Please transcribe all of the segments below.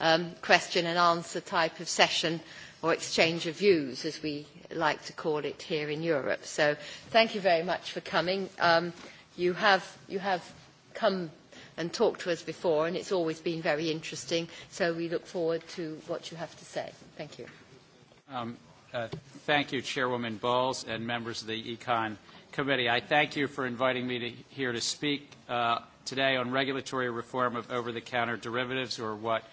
um, question and answer type of session or exchange of views, as we like to call it here in Europe. So thank you very much for coming. Um, you, have, you have come and talked to us before, and it's always been very interesting, so we look forward to what you have to say. Thank you. Um, uh, thank you, Chairwoman Bowles and members of the Econ Committee. I thank you for inviting me to, here to speak uh, today on regulatory reform of over-the-counter derivatives, or what –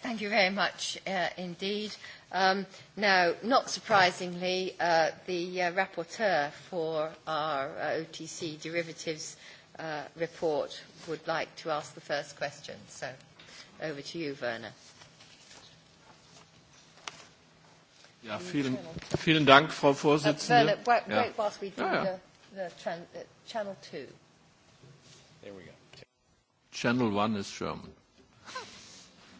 Thank you very much uh, indeed. Um, now, not surprisingly, uh, the uh, rapporteur for our uh, OTC derivatives uh, report would like to ask the first question. So over to you, Werner. Ja, vielen, vielen Dank, Frau Vorsitzende. Uh, Werner, wait, wait yeah. whilst we do yeah. the, the tran- uh, channel two. There we go. Channel one is German.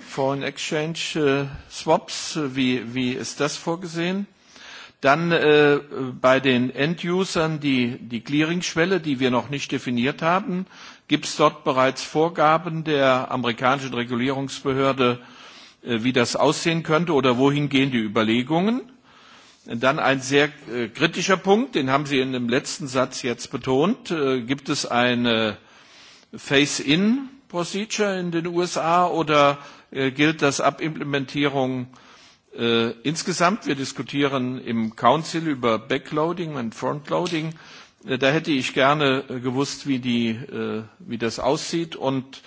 Foreign Exchange äh, Swaps, wie, wie ist das vorgesehen? Dann äh, bei den End-Usern die, die Clearingschwelle, die wir noch nicht definiert haben. Gibt es dort bereits Vorgaben der amerikanischen Regulierungsbehörde, äh, wie das aussehen könnte oder wohin gehen die Überlegungen? Dann ein sehr äh, kritischer Punkt, den haben Sie in dem letzten Satz jetzt betont. Äh, gibt es eine Face-in-Procedure in den USA oder Äh, gilt das ab Implementierung äh, insgesamt. Wir diskutieren im Council über Backloading und Frontloading. Äh, da hätte ich gerne äh, gewusst, wie, die, äh, wie das aussieht. Und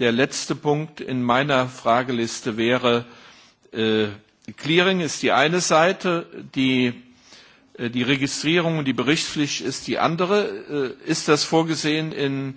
der letzte Punkt in meiner Frageliste wäre, äh, Clearing ist die eine Seite, die, äh, die Registrierung und die Berichtspflicht ist die andere. Äh, ist das vorgesehen in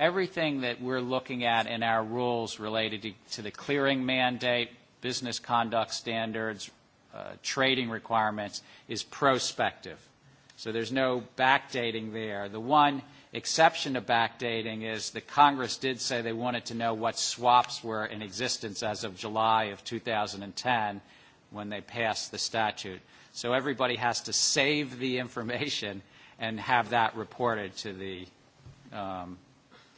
everything that we're looking at in our rules related to, to the clearing mandate, business conduct standards, uh, trading requirements is prospective. So there's no backdating there. The one exception to backdating is the Congress did say they wanted to know what swaps were in existence as of July of 2010 when they passed the statute. So everybody has to save the information and have that reported to the um,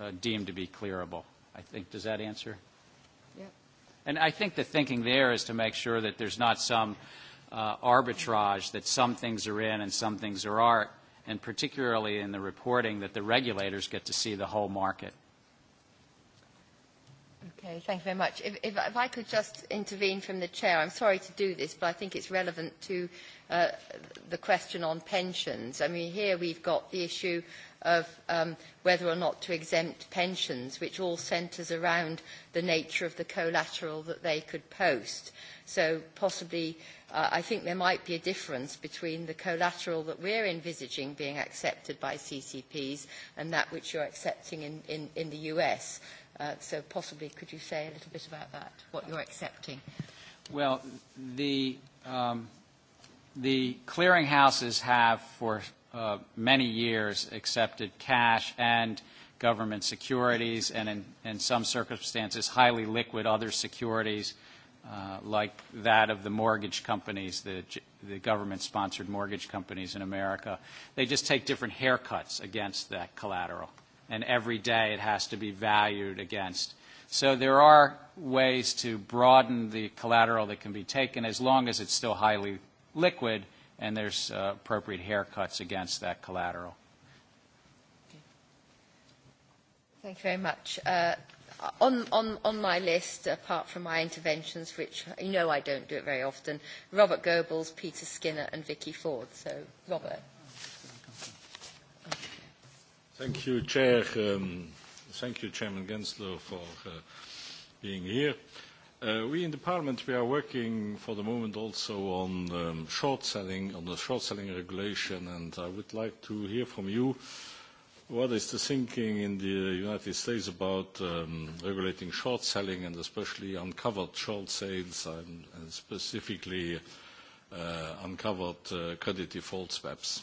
uh, deemed to be clearable. I think, does that answer? Yeah. And I think the thinking there is to make sure that there's not some uh, arbitrage that some things are in and some things are art, and particularly in the reporting that the regulators get to see the whole market. Okay, thank you very much. If, if, if I could just intervene from the chair, I'm sorry to do this, but I think it's relevant to uh, the question on pensions. I mean, here we've got the issue of um, whether or not to exempt pensions, which all centres around the nature of the collateral that they could post. So possibly, uh, I think there might be a difference between the collateral that we're envisaging being accepted by CCPs and that which you're accepting in, in, in the US. Uh, so possibly, could you say a little bit about that, what you're accepting? Well, the, um, the clearinghouses have for uh, many years accepted cash and government securities and in, in some circumstances highly liquid other securities uh, like that of the mortgage companies, the, the government-sponsored mortgage companies in America. They just take different haircuts against that collateral, and every day it has to be valued against. So there are ways to broaden the collateral that can be taken as long as it's still highly liquid uh, and there's uh, appropriate haircuts against that collateral. Thank you very much. Uh, on, on, on my list, apart from my interventions, which you know I don't do it very often, Robert Goebbels, Peter Skinner and Vicky Ford. So, Robert. Thank you, Chair. Um, thank you, Chairman Gensler, for uh, being here. Uh, Uh, we in the Parliament, we are working for the moment also on um, short selling, on the short selling regulation, and I would like to hear from you what is the thinking in the United States about um, regulating short selling and especially uncovered short sales and, and specifically uh, uncovered uh, credit default swaps.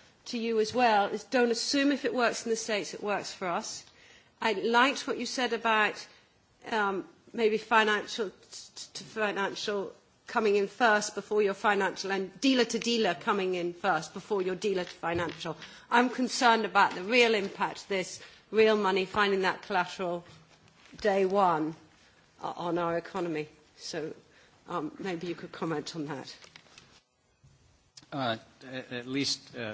to you as well is don't assume if it works in the States, it works for us. I liked what you said about um, maybe financial to financial coming in first before your financial and dealer to dealer coming in first before your dealer to financial. I'm concerned about the real impact of this, real money, finding that collateral day one uh, on our economy. So um, maybe you could comment on that. Uh, at least uh,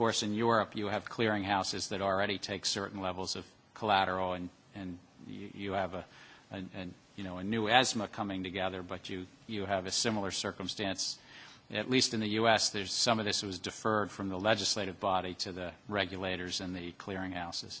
course, in Europe, you have clearinghouses that already take certain levels of collateral, and, and you, you have a, a, a, you know, a new ESMA coming together, but you, you have a similar circumstance. At least in the U.S., there's some of this was deferred from the legislative body to the regulators and the clearinghouses.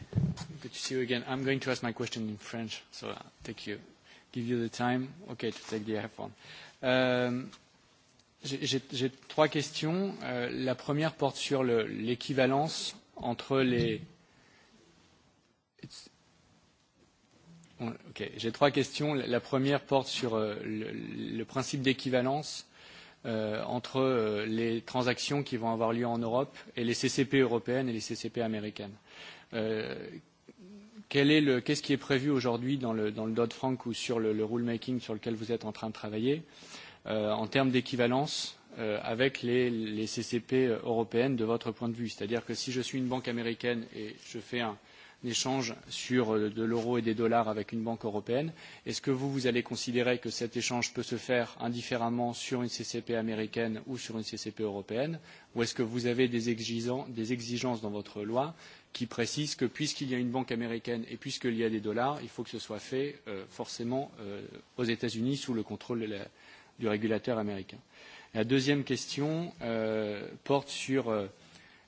Good to see you again. I'm going to ask my question in French, so I'll take you, give you the time, okay, to take the iPhone. Um, J'ai trois questions. Euh, la première porte sur l'équivalence le, entre les. It's... Ok, j'ai trois questions. La première porte sur euh, le, le principe d'équivalence euh, entre euh, les transactions qui vont avoir lieu en Europe et les CCP européennes et les CCP américaines. Euh, Qu'est-ce qu qui est prévu aujourd'hui dans le, dans le Dodd-Frank ou sur le, le rulemaking sur lequel vous êtes en train de travailler euh, en termes d'équivalence euh, avec les, les CCP euh, européennes de votre point de vue C'est-à-dire que si je suis une banque américaine et je fais un, échange sur euh, de l'euro et des dollars avec une banque européenne. Est-ce que vous, vous allez considérer que cet échange peut se faire indifféremment sur une CCP américaine ou sur une CCP européenne Ou est-ce que vous avez des, exigeants, des exigences dans votre loi qui précisent que puisqu'il y a une banque américaine et puisqu'il y a des dollars, il faut que ce soit fait euh, forcément euh, aux États-Unis sous le contrôle de la, du régulateur américain La deuxième question euh, porte sur. Euh,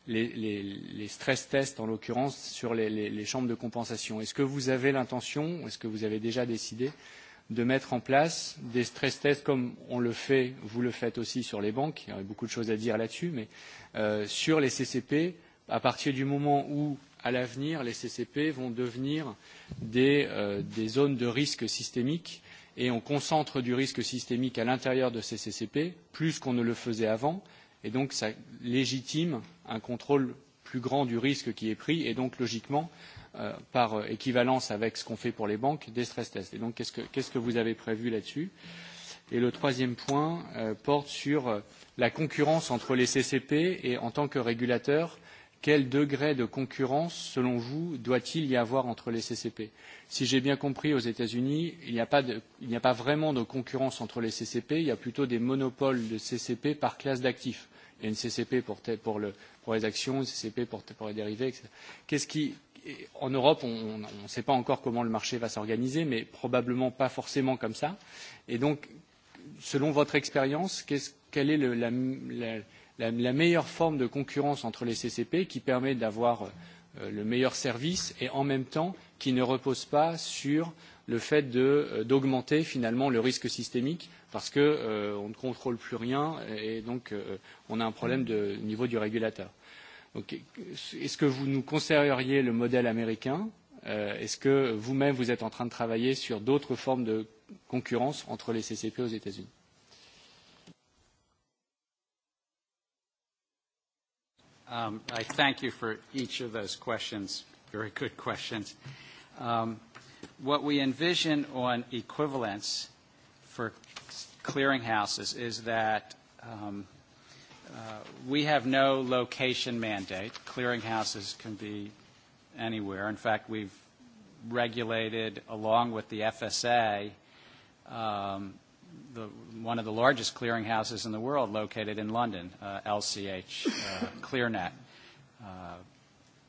les, les, les stress tests, en l'occurrence, sur les, les, les chambres de compensation. Est-ce que vous avez l'intention, est-ce que vous avez déjà décidé de mettre en place des stress tests comme on le fait, vous le faites aussi sur les banques, il y aurait beaucoup de choses à dire là-dessus, mais euh, sur les CCP, à partir du moment où, à l'avenir, les CCP vont devenir des, euh, des zones de risque systémique et on concentre du risque systémique à l'intérieur de ces CCP, plus qu'on ne le faisait avant, euh, et donc ça légitime un contrôle plus grand du risque qui est pris et donc logiquement euh, par euh, équivalence avec ce qu'on fait pour les banques des stress tests. Et donc qu'est-ce que, qu'est-ce que vous avez prévu là-dessus Et le troisième point euh, porte sur euh, la concurrence entre les CCP et en tant que régulateur, quel degré de concurrence, selon vous, doit-il y avoir entre les CCP Si j'ai bien compris, aux États-Unis, il n'y a, pas de, il a pas vraiment de concurrence entre les CCP, il y a plutôt des monopoles de CCP par classe d'actifs. NCCP pour, pour, le, pour les actions, NCCP pour, pour les dérivés. Qu'est-ce qui, en Europe, on ne sait pas encore comment le marché va s'organiser, mais probablement pas forcément comme ça. Et donc, selon votre expérience, qu est quelle est le, la, la, la, la meilleure forme de concurrence entre les CCP qui permet d'avoir euh, le meilleur service et en même temps qui ne repose pas sur euh, le fait euh, d'augmenter finalement le risque systémique parce qu'on euh, ne contrôle plus rien et, et donc euh, on a un problème de, au niveau du régulateur. Est-ce que vous nous conseilleriez le modèle américain euh, Est-ce que vous-même, vous êtes en train de travailler sur d'autres formes de concurrence entre les CCP aux États-Unis Um, I thank you for each of those questions, very good questions. Um, what we envision on equivalence for clearinghouses is that um, uh, we have no location mandate. Clearinghouses can be anywhere. In fact, we've regulated, along with the FSA, um, the, one of the largest clearinghouses in the world located in London, uh, LCH uh, ClearNet. Uh,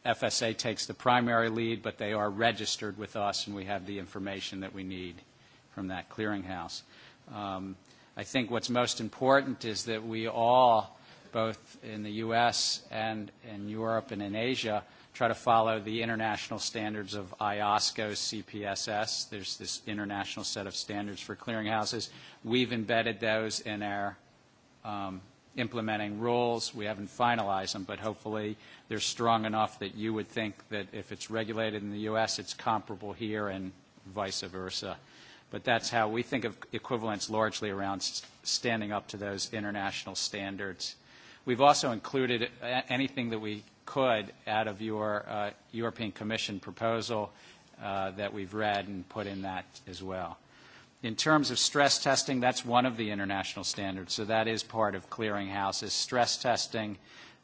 FSA takes the primary lead, but they are registered with us, and we have the information that we need from that clearinghouse. Um, I think what's most important is that we all, both in the U.S. and in Europe and in Asia, try to follow the international standards of IOSCO CPSS. There's this international set of standards for clearinghouses. We've embedded those in our um, implementing rules. We haven't finalized them, but hopefully they're strong enough that you would think that if it's regulated in the U.S., it's comparable here and vice versa. But that's how we think of equivalence largely around standing up to those international standards. We've also included anything that we could out of your uh, European Commission proposal uh, that we've read and put in that as well. In terms of stress testing, that's one of the international standards, so that is part of clearinghouse. Is stress testing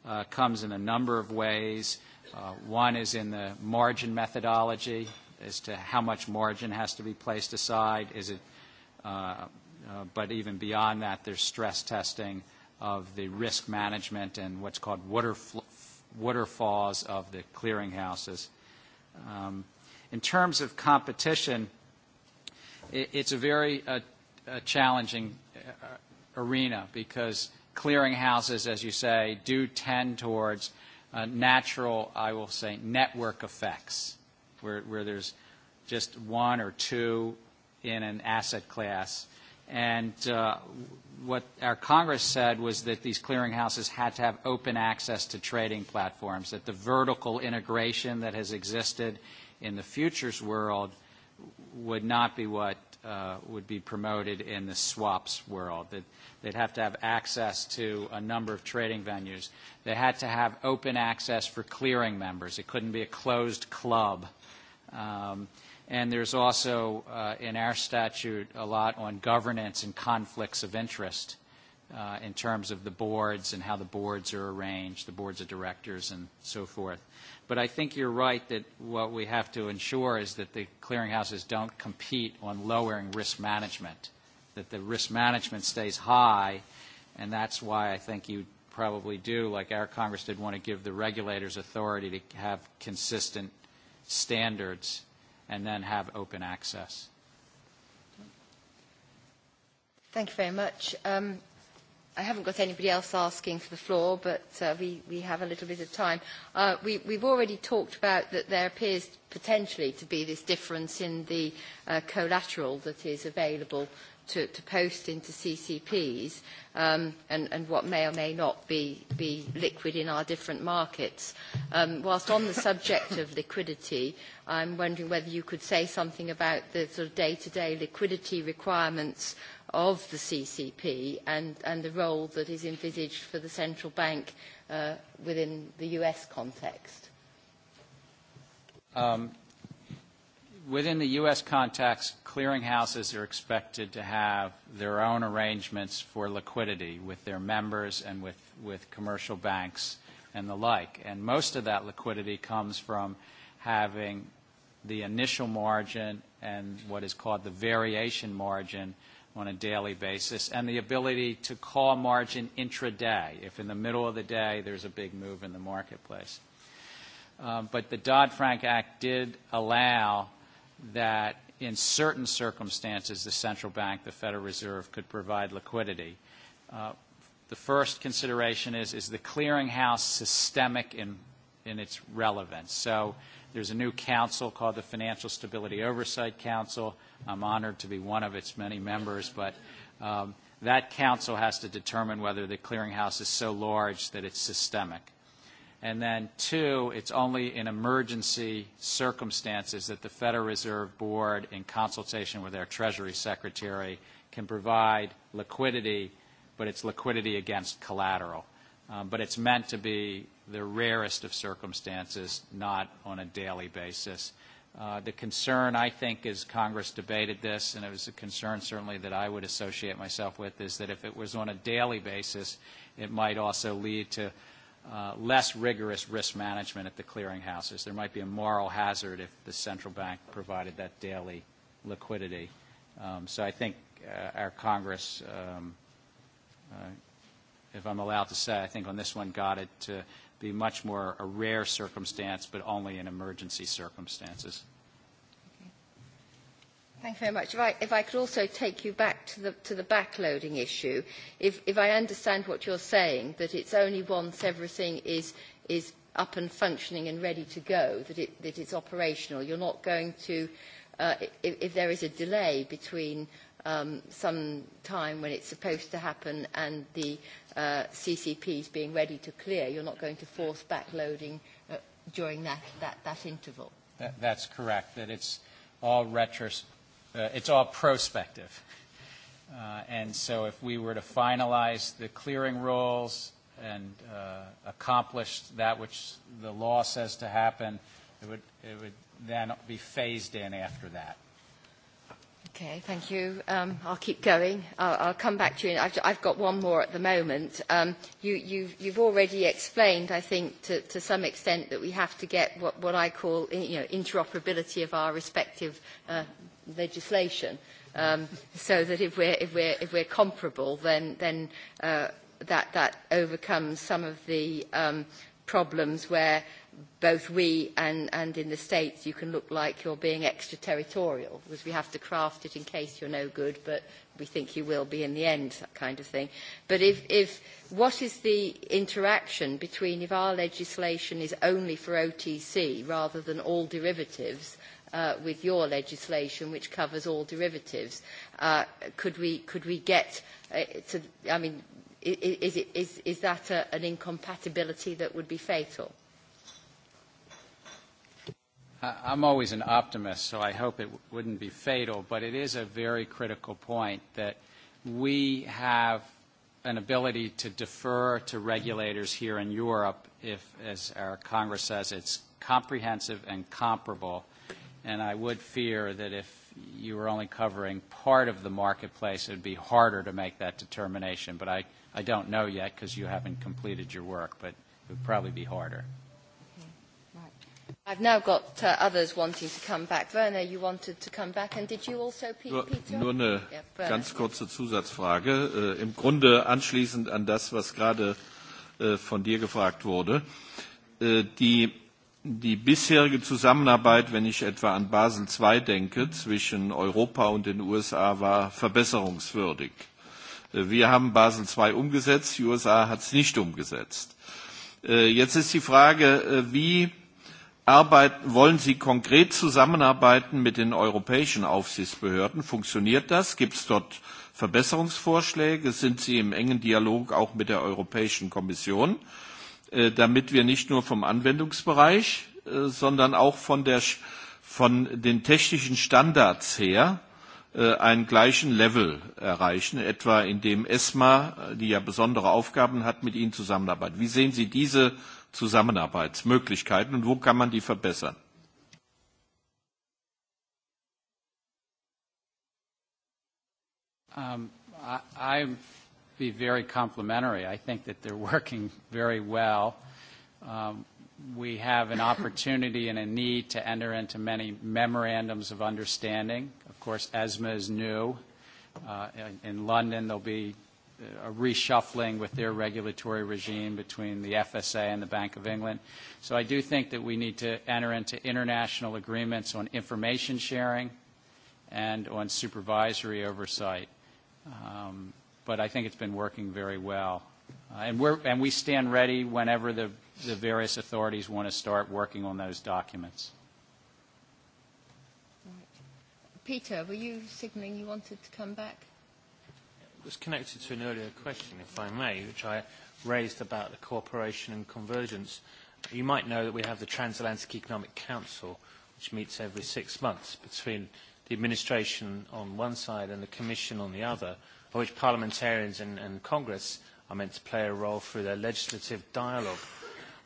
uh, comes in a number of ways. Uh, one is in the margin methodology as to how much margin has to be placed aside. Is it, uh, uh, but even beyond that, there's stress testing of the risk management and what's called water waterfalls of the clearinghouses. Um, in terms of competition, it, it's a very uh, uh, challenging arena because clearinghouses, as you say, do tend towards uh, natural, I will say, network effects, where, where there's just one or two in an asset class. And uh, what our Congress said was that these clearinghouses had to have open access to trading platforms, that the vertical integration that has existed in the futures world would not be what uh, would be promoted in the swaps world. That they'd have to have access to a number of trading venues. They had to have open access for clearing members. It couldn't be a closed club. Um, and there's also uh, in our statute a lot on governance and conflicts of interest uh, in terms of the boards and how the boards are arranged, the boards of directors and so forth. But I think you're right that what we have to ensure is that the clearinghouses don't compete on lowering risk management, that the risk management stays high, and that's why I think you probably do, like our Congress did want to give the regulators authority to have consistent standards and then have open access. Thank you very much. Um, I haven't got anybody else asking for the floor, but uh, we, we have a little bit of time. Uh, we, we've already talked about that there appears potentially to be this difference in the uh, collateral that is available to, to post into CCPs um, and, and what may or may not be, be liquid in our different markets. Um, whilst on the subject of liquidity, I'm wondering whether you could say something about the sort of day-to-day -day liquidity requirements of the CCP and, and the role that is envisaged for the central bank uh, within the US context? Um, within the U.S. context, clearinghouses are expected to have their own arrangements for liquidity with their members and with, with commercial banks and the like. And most of that liquidity comes from having the initial margin and what is called the variation margin – on a daily basis, and the ability to call margin intraday if in the middle of the day there's a big move in the marketplace. Um, but the Dodd-Frank Act did allow that in certain circumstances the central bank, the Federal Reserve, could provide liquidity. Uh, the first consideration is, is the clearinghouse systemic in, in its relevance? So There's a new council called the Financial Stability Oversight Council. I'm honored to be one of its many members, but um, that council has to determine whether the clearinghouse is so large that it's systemic. And then two, it's only in emergency circumstances that the Federal Reserve Board, in consultation with their Treasury Secretary, can provide liquidity, but it's liquidity against collateral um, but it's meant to be the rarest of circumstances, not on a daily basis. Uh, the concern, I think, as Congress debated this, and it was a concern certainly that I would associate myself with, is that if it was on a daily basis, it might also lead to uh, less rigorous risk management at the clearinghouses. There might be a moral hazard if the central bank provided that daily liquidity. Um, so I think uh, our Congress um, uh, if I'm allowed to say, I think on this one got it to be much more a rare circumstance, but only in emergency circumstances. Thank you very much. If I, if I could also take you back to the, to the backloading issue, if, if I understand what you're saying, that it's only once everything is, is up and functioning and ready to go, that, it, that it's operational. You're not going to, uh, if, if there is a delay between um, some time when it's supposed to happen and the uh, CCP is being ready to clear. You're not going to force backloading uh, during that, that, that interval. That, that's correct, that it's all retros, uh, it's all prospective. Uh, and so if we were to finalize the clearing rules and uh, accomplish that which the law says to happen, it would, it would then be phased in after that. Okay, thank you. Um, I'll keep going. I'll, I'll come back to you. I've, I've got one more at the moment. Um, you, you've, you've already explained, I think, to, to some extent that we have to get what, what I call you know, interoperability of our respective uh, legislation um, so that if we're, if we're, if we're comparable, then, then uh, that, that overcomes some of the um, problems where – both we and, and in the States, you can look like you're being extraterritorial, because we have to craft it in case you're no good, but we think you will be in the end, that kind of thing. But if, if what is the interaction between if our legislation is only for OTC rather than all derivatives, uh, with your legislation, which covers all derivatives, uh, could we could we get uh, to? I mean, is, is, it, is, is that a, an incompatibility that would be fatal? I'm always an optimist, so I hope it wouldn't be fatal, but it is a very critical point that we have an ability to defer to regulators here in Europe if, as our Congress says, it's comprehensive and comparable. And I would fear that if you were only covering part of the marketplace, it would be harder to make that determination. But I, I don't know yet because you haven't completed your work, but it would probably be harder. I've now got uh, others wanting to come back. Werner, you wanted to come back, and did you also, Peter? Nur, nur eine yeah, ganz kurze Zusatzfrage, äh, im Grunde anschließend an das, was gerade äh, von dir gefragt wurde. Äh, die, die bisherige Zusammenarbeit, wenn ich etwa an Basel II denke, zwischen Europa und den USA war verbesserungswürdig. Äh, wir haben Basel II umgesetzt, die USA hat es nicht umgesetzt. Äh, jetzt ist die Frage, äh, wie arbeiten, wollen Sie konkret zusammenarbeiten mit den europäischen Aufsichtsbehörden? Funktioniert das? Gibt es dort Verbesserungsvorschläge? Sind Sie im engen Dialog auch mit der Europäischen Kommission, äh, damit wir nicht nur vom Anwendungsbereich, äh, sondern auch von, der, von den technischen Standards her äh, einen gleichen Level erreichen, etwa indem ESMA, äh, die ja besondere Aufgaben hat, mit Ihnen zusammenarbeitet. Wie sehen Sie diese Zusammenarbeitsmöglichkeiten und wo kann man die verbessern? Um, I, I be very complimentary. I think that they're working very well. Um, we have an opportunity and a need to enter into many memorandums of understanding. Of course, ESMA is new. Uh, in, in London, there'll be a reshuffling with their regulatory regime between the FSA and the Bank of England. So I do think that we need to enter into international agreements on information sharing and on supervisory oversight. Um, but I think it's been working very well. Uh, and, we're, and we stand ready whenever the, the various authorities want to start working on those documents. Peter, were you signaling you wanted to come back? was connected to an earlier question, if I may, which I raised about the cooperation and convergence. You might know that we have the Transatlantic Economic Council, which meets every six months between the administration on one side and the Commission on the other, of which parliamentarians and, and Congress are meant to play a role through their legislative dialogue.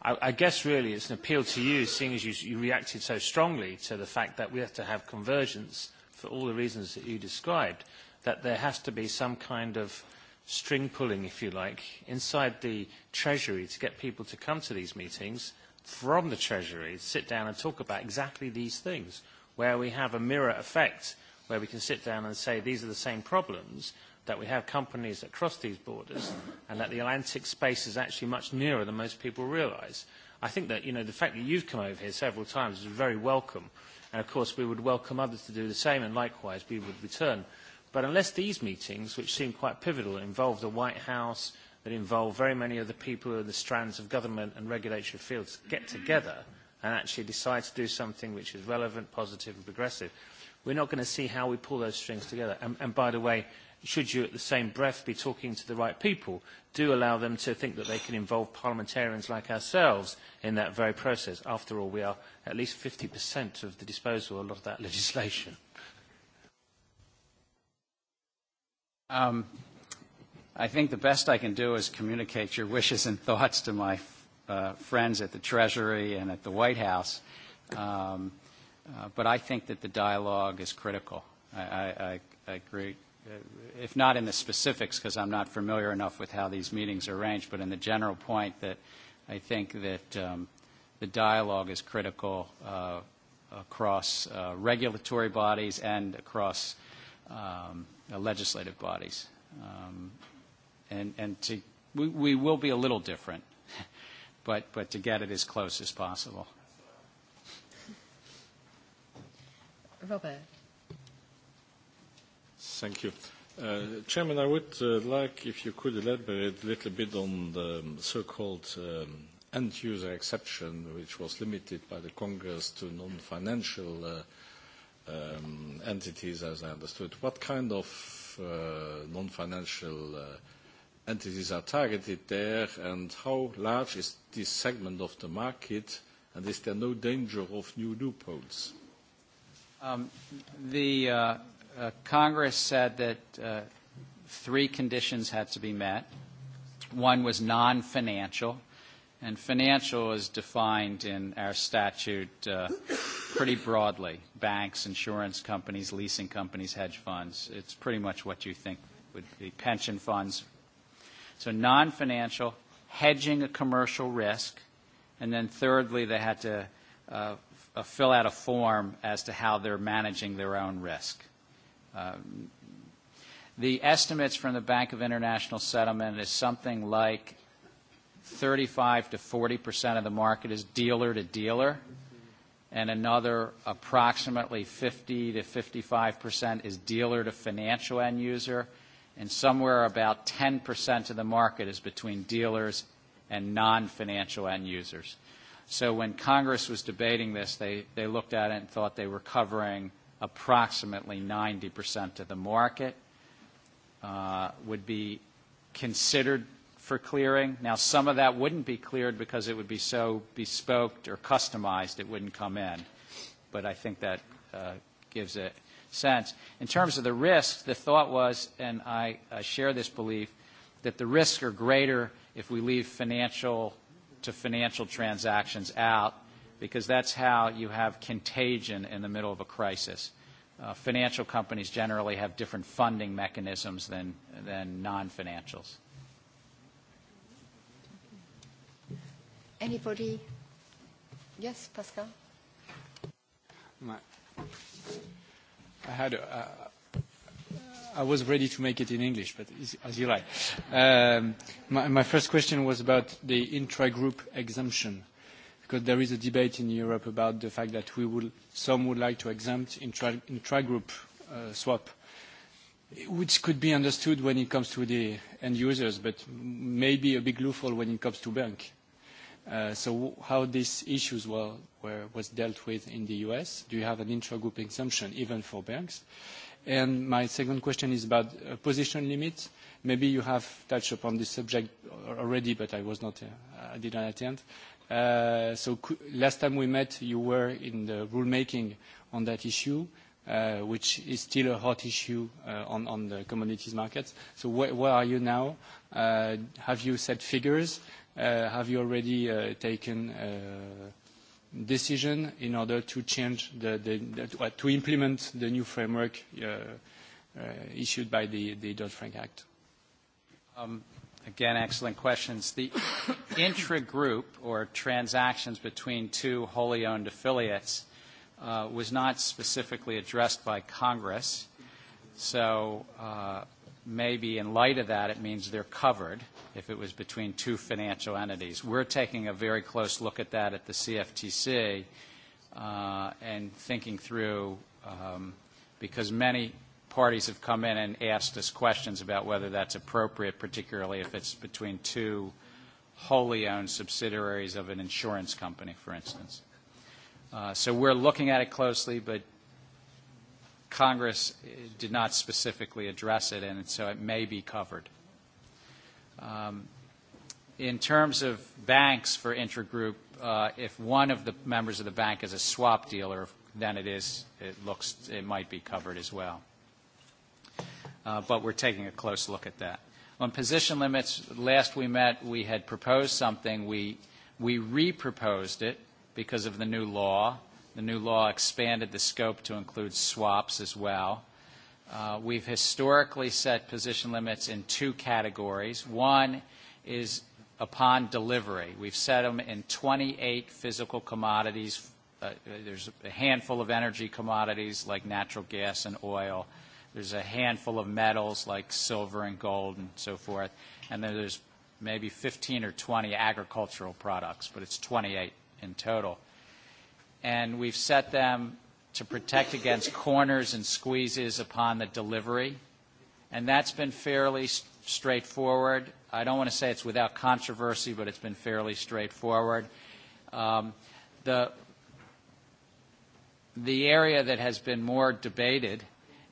I, I guess really it's an appeal to you, seeing as you, you reacted so strongly to the fact that we have to have convergence for all the reasons that you described that there has to be some kind of string pulling, if you like, inside the Treasury to get people to come to these meetings from the Treasury, sit down and talk about exactly these things, where we have a mirror effect, where we can sit down and say these are the same problems, that we have companies that cross these borders, and that the Atlantic space is actually much nearer than most people realise. I think that you know, the fact that you've come over here several times is very welcome, and of course we would welcome others to do the same, and likewise we would return But unless these meetings, which seem quite pivotal, involve the White House, that involve very many of the people who are the strands of government and regulatory fields get together and actually decide to do something which is relevant, positive and progressive, we're not going to see how we pull those strings together. And, and by the way, should you at the same breath be talking to the right people, do allow them to think that they can involve parliamentarians like ourselves in that very process. After all, we are at least 50% of the disposal of a lot of that legislation. Um, I think the best I can do is communicate your wishes and thoughts to my uh, friends at the Treasury and at the White House. Um, uh, but I think that the dialogue is critical. I, I, I agree, if not in the specifics, because I'm not familiar enough with how these meetings are arranged, but in the general point that I think that um, the dialogue is critical uh, across uh, regulatory bodies and across um, uh, legislative bodies. Um, and and to, we, we will be a little different, but, but to get it as close as possible. Robert. Thank you. Uh, Chairman, I would uh, like if you could elaborate a little bit on the um, so-called um, end-user exception, which was limited by the Congress to non-financial uh, um, entities, as I understood. What kind of uh, non-financial uh, entities are targeted there, and how large is this segment of the market, and is there no danger of new loopholes? Um, the uh, uh, Congress said that uh, three conditions had to be met. One was non-financial, and financial is defined in our statute uh, pretty broadly. Banks, insurance companies, leasing companies, hedge funds. It's pretty much what you think would be pension funds. So non-financial, hedging a commercial risk, and then thirdly, they had to uh, uh, fill out a form as to how they're managing their own risk. Um, the estimates from the Bank of International Settlement is something like 35 to 40 percent of the market is dealer to dealer. Mm-hmm and another approximately 50%-55% is dealer to financial end user, and somewhere about 10% of the market is between dealers and non-financial end users. So when Congress was debating this, they, they looked at it and thought they were covering approximately 90% of the market, uh, would be considered for clearing. Now, some of that wouldn't be cleared because it would be so bespoke or customized it wouldn't come in. But I think that uh, gives it sense. In terms of the risk, the thought was, and I, I share this belief, that the risks are greater if we leave financial to financial transactions out because that's how you have contagion in the middle of a crisis. Uh, financial companies generally have different funding mechanisms than, than non-financials. Anybody? Yes, Pascal? My, I had a, uh, I was ready to make it in English, but as you like. Um, my, my first question was about the intragroup exemption, because there is a debate in Europe about the fact that we will, some would like to exempt intra, intragroup uh, swap, which could be understood when it comes to the end users, but maybe a big loophole when it comes to bank. Uh, so how these issues were, were, was dealt with in the U.S. Do you have an intra-group exemption even for banks? And my second question is about uh, position limit. Maybe you have touched upon this subject already, but I was not, uh, I didn't attend. Uh, so last time we met, you were in the rulemaking on that issue, uh, which is still a hot issue uh, on, on the commodities markets. So wh where are you now? Have you set figures? Uh, have you already uh, taken uh, decision in order to change the, the, the to implement the new framework issued by the, the Dodd-Frank Act? Um, Again, excellent questions. The intra-group or transactions between two wholly owned affiliates uh, was not specifically addressed by Congress. So uh, maybe in light of that, it means they're covered if it was between two financial entities. We're taking a very close look at that at the CFTC uh, and thinking through, um, because many parties have come in and asked us questions about whether that's appropriate, particularly if it's between two wholly owned subsidiaries of an insurance company, for instance. Uh, so we're looking at it closely, but Congress uh, did not specifically address it, and so it may be covered. Um, in terms of banks for intergroup, uh, if one of the members of the bank is a swap dealer, then it is, it looks, it might be covered as well. Uh, but we're taking a close look at that. On position limits, last we met, we had proposed something. We, we re-proposed it because of the new law. The new law expanded the scope to include swaps as well. Uh, Uh, we've historically set position limits in two categories. One is upon delivery. We've set them in 28 physical commodities. Uh, there's a handful of energy commodities like natural gas and oil. There's a handful of metals like silver and gold and so forth. And then there's maybe 15 or 20 agricultural products, but it's 28 in total. And we've set them to protect against corners and squeezes upon the delivery. And that's been fairly straightforward. I don't want to say it's without controversy, but it's been fairly straightforward. Um, the, the area that has been more debated –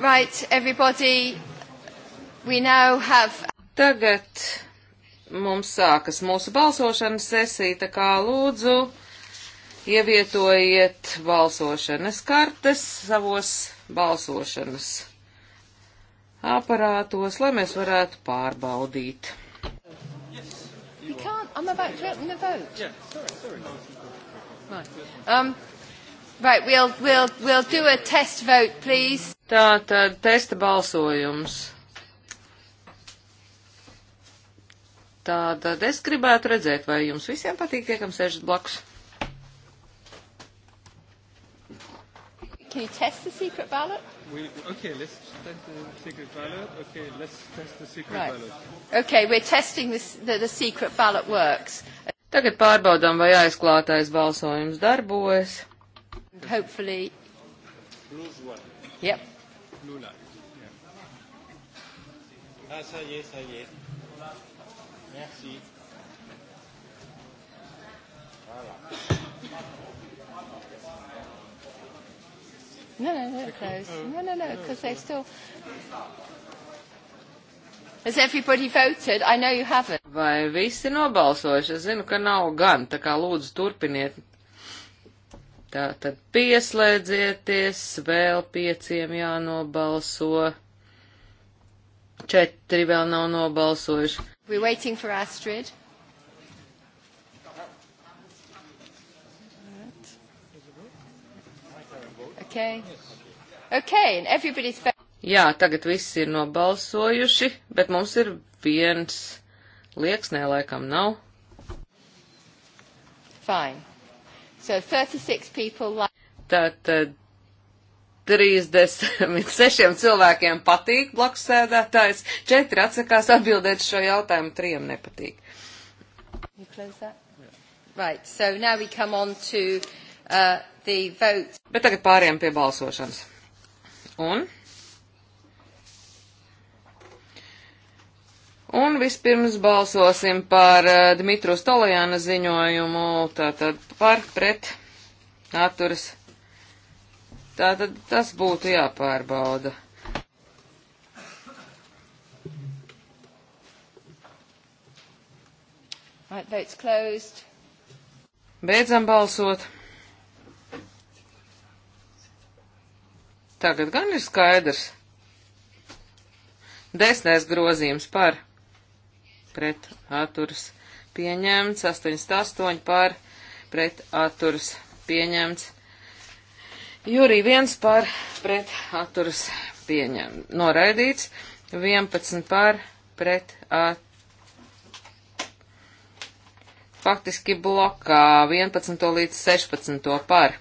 Right, everybody, we now have... Tagad mums sākas mūsu balsošanas sesija, tā kā lūdzu ievietojiet balsošanas kartes savos balsošanas aparātos, lai mēs varētu pārbaudīt. Yes, I'm about to open the vote. Yeah, sorry, sorry. Right. Um, Right, we'll, we'll, we'll do a test vote, please. Tā tad testa balsojums. Tātad es gribētu redzēt, vai jums visiem patīk tie, kam sēžat blakus. Can you test the secret ballot? We, okay, let's test the secret ballot. Okay, let's test the secret right. ballot. Okay, we're testing this, the, the secret ballot works. Tagad pārbaudām, vai aizklātais balsojums darbojas hopefully. Plus one. Yep. Lula. Yeah. Ah, ça y est, ça y est. Merci. Voilà. No, no, no, close. Oh. No, no, no, because they're still. Has everybody voted? I know you haven't. Vai visi nobalsojuši? Es zinu, ka nav gan, tā kā lūdzu turpiniet Tā tad pieslēdzieties, vēl pieciem jānobalso. Četri vēl nav nobalsojuši. We're waiting for Astrid. Okay. Okay, and everybody's back. Jā, tagad viss ir nobalsojuši, bet mums ir viens lieks, nē, laikam nav. Fine. So 36 people. Tātad 36 cilvēkiem patīk blakus sēdētājs, 4 atsakās atbildēt šo jautājumu, 3 nepatīk. Right, so to, uh, Bet tagad pāriem pie balsošanas. Un? Un vispirms balsosim par eh, Dmitru Stolajāna ziņojumu, tātad par pret atturas. Tātad tas būtu jāpārbauda. Right, vote's closed. Beidzam balsot. Tagad gan ir skaidrs. Desmitais grozījums par pret atturs pieņemts, 88 par pret atturs pieņemts, Jurī 1 par pret atturs pieņemts, noraidīts, 11 par pret atturs. Faktiski blokā 11 līdz 16 par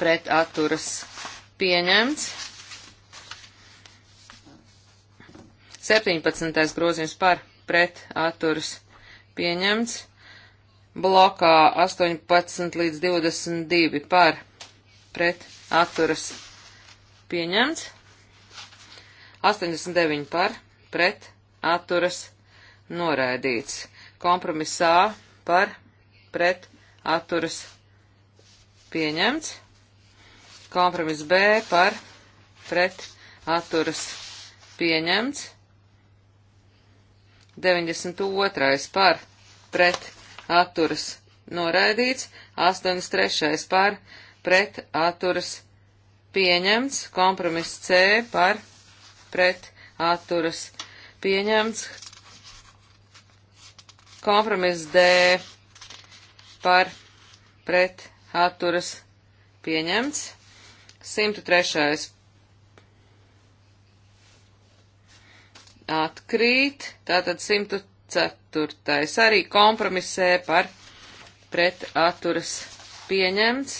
pret atturas pieņemts. 17. grozījums par pret atturas pieņemts. Blokā 18 līdz 22 par pret atturas pieņemts. 89 par pret atturas noraidīts. Kompromisā par pret atturas pieņemts. Kompromiss B par pret atturas pieņemts. 92. par pret atturas noraidīts, 83. par pret atturas pieņemts, kompromiss C par pret atturas pieņemts, kompromiss D par pret atturas pieņemts, 103. atkrīt, tātad 104. arī kompromisē par pret atturas pieņemts,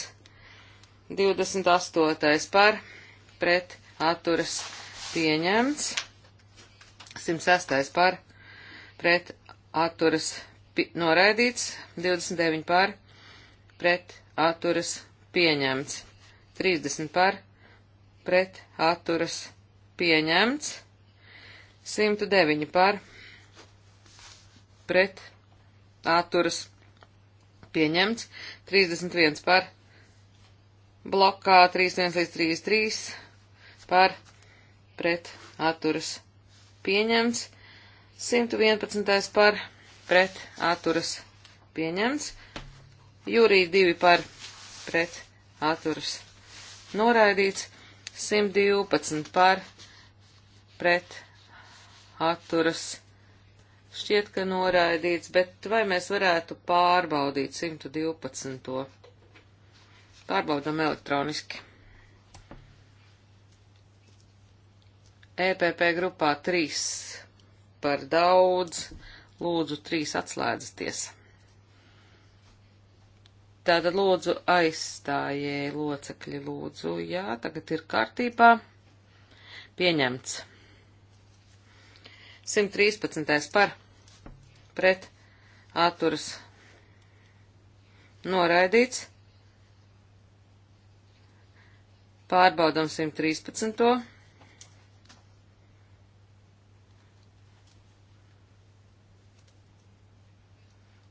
28. par pret atturas pieņemts, 106. par pret atturas noraidīts, 29 par pret atturas pieņemts, 30 par pret atturas pieņemts. 109 par pret atturas pieņemts, 31 par blokā 31 līdz 33 par pret atturas pieņemts, 111 par pret atturas pieņemts, jūrī 2 par pret atturas noraidīts, 112 par pret atturas atturas. Šķiet, ka noraidīts, bet vai mēs varētu pārbaudīt 112. Pārbaudam elektroniski. EPP grupā 3 par daudz, lūdzu 3 atslēdzieties. Tātad lūdzu aizstājēji locekļi, lūdzu, jā, tagad ir kārtībā. Pieņemts. 113. par pret atturas noraidīts. Pārbaudam 113.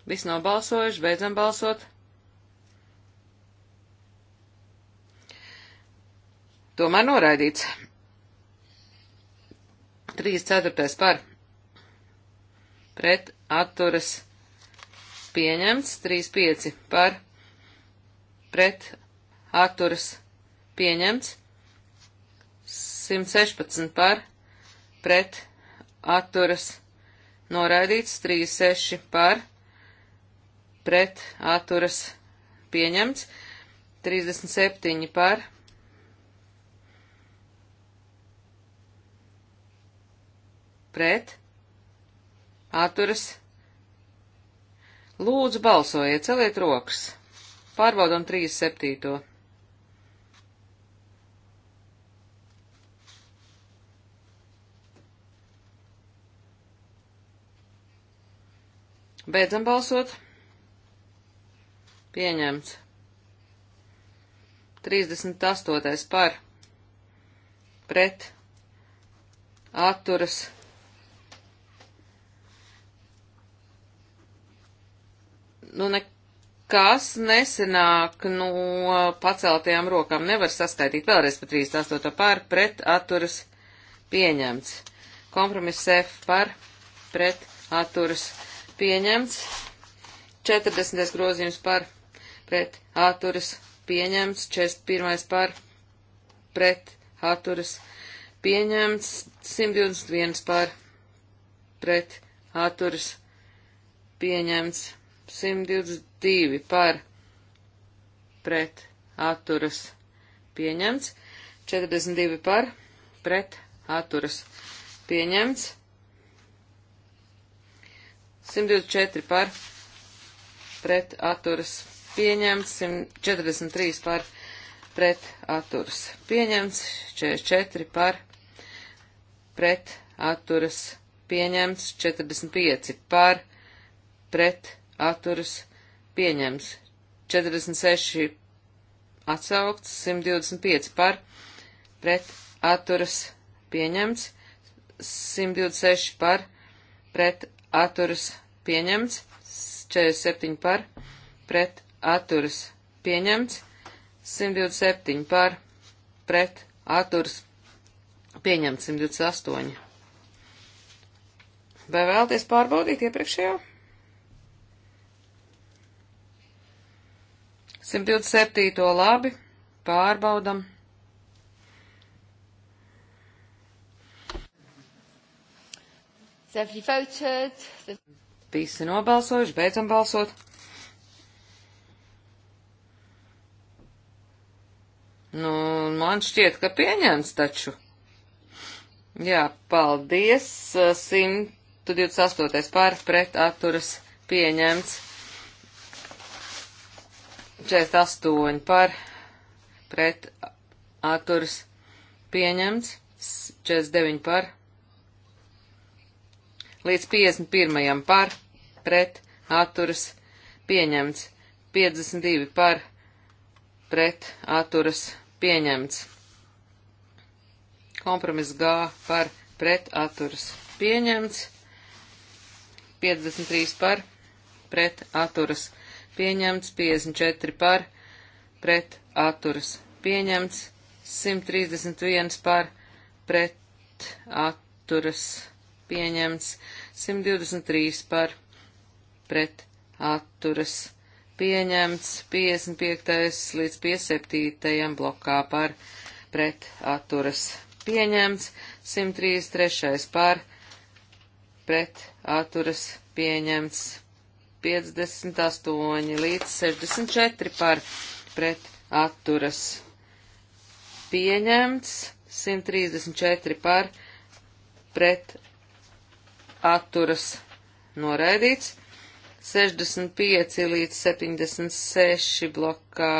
Viss nav balsojuši, beidzam balsot. Tomēr noraidīts. 34. par pret atturas pieņemts, 35 par pret atturas pieņemts, 116 par pret atturas noraidīts, 36 par pret atturas pieņemts, 37 par pret, atturas. Lūdzu, balsojiet, celiet rokas. Pārbaudam 37. Beidzam balsot. Pieņemts. 38. par. Pret. Atturas. nu nekas nesenāk no paceltajām rokām. Nevar saskaitīt vēlreiz pa 38. pār pret atturas pieņemts. Kompromiss F par pret atturas pieņemts. 40. grozījums par pret atturas pieņemts. 41. par pret atturas pieņemts. 121 par pret atturas pieņemts. 122 par pret atturas pieņemts, 42 par pret atturas pieņemts, 124 par pret atturas pieņemts, 143 par pret atturas pieņemts, 44 par pret atturas pieņemts, 45 par pret atturas pieņemts atturas pieņems. 46 atsaukts, 125 par, pret atturas pieņemts, 126 par, pret atturas pieņemts, 47 par, pret atturas pieņemts, 127 par, pret atturas pieņemts, 128. Vai vēlaties pārbaudīt iepriekšējo? Ja 127. labi, pārbaudam. Visi nobalsojuši, beidzam balsot. Nu, man šķiet, ka pieņems taču. Jā, paldies. 128. pār pret atturas pieņemts. 48 par pret atturs pieņemts, 49 par līdz 51 par pret atturs pieņemts, 52 par pret atturs pieņemts. Kompromiss G par pret atturs pieņemts, 53 par pret atturs pieņemts pieņemts, 54 par, pret atturas pieņemts, 131 par, pret atturas pieņemts, 123 par, pret atturas pieņemts, 55 līdz 57 blokā par, pret atturas pieņemts, 133 par, pret atturas pieņemts, 58 līdz 64 par pret atturas pieņemts, 134 par pret atturas noraidīts, 65 līdz 76 blokā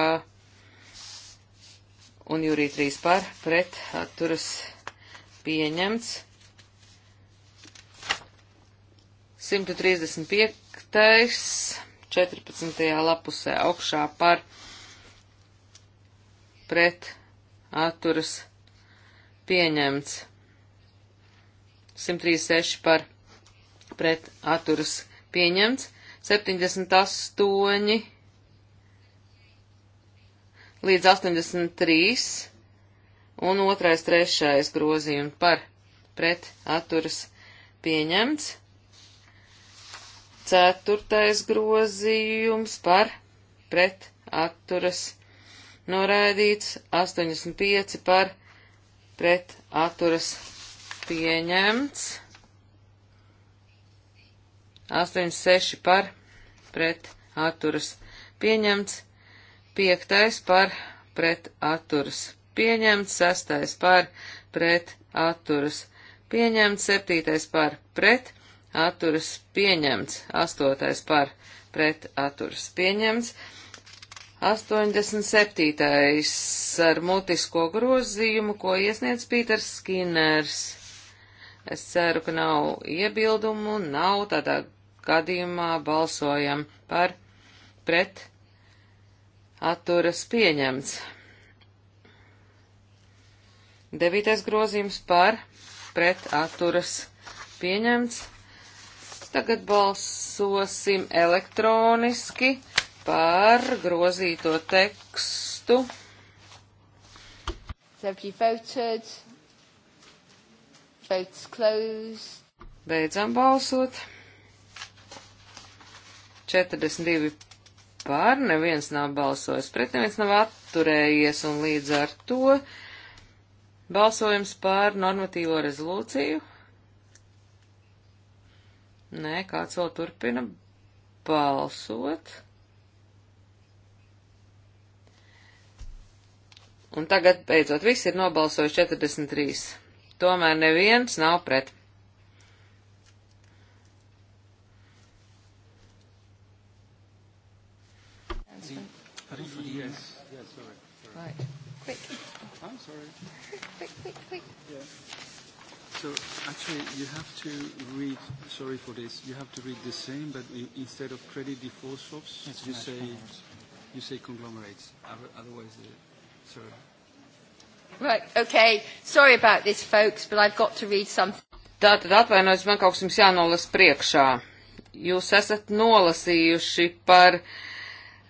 un jūrī 3 par pret atturas pieņemts. 135 piektais 14. lapusē augšā par pret atturas pieņemts. 136 par pret atturas pieņemts. 78 līdz 83 un otrais trešais grozījums par pret atturas pieņemts. Ceturtais grozījums par pret atturas noraidīts, 85 par pret atturas pieņemts, 86 par pret atturas pieņemts, 5 par pret atturas pieņemts, 6 par pret atturas pieņemts, 7 par pret atturas pieņemts, 8. par pret atturas pieņemts, 87. ar mutisko grozījumu, ko iesniedz Pīters Skinners. Es ceru, ka nav iebildumu, nav tādā gadījumā balsojam par pret atturas pieņemts. Devītais grozījums par pret atturas pieņemts. Tagad balsosim elektroniski par grozīto tekstu. Beidzam balsot. 42 pār, neviens nav balsojis pret, neviens nav atturējies un līdz ar to balsojums pār normatīvo rezolūciju. Nē, kāds vēl turpina balsot. Un tagad beidzot viss ir nobalsojuši 43. Tomēr neviens nav pret. Yes. Yes, sorry. Right. Quick. I'm sorry. quick, quick, quick. Yeah. So actually, you have to read. Sorry for this. You have to read the same, but you, instead of credit default swaps, it's you say you say conglomerates. Otherwise, the, uh, sorry. Right. Okay. Sorry about this, folks, but I've got to read something. Tātad atvainojos, man kaut kas jums jānolas priekšā. Jūs esat nolasījuši par uh,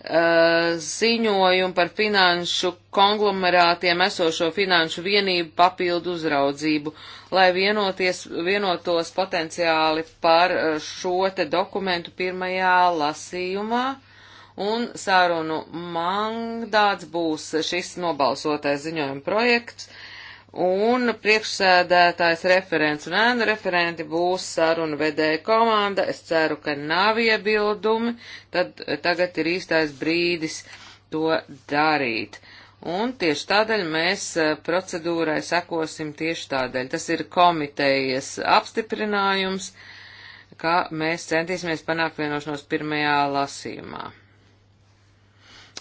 Uh, ziņojumu par finanšu konglomerātiem esošo finanšu vienību papildu uzraudzību, lai vienoties, vienotos potenciāli par uh, šo te dokumentu pirmajā lasījumā. Un sārunu mandāts būs šis nobalsotais ziņojuma projekts, un priekšsēdētājs referents un ēnu referenti būs sarunu vedēja komanda. Es ceru, ka nav iebildumi, tad eh, tagad ir īstais brīdis to darīt. Un tieši tādēļ mēs eh, procedūrai sekosim tieši tādēļ. Tas ir komitejas apstiprinājums, ka mēs centīsimies panākt vienošanos pirmajā lasījumā.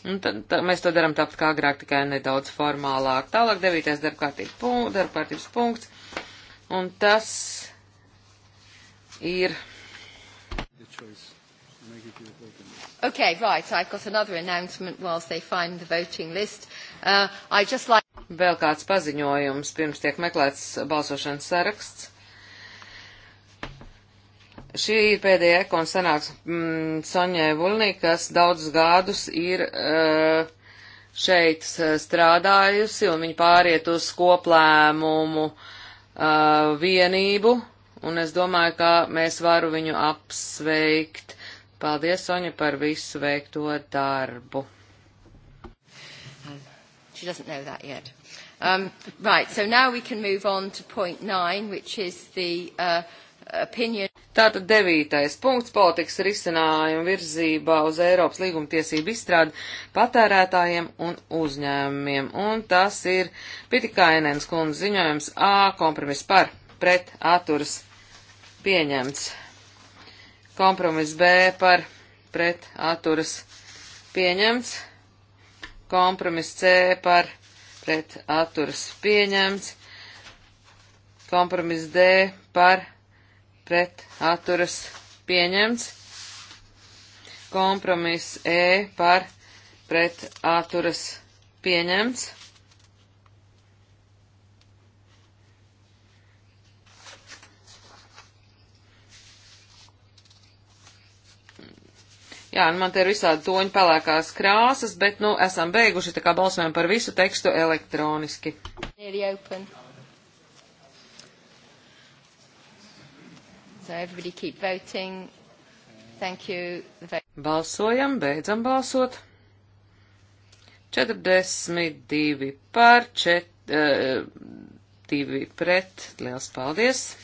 Un tad, tad mēs to darām tāpat kā agrāk, tikai nedaudz formālāk. Tālāk devītais darbkārtības punkts, un tas ir. Okay, right, I've got another announcement whilst they find the voting list. Uh, I just like... Vēl kāds paziņojums, pirms tiek meklēts balsošanas saraksts. Šī ir pēdējā ekona sanāks mm, Soņai Vulnī, kas daudzus gadus ir uh, šeit eh, strādājusi, un viņa pāriet uz koplēmumu uh, vienību, un es domāju, ka mēs varu viņu apsveikt. Paldies, Soņa, par visu veikto darbu. She doesn't know that yet. Um, right, so now we can move on to point nine, which is the uh, opinion. Tātad devītais punkts politikas risinājuma virzībā uz Eiropas līgumtiesību izstrādi patērētājiem un uzņēmumiem. Un tas ir Pitikainens kundze ziņojums A kompromis par pret atturas pieņemts. Kompromis B par pret atturas pieņemts. Kompromis C par pret atturas pieņemts. Kompromis D par pret pret atturas pieņemts. Kompromiss E par pret atturas pieņemts. Jā, nu man te ir visādi toņi pelēkās krāsas, bet, nu, esam beiguši, tā kā balsojam par visu tekstu elektroniski. Ir jāupen. So everybody keep voting. Thank you. Balsojam, beidzam balsot. 42 par, 4, 2 eh, pret. Liels paldies!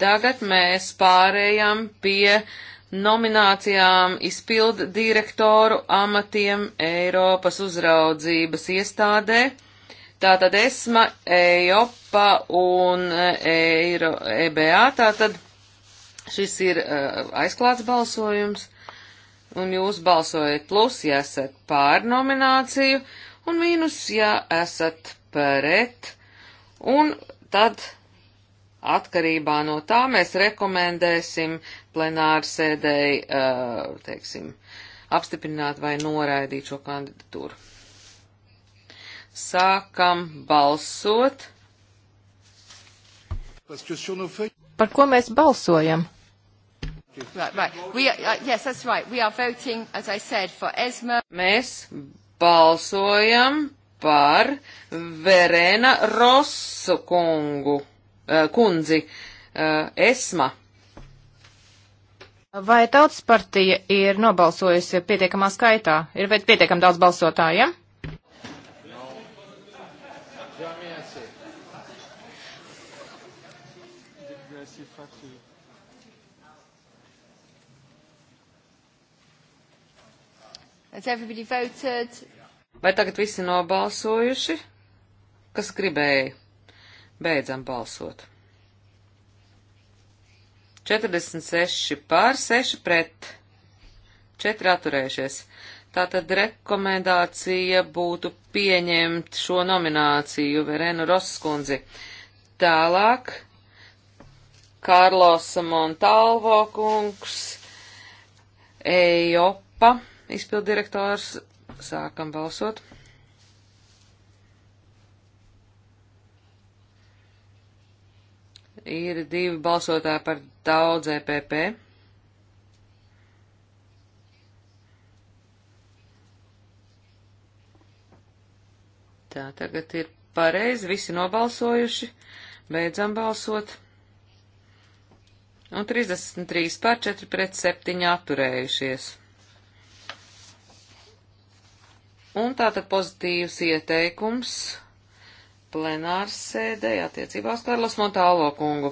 Tagad mēs pārējām pie nominācijām izpildu direktoru amatiem Eiropas uzraudzības iestādē. Tātad ESMA, EIOPA un e, Eiro, EBA. Tātad šis ir uh, aizklāts balsojums, un jūs balsojat plus, ja esat pār nomināciju, un mīnus, ja esat pret. Un tad Atkarībā no tā mēs rekomendēsim plenāru sēdēji, uh, teiksim, apstiprināt vai noraidīt šo kandidatūru. Sākam balsot. Par ko mēs balsojam? Right, right. We are, uh, yes, that's right. We are voting, as I said, for ESMA. Mēs balsojam par Verena Rosu kungu. Eh, kundzi eh, Esma. Vai tautas partija ir nobalsojusi pietiekamā skaitā? Ir vai pietiekam daudz balsotājiem? Ja? No. Vai tagad visi nobalsojuši? Kas gribēja? Beidzam balsot. 46 pār 6 pret 4 atturējušies. Tātad rekomendācija būtu pieņemt šo nomināciju Verenu Roskundzi. Tālāk Kārlos Montalvo kungs, Ejopa, izpildirektors, sākam balsot. ir divi balsotāji par daudz EPP. Tā tagad ir pareizi, visi nobalsojuši, beidzam balsot. Un 33 pār 4 pret 7 atturējušies. Un tātad pozitīvs ieteikums plenārsēdē attiecībā uz Karlos Montālo kungu.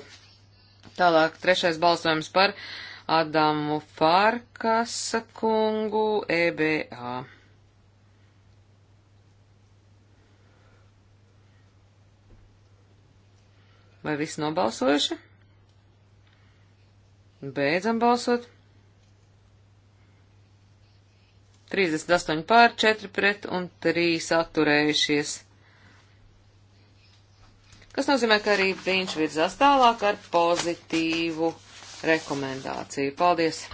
Tālāk trešais balsojums par Adamu Farkasa kungu EBA. Vai viss nobalsojuši? Beidzam balsot. 38 pār 4 pret un 3 atturējušies. Tas nozīmē, ka arī viņš virzās tālāk ar pozitīvu rekomendāciju. Paldies!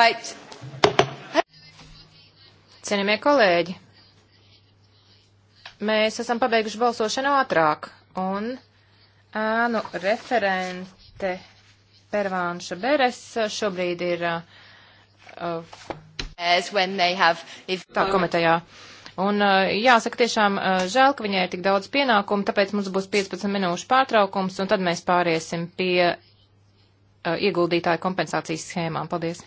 Right. Cienījamie kolēģi, mēs esam pabeiguši balsošanu ātrāk, un ēnu referente Pervānša Beres šobrīd ir uh, if... tā komitejā. Un jāsaka tiešām žēl, ka viņai ir tik daudz pienākumu, tāpēc mums būs 15 minūšu pārtraukums, un tad mēs pāriesim pie ieguldītāju kompensācijas schēmām. Paldies!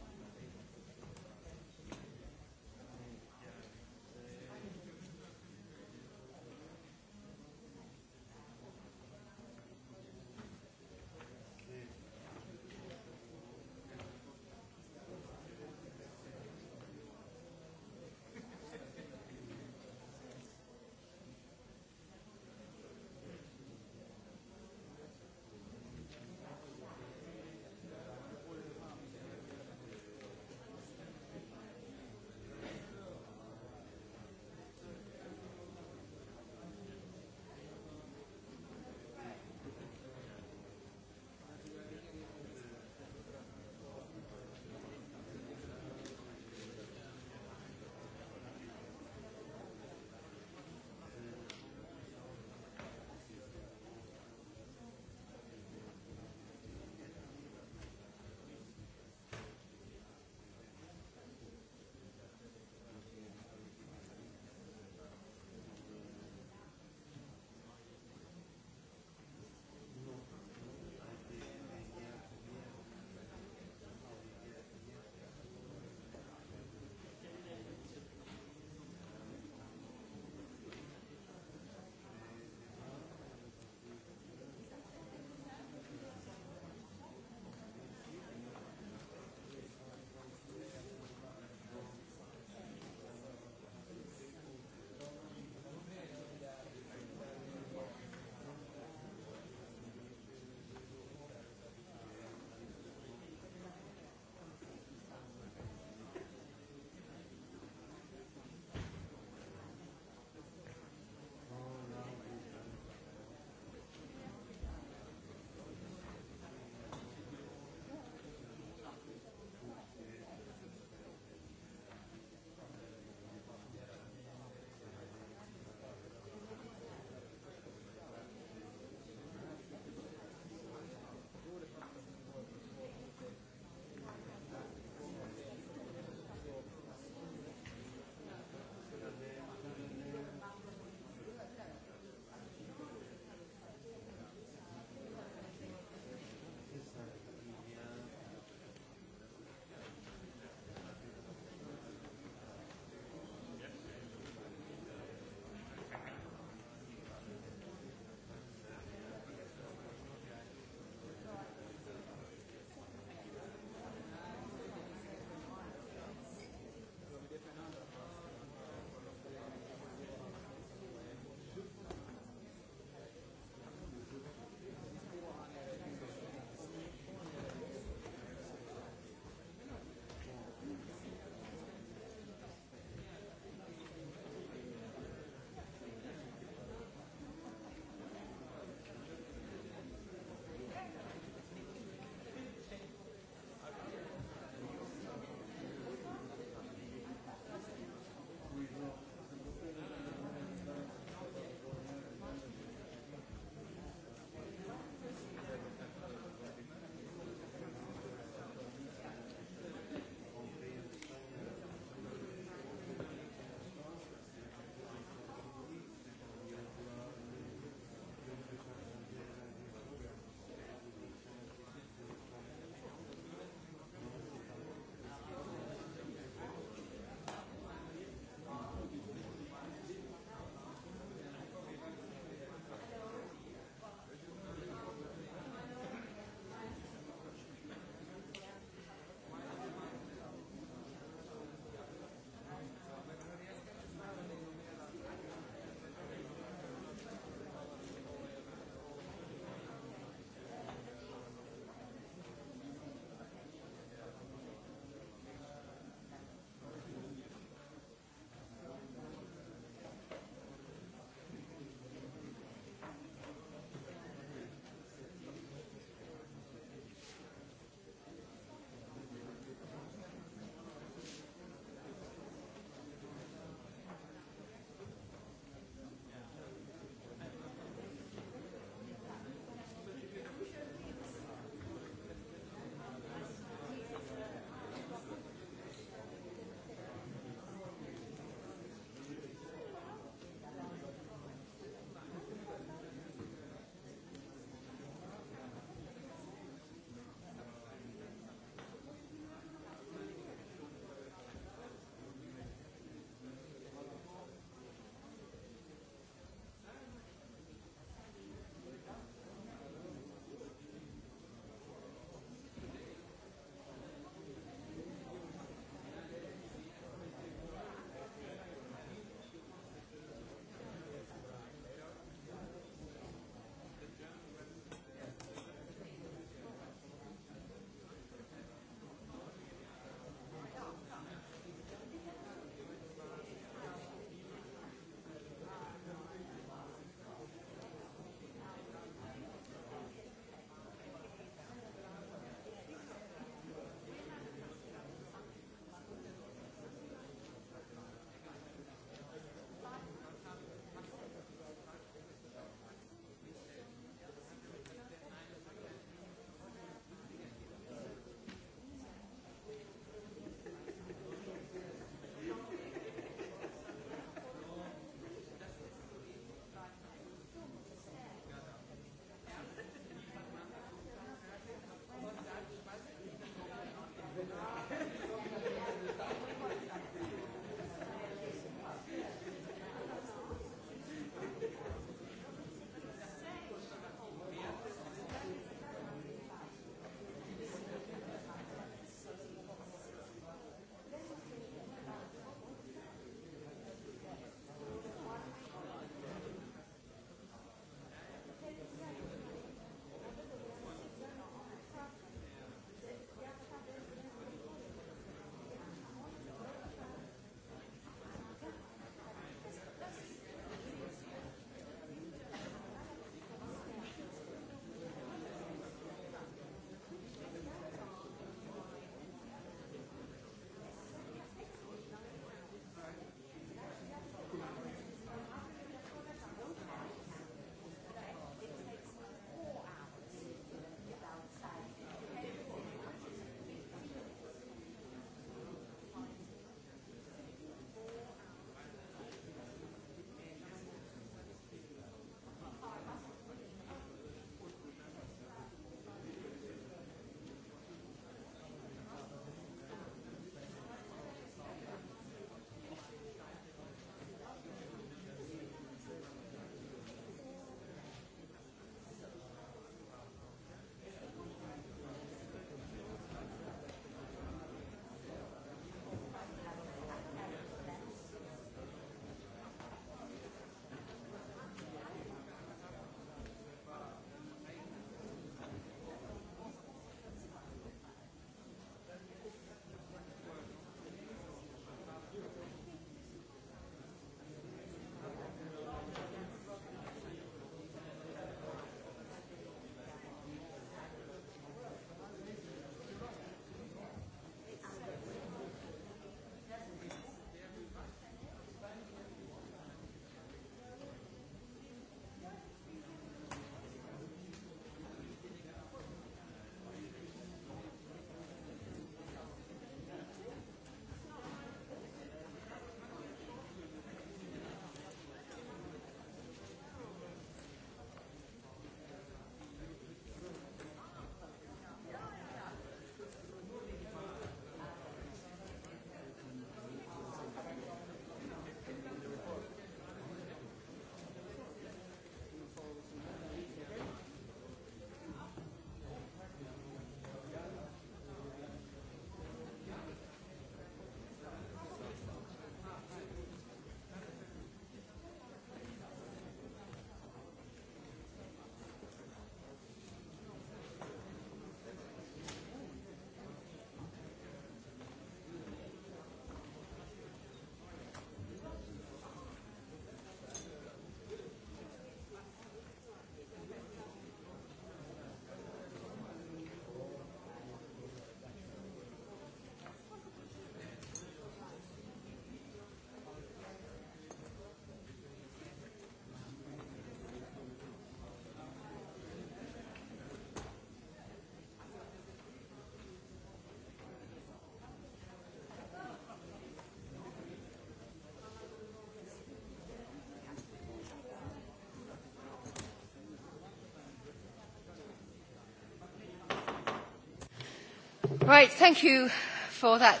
Right, thank you for that.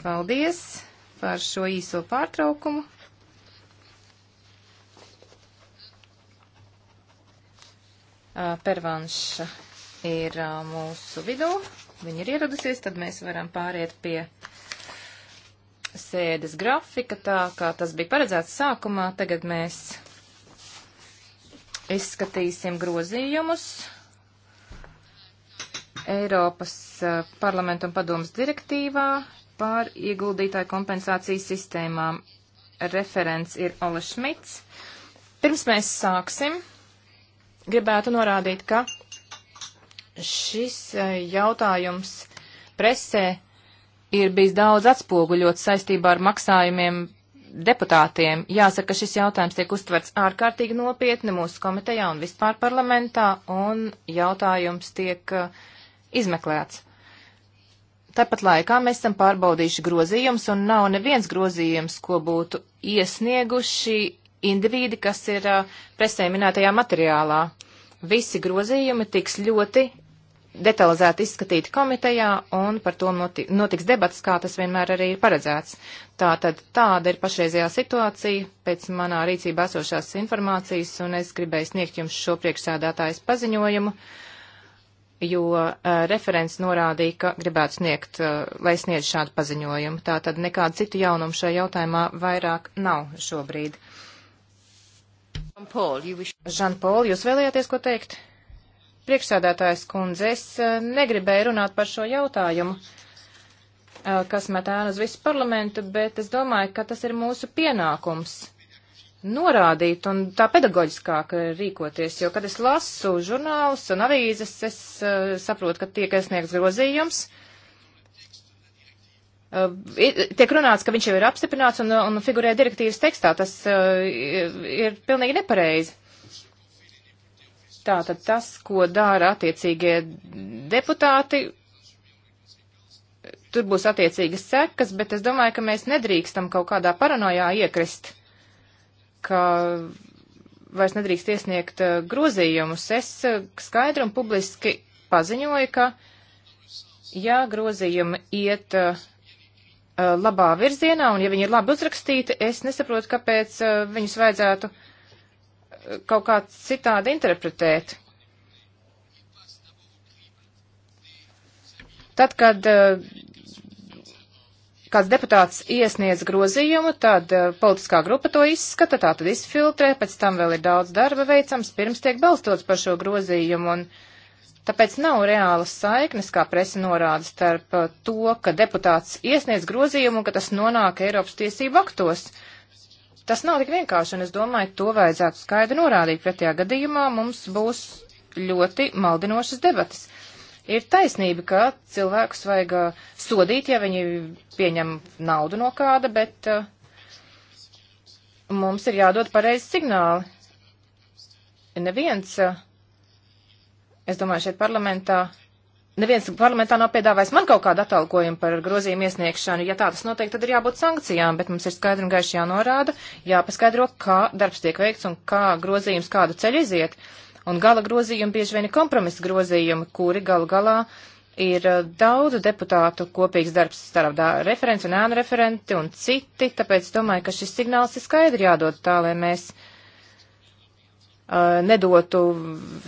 Paldies par šo īso pārtraukumu. Pervanša ir mūsu vidū. Viņa ir ieradusies, tad mēs varam pāriet pie sēdes grafika, tā kā tas bija paredzēts sākumā. Tagad mēs izskatīsim grozījumus. Eiropas eh, parlamentu un padomas direktīvā par ieguldītāju kompensācijas sistēmām. Referents ir Ole Šmits. Pirms mēs sāksim, gribētu norādīt, ka šis eh, jautājums presē ir bijis daudz atspoguļots saistībā ar maksājumiem deputātiem. Jāsaka, šis jautājums tiek uztverts ārkārtīgi nopietni mūsu komitejā un vispār parlamentā, un jautājums tiek uh, izmeklēts. Tāpat laikā mēs esam pārbaudījuši grozījumus, un nav neviens grozījums, ko būtu iesnieguši indivīdi, kas ir presē minētajā materiālā. Visi grozījumi tiks ļoti detalizēti izskatīti komitejā, un par to notiks debats, kā tas vienmēr arī ir paredzēts. Tātad tāda ir pašreizējā situācija pēc manā rīcībā esošās informācijas, un es gribēju sniegt jums šo priekšsēdētājas paziņojumu. Uh, jo uh, referents norādīja, ka gribētu sniegt, uh, lai sniedz šādu paziņojumu. Tā tad nekāda citu jaunumu šajā jautājumā vairāk nav šobrīd. Žanpol, jūs... Žan jūs vēlējāties ko teikt? Priekšsēdētājs kundze, es uh, negribēju runāt par šo jautājumu, uh, kas met ēnu uz visu parlamentu, bet es domāju, ka tas ir mūsu pienākums norādīt un tā pedagoģiskāk rīkoties, jo, kad es lasu žurnālus un avīzes, es uh, saprotu, ka tiek iesniegts grozījums. Uh, tiek runāts, ka viņš jau ir apstiprināts un, un figurē direktīvas tekstā. Tas uh, ir pilnīgi nepareizi. Tātad tas, ko dara attiecīgie deputāti, tur būs attiecīgas sekas, bet es domāju, ka mēs nedrīkstam kaut kādā paranojā iekrist ka vairs nedrīkst iesniegt eh, grozījumus. Es eh, skaidri un publiski paziņoju, ka, ja grozījumi iet eh, labā virzienā un ja viņi ir labi uzrakstīti, es nesaprotu, kāpēc viņus vajadzētu kaut kā citādi interpretēt. Tad, kad uh, kāds deputāts iesniedz grozījumu, tad uh, politiskā grupa to izskata, tā tad izfiltrē, pēc tam vēl ir daudz darba veicams, pirms tiek balstots par šo grozījumu. Un tāpēc nav reālas saiknes, kā presa norāda, starp uh, to, ka deputāts iesniedz grozījumu un ka tas nonāk Eiropas tiesību aktos. Tas nav tik vienkārši, un es domāju, to vajadzētu skaidri norādīt. Pretējā gadījumā mums būs ļoti maldinošas debatas. Ir taisnība, ka cilvēkus vajag uh, sodīt, ja viņi pieņem naudu no kāda, bet uh, mums ir jādod pareizi signāli. Neviens, uh, es domāju, šeit parlamentā neviens parlamentā nav piedāvājis man kaut kādu atalgojumu par grozījumu iesniegšanu. Ja tā tas notiek, tad ir jābūt sankcijām, bet mums ir skaidri un gaiši jānorāda, jāpaskaidro, kā darbs tiek veikts un kā grozījums kādu ceļu iziet. Un gala grozījumi bieži vien ir kompromisa grozījumi, kuri galu galā ir eh, daudzu deputātu kopīgs darbs starp referents un ēnu referenti un citi, tāpēc domāju, ka šis signāls ir skaidri jādod tā, lai mēs uh, nedotu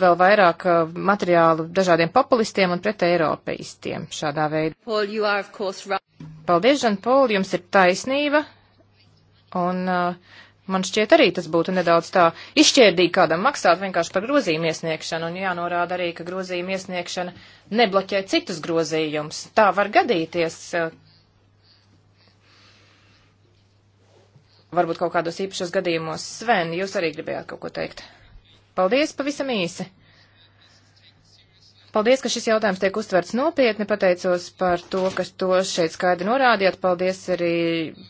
vēl vairāk uh, materiālu dažādiem populistiem un pret eiropeistiem šādā veidā. Paul, are, course, right. Paldies, Žan Pol, jums ir taisnība. Un uh, Man šķiet arī tas būtu nedaudz tā izšķērdīgi kādam maksāt vienkārši par grozījumu iesniegšanu, un jānorāda arī, ka grozījuma iesniegšana nebloķē citus grozījumus. Tā var gadīties. Eh, varbūt kaut kādos īpašos gadījumos. Sven, jūs arī gribējāt kaut ko teikt. Paldies pavisam īsi. Paldies, ka šis jautājums tiek uztverts nopietni. Pateicos par to, ka to šeit skaidri norādījāt. Paldies arī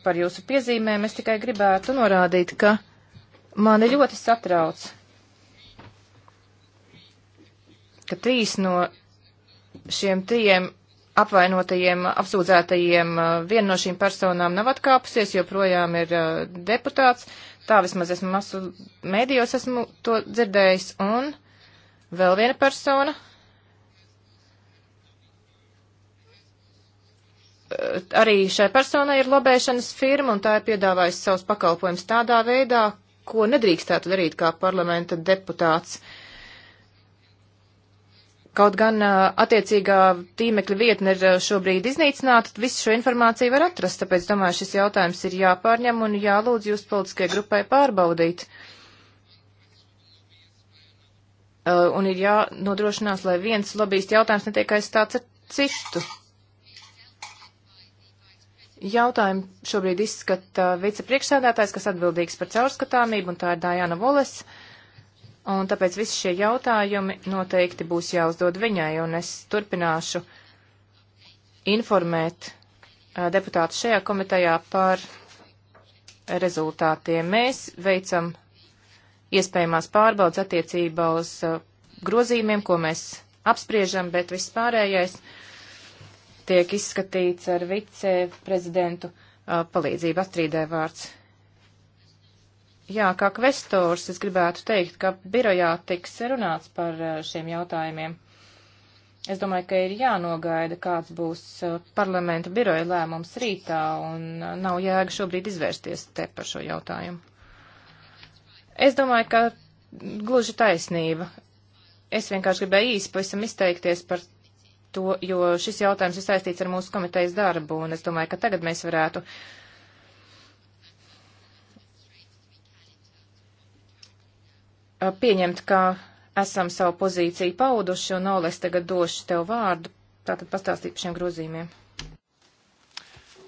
par jūsu piezīmēm. Es tikai gribētu norādīt, ka mani ļoti satrauc, ka trīs no šiem trijiem apvainotajiem, apsūdzētajiem, uh, viena no šīm personām nav atkāpusies, joprojām ir uh, deputāts. Tā vismaz esmu masu mēdījos esmu to dzirdējis. Un vēl viena persona arī šai personai ir lobēšanas firma, un tā ir piedāvājusi savus pakalpojumus tādā veidā, ko nedrīkstētu darīt kā parlamenta deputāts. Kaut gan attiecīgā tīmekļa vietne ir šobrīd iznīcināta, visu šo informāciju var atrast, tāpēc domāju, šis jautājums ir jāpārņem un jālūdz jūs politiskajai grupai pārbaudīt. Un ir jānodrošinās, lai viens lobbyist jautājums netiek aizstāts ar citu. Jautājumu šobrīd izskata vicepriekšsēdētājs, kas atbildīgs par caurskatāmību, un tā ir Dājana Voles. Un tāpēc visi šie jautājumi noteikti būs jāuzdod viņai, un es turpināšu informēt deputātu šajā komitejā par rezultātiem. Mēs veicam iespējamās pārbaudas attiecībā uz grozījumiem, ko mēs apspriežam, bet viss pārējais. Uh, tiek izskatīts ar vice prezidentu palīdzību. Astrīdē vārds. Jā, kā kvestors es gribētu teikt, ka birojā tiks runāts par šiem jautājumiem. Es domāju, ka ir jānogaida, kāds būs parlamenta biroja lēmums rītā, un nav jēga šobrīd izvērsties te par šo jautājumu. Es domāju, ka gluži taisnība. Es vienkārši gribēju īsi pavisam izteikties par to, jo šis jautājums ir saistīts ar mūsu komitejas darbu, un es domāju, ka tagad mēs varētu pieņemt, ka esam savu pozīciju pauduši, un Oles tagad došu tev vārdu, tātad pastāstīt par šiem grozījumiem.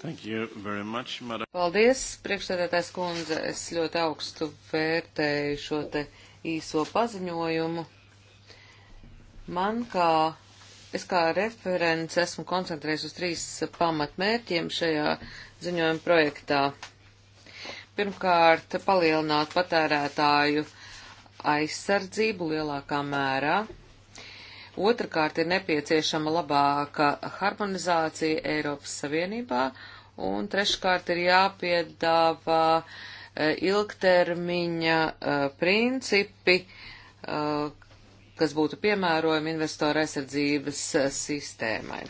Much, Paldies, priekšsēdētājs kundze, es ļoti augstu vērtēju šo te īso paziņojumu. Man kā Es kā referents esmu koncentrējis uz trīs pamatmērķiem šajā ziņojuma projektā. Pirmkārt, palielināt patērētāju aizsardzību lielākā mērā. Otrakārt, ir nepieciešama labāka harmonizācija Eiropas Savienībā. Un treškārt, ir jāpiedāvā e, ilgtermiņa e, principi, e, kas būtu piemērojami investoru aizsardzības eh, sistēmai.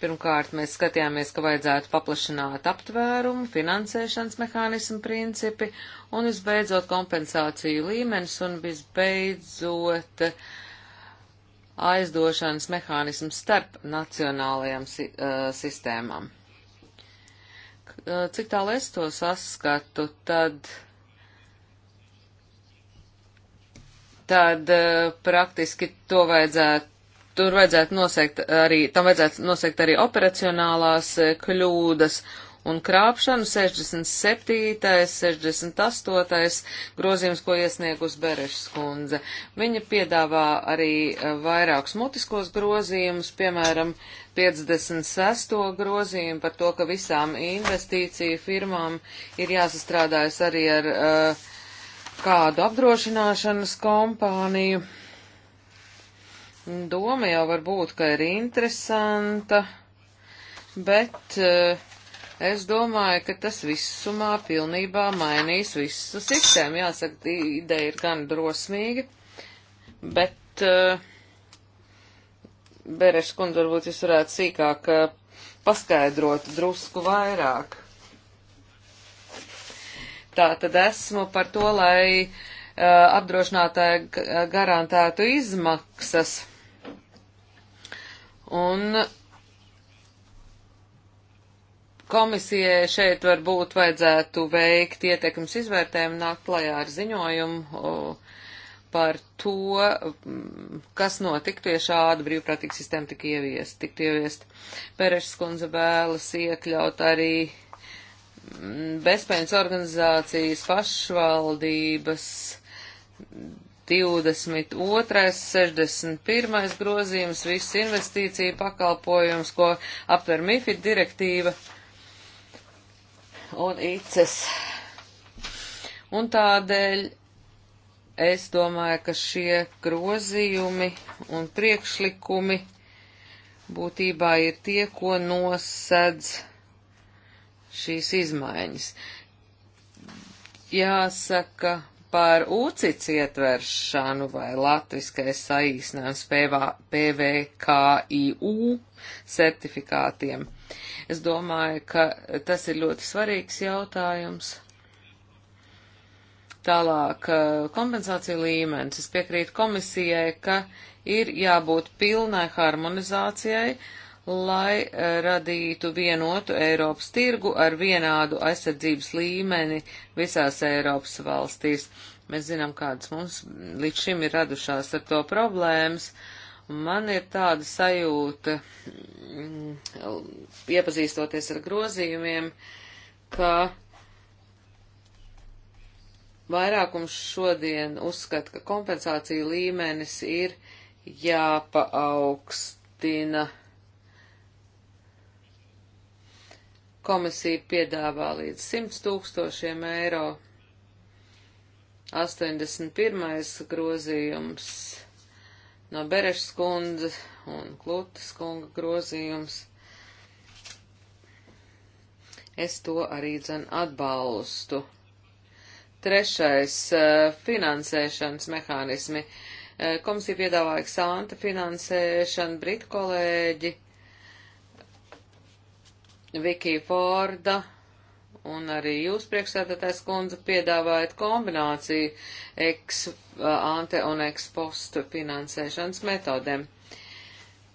Pirmkārt, mēs skatījāmies, ka vajadzētu paplašināt aptvērumu, finansēšanas mehānismu principi un visbeidzot kompensāciju līmenis un visbeidzot aizdošanas mehānismu starp nacionālajām si uh, sistēmām. Eh, cik tālu es to saskatu, tad tad eh, praktiski to vajadzētu tur vajadzētu noseikt arī, tam vajadzētu noseikt arī operacionālās eh, kļūdas un krāpšanu 67. 68. grozījums, ko iesniegus Berešs kundze. Viņa piedāvā arī eh, vairākus mutiskos grozījumus, piemēram, 56. grozījumu par to, ka visām investīciju firmām ir jāsastrādājas arī ar uh, kādu apdrošināšanas kompāniju. Doma jau var būt, ka ir interesanta, bet eh, es domāju, ka tas visumā pilnībā mainīs visu sistēmu. Jāsaka, ideja ir gan drosmīga, bet eh, Bereša kundze varbūt jūs varētu sīkāk eh, paskaidrot drusku vairāk tā tad esmu par to, lai uh, apdrošinātāji garantētu izmaksas. Un komisijai šeit varbūt vajadzētu veikt ietekmes izvērtējumu, nākt klajā ar ziņojumu par to, kas notiktu, ja šāda brīvprātīga sistēma tik ieviest, tiktu ieviest. Perešs kundze vēlas iekļaut arī bezpējas organizācijas pašvaldības 22. 61. grozījums, viss investīcija pakalpojums, ko aptver MIFID direktīva un ICES. Un tādēļ es domāju, ka šie grozījumi un priekšlikumi būtībā ir tie, ko nosedz šīs izmaiņas. Jāsaka par UCIC ietveršanu vai latviskais saīsinājums PVKIU certifikātiem. Es domāju, ka tas ir ļoti svarīgs jautājums. Tālāk, eh, kompensācija līmenis. Es piekrītu komisijai, ka ir jābūt pilnai harmonizācijai lai eh, radītu vienotu Eiropas tirgu ar vienādu aizsardzības līmeni visās Eiropas valstīs. Mēs zinām, kādas mums līdz šim ir radušās ar to problēmas. Man ir tāda sajūta, mm, iepazīstoties ar grozījumiem, ka vairākums šodien uzskata, ka kompensācija līmenis ir jāpaaugstina Komisija piedāvā līdz 100 tūkstošiem eiro. 81. grozījums no Berešas kundze un Klutas kunga grozījums. Es to arī dzen atbalstu. Trešais eh, - finansēšanas mehānismi. Eh, komisija piedāvāja eksānta finansēšanu, Britu kolēģi Viki Forda un arī jūs priekšsēdētājs kundze piedāvājat kombināciju ex ante un ex postu finansēšanas metodēm.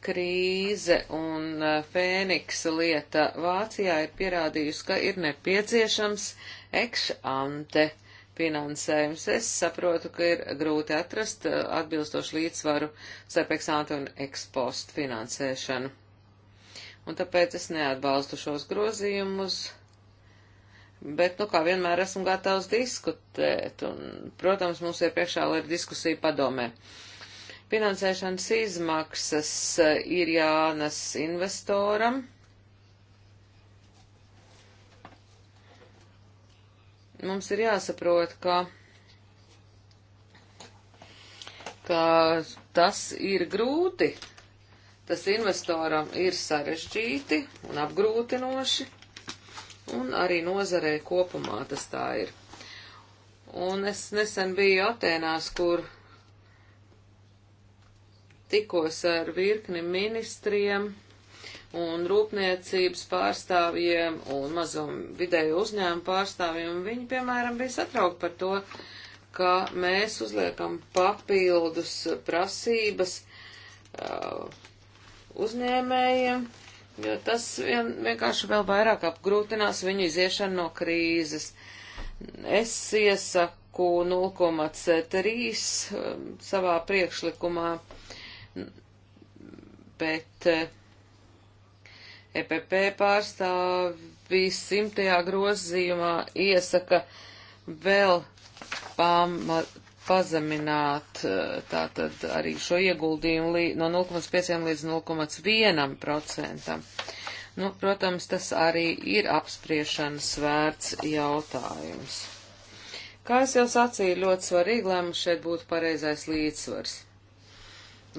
Krīze un Fēniksa lieta Vācijā ir pierādījusi, ka ir nepieciešams ex ante finansējums. Es saprotu, ka ir grūti atrast atbilstošu līdzsvaru starp ex ante un ex postu finansēšanu un tāpēc es neatbalstu šos grozījumus, bet, nu, kā vienmēr esmu gatavs diskutēt, un, protams, mums ir priekšā vēl ir diskusija padomē. Finansēšanas izmaksas eh, ir jānes investoram. Mums ir jāsaprot, ka ka tas ir grūti Tas investoram ir sarežģīti un apgrūtinoši, un arī nozarē kopumā tas tā ir. Un es nesen biju Atēnās, kur tikos ar virkni ministriem un rūpniecības pārstāvjiem un mazumu vidēju uzņēmumu pārstāvjiem. Viņi, piemēram, bija satraukti par to, ka mēs uzliekam papildus prasības uh, uzņēmējiem, jo tas vien, vienkārši vēl vairāk apgrūtinās viņu iziešanu no krīzes. Es iesaku 0,3 um, savā priekšlikumā, bet EPP eh, e pārstāvī simtajā grozījumā iesaka vēl pama, pazemināt eh, tātad arī šo ieguldījumu no 0,5 līdz 0,1 procentam. Nu, protams, tas arī ir apspriešanas vērts jautājums. Kā es jau sacīju, ļoti svarīgi, lai mums šeit būtu pareizais līdzsvars.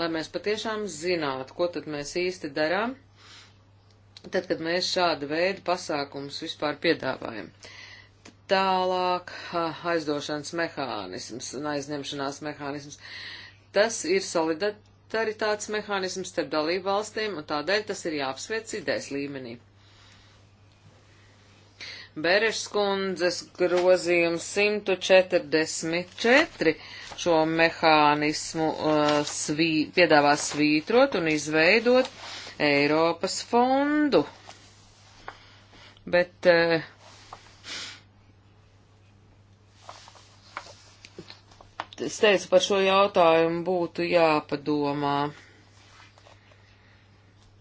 Lai mēs patiešām zinātu, ko tad mēs īsti darām, tad, kad mēs šādu veidu pasākumus vispār piedāvājam. Uh, Tālāk aizdošanas mehānisms un aizņemšanās mehānisms. Tas ir solidaritātes mehānisms starp dalību valstīm, un tādēļ tas ir jāapsvērts idejas līmenī. Berešs kundzes grozījums 144 šo mehānismu uh, svī, piedāvā svītrot un izveidot Eiropas fondu. Bet uh, es teicu, par šo jautājumu būtu jāpadomā.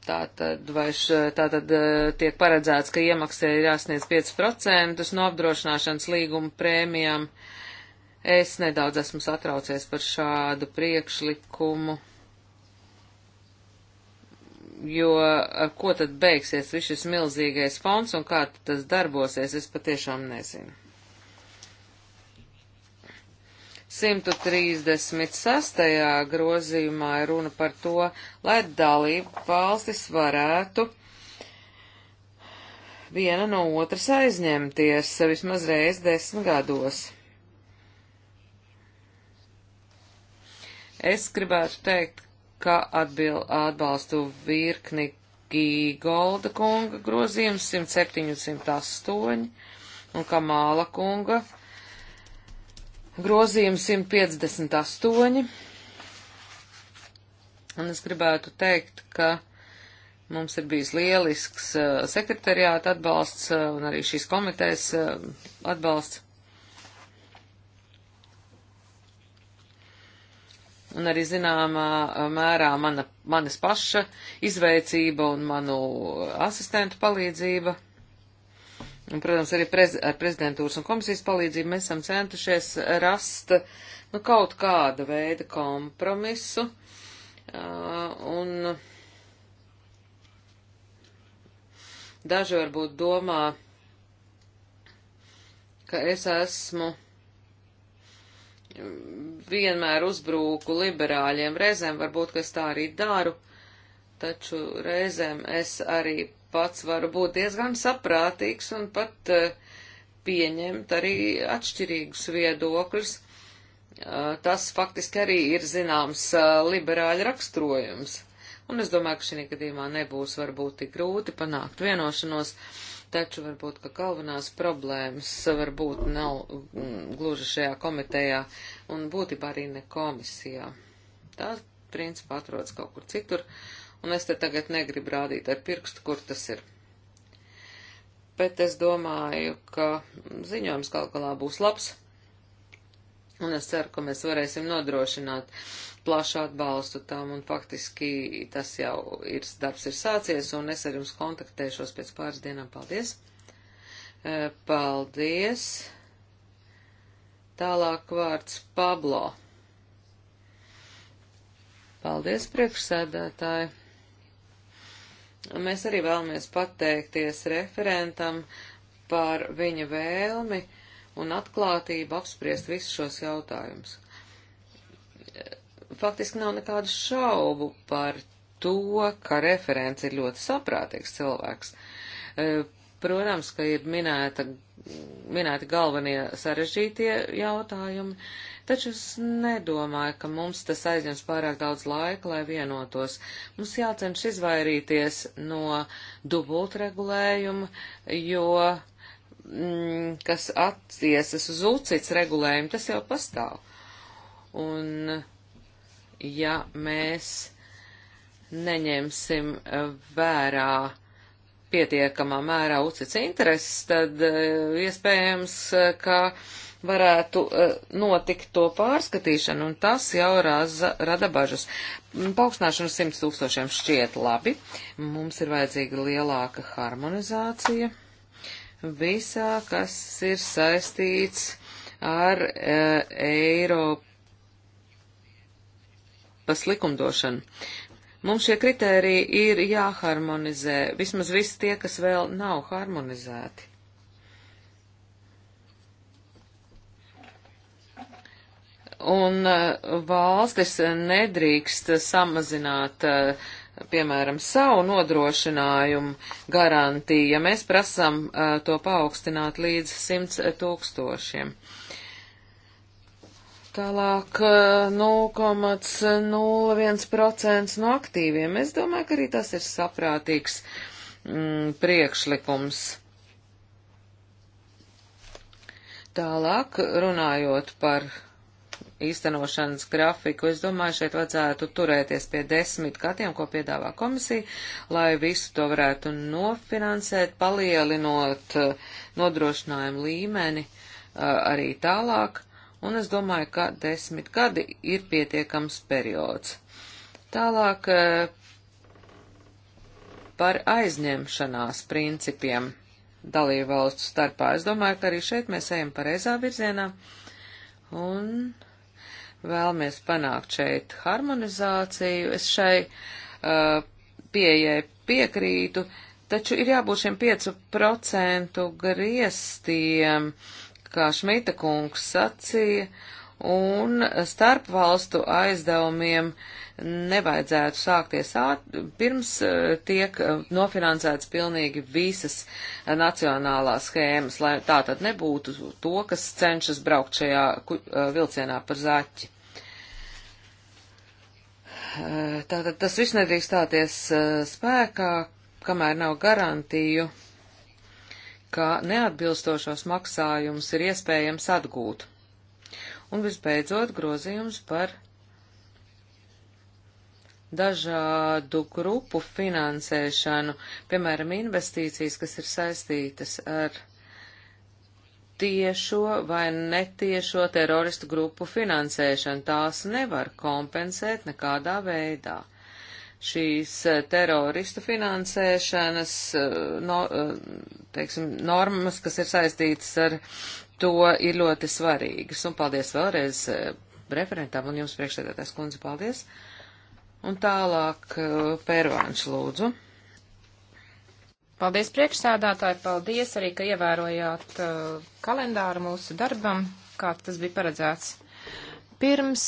Tātad, vai š, tātad e, tiek paredzēts, ka iemaksē ir jāsniedz 5% no apdrošināšanas līguma prēmijām. Es nedaudz esmu satraucies par šādu priekšlikumu, jo ar ko tad beigsies viss šis milzīgais fonds un kā tas darbosies, es patiešām nezinu. 136. grozījumā ir runa par to, lai dalību valstis varētu viena no otras aizņemties vismaz reiz desmit gados. Es gribētu teikt, ka atbil, atbalstu virkni Gīgolda kunga grozījums 107 un 108 un Kamāla kunga 108 grozījums 158. Un es gribētu teikt, ka mums ir bijis lielisks uh, sekretariāta atbalsts uh, un arī šīs komitejas uh, atbalsts. Un arī zināmā uh, mērā mana, manas paša izveicība un manu asistentu palīdzība. Un, protams, arī prez, ar prezidentūras un komisijas palīdzību mēs esam centušies rast nu, kaut kāda veida kompromisu. Uh, un daži varbūt domā, ka es esmu vienmēr uzbrūku liberāļiem. Reizēm varbūt, ka es tā arī daru, taču reizēm es arī pats varu būt diezgan saprātīgs un pat eh, pieņemt arī atšķirīgus viedokļus. Eh, tas faktiski arī ir zināms eh, liberāļa raksturojums. Un es domāju, ka šī gadījumā nebūs varbūt tik grūti panākt vienošanos, taču varbūt, ka galvenās problēmas varbūt nav mm, gluži šajā komitejā un būtībā arī ne komisijā. Tā principā atrodas kaut kur citur. Uh, un es te tagad negribu rādīt ar pirkstu, kur tas ir. Bet es domāju, ka ziņojums kaut galā būs labs, un es ceru, ka mēs varēsim nodrošināt plašu atbalstu tam, un faktiski tas jau ir, darbs ir sācies, un es ar jums kontaktēšos pēc pāris dienām. Paldies! E, paldies! Tālāk vārds Pablo. Paldies, priekšsēdētāji! Mēs arī vēlamies pateikties referentam par viņa vēlmi un atklātību apspriest visus šos jautājumus. Faktiski nav nekādu šaubu par to, ka referents ir ļoti saprātīgs cilvēks. Protams, ka ir minēta minēti galvenie sarežģītie jautājumi, taču es nedomāju, ka mums tas aizņems pārāk daudz laika, lai vienotos. Mums jācenš izvairīties no dubultregulējuma, jo mm, kas attiecas uz UCITS regulējumu, tas jau pastāv. Un ja mēs neņemsim vērā pietiekamā mērā uztic intereses, tad eh, iespējams, eh, ka varētu eh, notikt to pārskatīšanu, un tas jau raza, rada bažas. Mm, Paukstināšana 100 tūkstošiem šķiet labi, mums ir vajadzīga lielāka harmonizācija visā, kas ir saistīts ar e, Eiropas likumdošanu. Mums šie kritēriji ir jāharmonizē, vismaz visi tie, kas vēl nav harmonizēti. Un eh, valstis nedrīkst samazināt, eh, piemēram, savu nodrošinājumu garantiju, ja mēs prasam eh, to paaugstināt līdz 100 tūkstošiem. Tālāk 0,01% eh, no aktīviem. Es domāju, ka arī tas ir saprātīgs mm, priekšlikums. Tālāk runājot par īstenošanas grafiku, es domāju, šeit vajadzētu turēties pie desmit gadiem, ko piedāvā komisija, lai visu to varētu nofinansēt, palielinot eh, nodrošinājumu līmeni eh, arī tālāk un es domāju, ka desmit gadi ir pietiekams periods. Tālāk eh, par aizņemšanās principiem dalību valstu starpā. Es domāju, ka arī šeit mēs ejam pareizā virzienā un vēlamies panākt šeit harmonizāciju. Es šai uh, pieejai piekrītu, taču ir jābūt šiem 5% griestiem. Uh, kā Šmita kungs sacīja, un starp valstu aizdevumiem nevajadzētu sākties āt, pirms e, tiek e, nofinansēts pilnīgi visas nacionālās schēmas, lai tā tad nebūtu to, kas cenšas braukt šajā e, vilcienā par zaķi. Tātad tas viss nedrīkst stāties spēkā, kamēr nav garantiju ka neatbilstošos maksājumus ir iespējams atgūt. Un visbeidzot grozījums par dažādu grupu finansēšanu, piemēram, investīcijas, kas ir saistītas ar tiešo vai netiešo teroristu grupu finansēšanu. Tās nevar kompensēt nekādā veidā šīs e, teroristu finansēšanas e, no, e, teiksim, normas, kas ir saistītas ar to, ir ļoti svarīgas. Un paldies vēlreiz referentam un jums priekšsēdētājs kundze, paldies. Un tālāk Pērvāns lūdzu. Paldies priekšsēdātāji, paldies arī, ka ievērojāt uh, kalendāru mūsu darbam, kā tas bija paredzēts. Pirms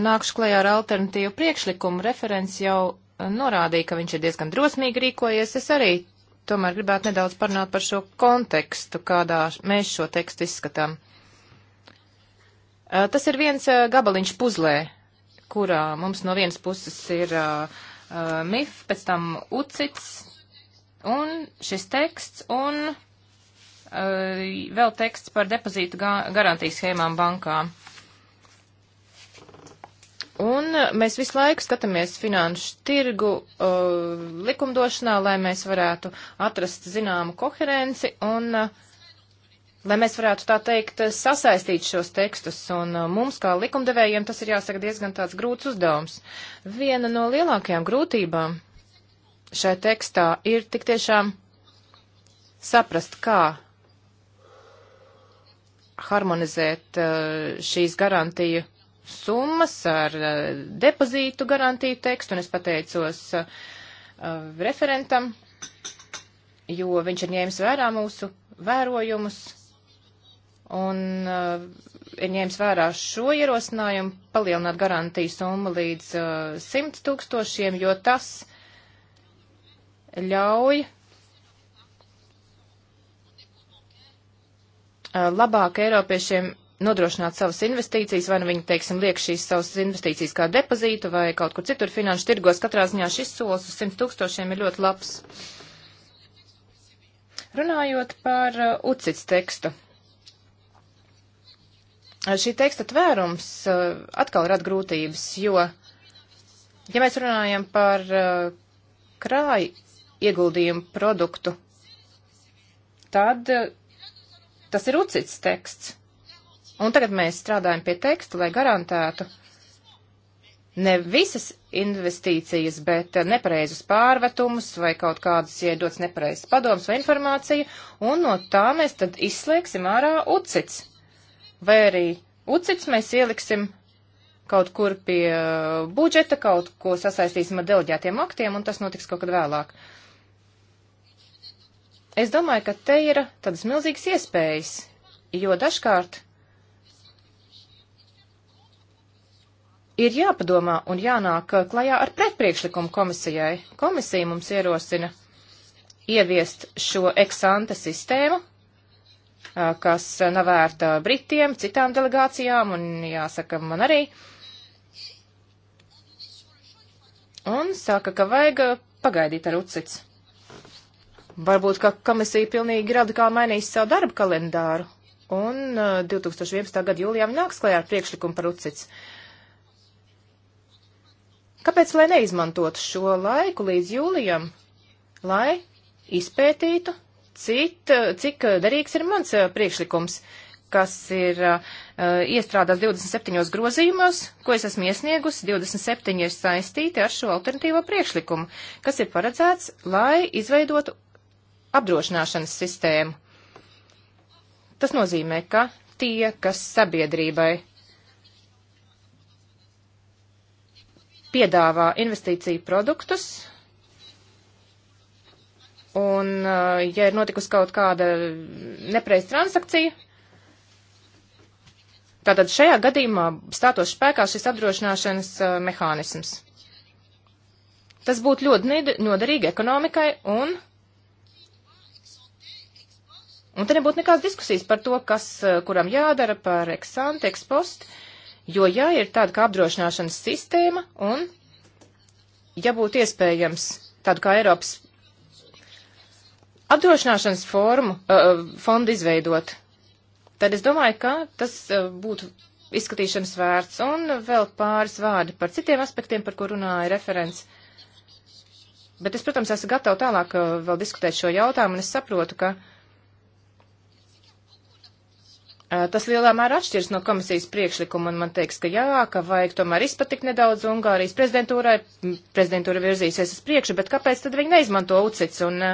nākuši klajā ar alternatīvu priekšlikumu. Referents jau norādīja, ka viņš ir diezgan drosmīgi rīkojies. Es arī tomēr gribētu nedaudz parunāt par šo kontekstu, kādā mēs šo tekstu izskatām. Eh, tas ir viens eh, gabaliņš puzlē, kurā mums no vienas puses ir uh, MIF, pēc tam UCITS un šis teksts un uh, vēl teksts par depozītu garantijas schēmām bankām. Un uh, mēs visu laiku skatāmies finanšu tirgu uh, likumdošanā, lai mēs varētu atrast zināmu koherenci un uh, lai mēs varētu tā teikt sasaistīt šos tekstus. Un uh, mums, kā likumdevējiem, tas ir jāsaka diezgan tāds grūts uzdevums. Viena no lielākajām grūtībām šai tekstā ir tik tiešām saprast, kā harmonizēt uh, šīs garantiju summas, ar eh, depozītu garantīju tekstu, un es pateicos eh, referentam, jo viņš ir ņēmis vērā mūsu vērojumus un eh, ir ņēmis vērā šo ierosinājumu palielināt garantiju summu līdz 100 tūkstošiem, jo tas ļauj labāk Eiropiešiem nodrošināt savas investīcijas, vai nu viņi, teiksim, liek šīs savas investīcijas kā depozītu vai kaut kur citur finanšu tirgos. Katrā ziņā šis solis uz 100 tūkstošiem ir ļoti labs. Runājot par uh, UCITS tekstu. Šī teksta tvērums uh, atkal rada grūtības, jo, ja mēs runājam par uh, krāju ieguldījumu produktu, tad uh, tas ir UCITS teksts. Un tagad mēs strādājam pie teksta, lai garantētu ne visas investīcijas, bet nepareizus pārvetumus vai kaut kādas iedots nepareizas padomas vai informācija, un no tā mēs tad izslēgsim ārā ucits. Vai arī ucits mēs ieliksim kaut kur pie uh, budžeta, kaut ko sasaistīsim ar deleģētiem aktiem, un tas notiks kaut kad vēlāk. Es domāju, ka te ir tādas milzīgas iespējas, jo dažkārt ir jāpadomā un jānāk uh, klajā ar pretpriekšlikumu komisijai. Komisija mums ierosina ieviest šo eksanta sistēmu, uh, kas nav vērta Britiem, citām delegācijām un jāsaka man arī. Un saka, ka vajag uh, pagaidīt ar ucits. Varbūt, ka komisija pilnīgi radikāli mainīs savu darbu kalendāru, un 2011. gada jūlijā nāks klajā ar priekšlikumu par ucits. Uh, Kāpēc lai neizmantotu šo laiku līdz jūlijam, lai izpētītu, cit, cik derīgs ir mans eh, priekšlikums, kas ir uh, iestrādās 27 grozījumos, ko es esmu iesniegusi, 27 ir saistīti ar šo alternatīvo priekšlikumu, kas ir paredzēts, lai izveidotu apdrošināšanas sistēmu. Tas nozīmē, ka tie, kas sabiedrībai piedāvā investīciju produktus, un, eh, ja ir notikusi kaut kāda nepreiz transakcija, tātad šajā gadījumā stātos spēkā šis apdrošināšanas eh, mehānisms. Tas būtu ļoti noderīgi ekonomikai un. Un te nebūtu nekādas diskusijas par to, kas eh, kuram jādara par eksante, ekspost. Uh, Jo, ja ir tāda kā apdrošināšanas sistēma un, ja būtu iespējams, tādu kā Eiropas apdrošināšanas formu, uh, fondu izveidot, tad es domāju, ka tas uh, būtu izskatīšanas vērts. Un vēl pāris vārdi par citiem aspektiem, par ko runāja referents. Bet es, protams, esmu gatava tālāk uh, vēl diskutēt šo jautājumu, un es saprotu, ka uh, Tas lielā mērā atšķirs no komisijas priekšlikuma, un man teiks, ka jā, ka vajag tomēr izpatikt nedaudz Ungārijas prezidentūrai, prezidentūra virzīsies uz priekšu, bet kāpēc tad viņi neizmanto ucits, un uh,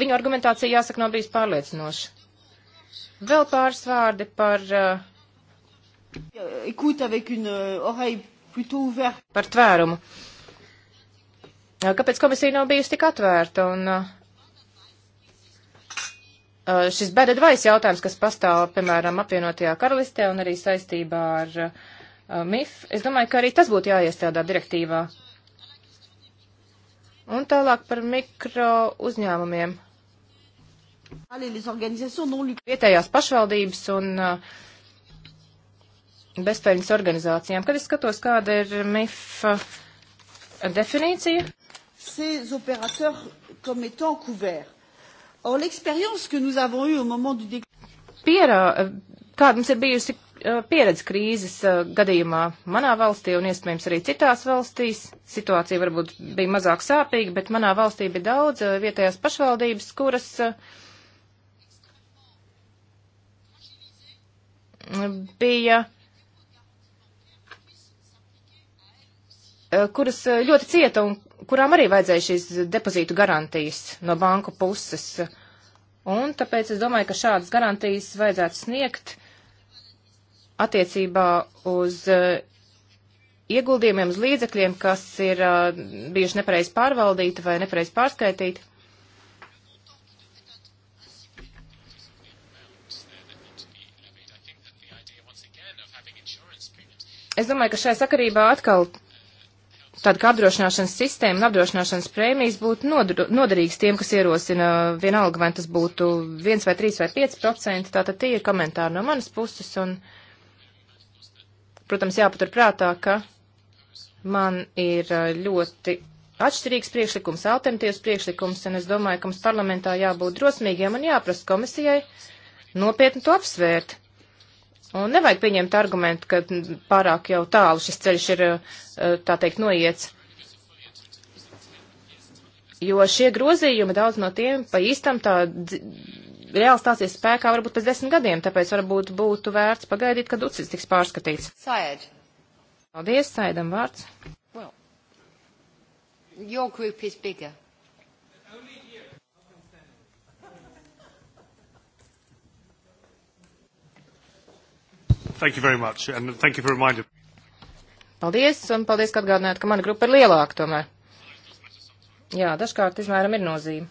viņu argumentācija, jāsaka, nav bijis pārliecinoša. Vēl pāris vārdi par. Uh, par tvērumu. Kāpēc komisija nav bijusi tik atvērta un uh, Uh, šis bad advice jautājums, kas pastāv, piemēram, apvienotajā karalistē un arī saistībā ar uh, MIF, es domāju, ka arī tas būtu jāiestrādā direktīvā. Un tālāk par mikro uzņēmumiem. Vietējās pašvaldības un uh, bezpēļņas organizācijām. Kad es skatos, kāda ir MIF uh, definīcija? Ces opérateurs comme étant couverts Or, l'expérience que nous avons eue au moment du déclin. Pierā, eh, kāda mums ir bijusi eh, pieredze krīzes eh, gadījumā manā valstī un iespējams arī citās valstīs. Situācija varbūt bija mazāk sāpīga, bet manā valstī bija daudz vietējās pašvaldības, kuras bija kuras ļoti cieta un kurām arī vajadzēja šīs depozītu garantijas no banku puses. Un tāpēc es domāju, ka šādas garantijas vajadzētu sniegt attiecībā uz eh, ieguldījumiem, uz līdzekļiem, kas ir eh, bijuši nepareiz pārvaldīti vai nepareiz pārskaitīti. Es domāju, ka šajā sakarībā atkal Tad, ka apdrošināšanas sistēma un apdrošināšanas prēmijas būtu noderīgas tiem, kas ierosina vienalga, vai tas būtu 1 vai 3 vai 5 procenti, tātad tie ir komentāri no manas puses, un, protams, jāpatur prātā, ka man ir ļoti atšķirīgs priekšlikums, alternatīvs priekšlikums, un es domāju, ka mums parlamentā jābūt drosmīgiem un jāprasa komisijai nopietni to apsvērt. Un nevajag pieņemt argumentu, ka pārāk jau tālu šis ceļš ir, eh, tā teikt, noiets. Jo šie grozījumi, daudz no tiem, pa īstam tā reāli stāsies spēkā varbūt pēc desmit gadiem, tāpēc varbūt būtu vērts pagaidīt, kad UCIS tiks pārskatīts. Said. Paldies, Saidam vārds. Well, your group is bigger. Thank you very much, and thank you for reminding. Paldies, un paldies, ka atgādinājāt, ka mana grupa ir lielāka tomēr. Jā, dažkārt izmēram ir nozīme.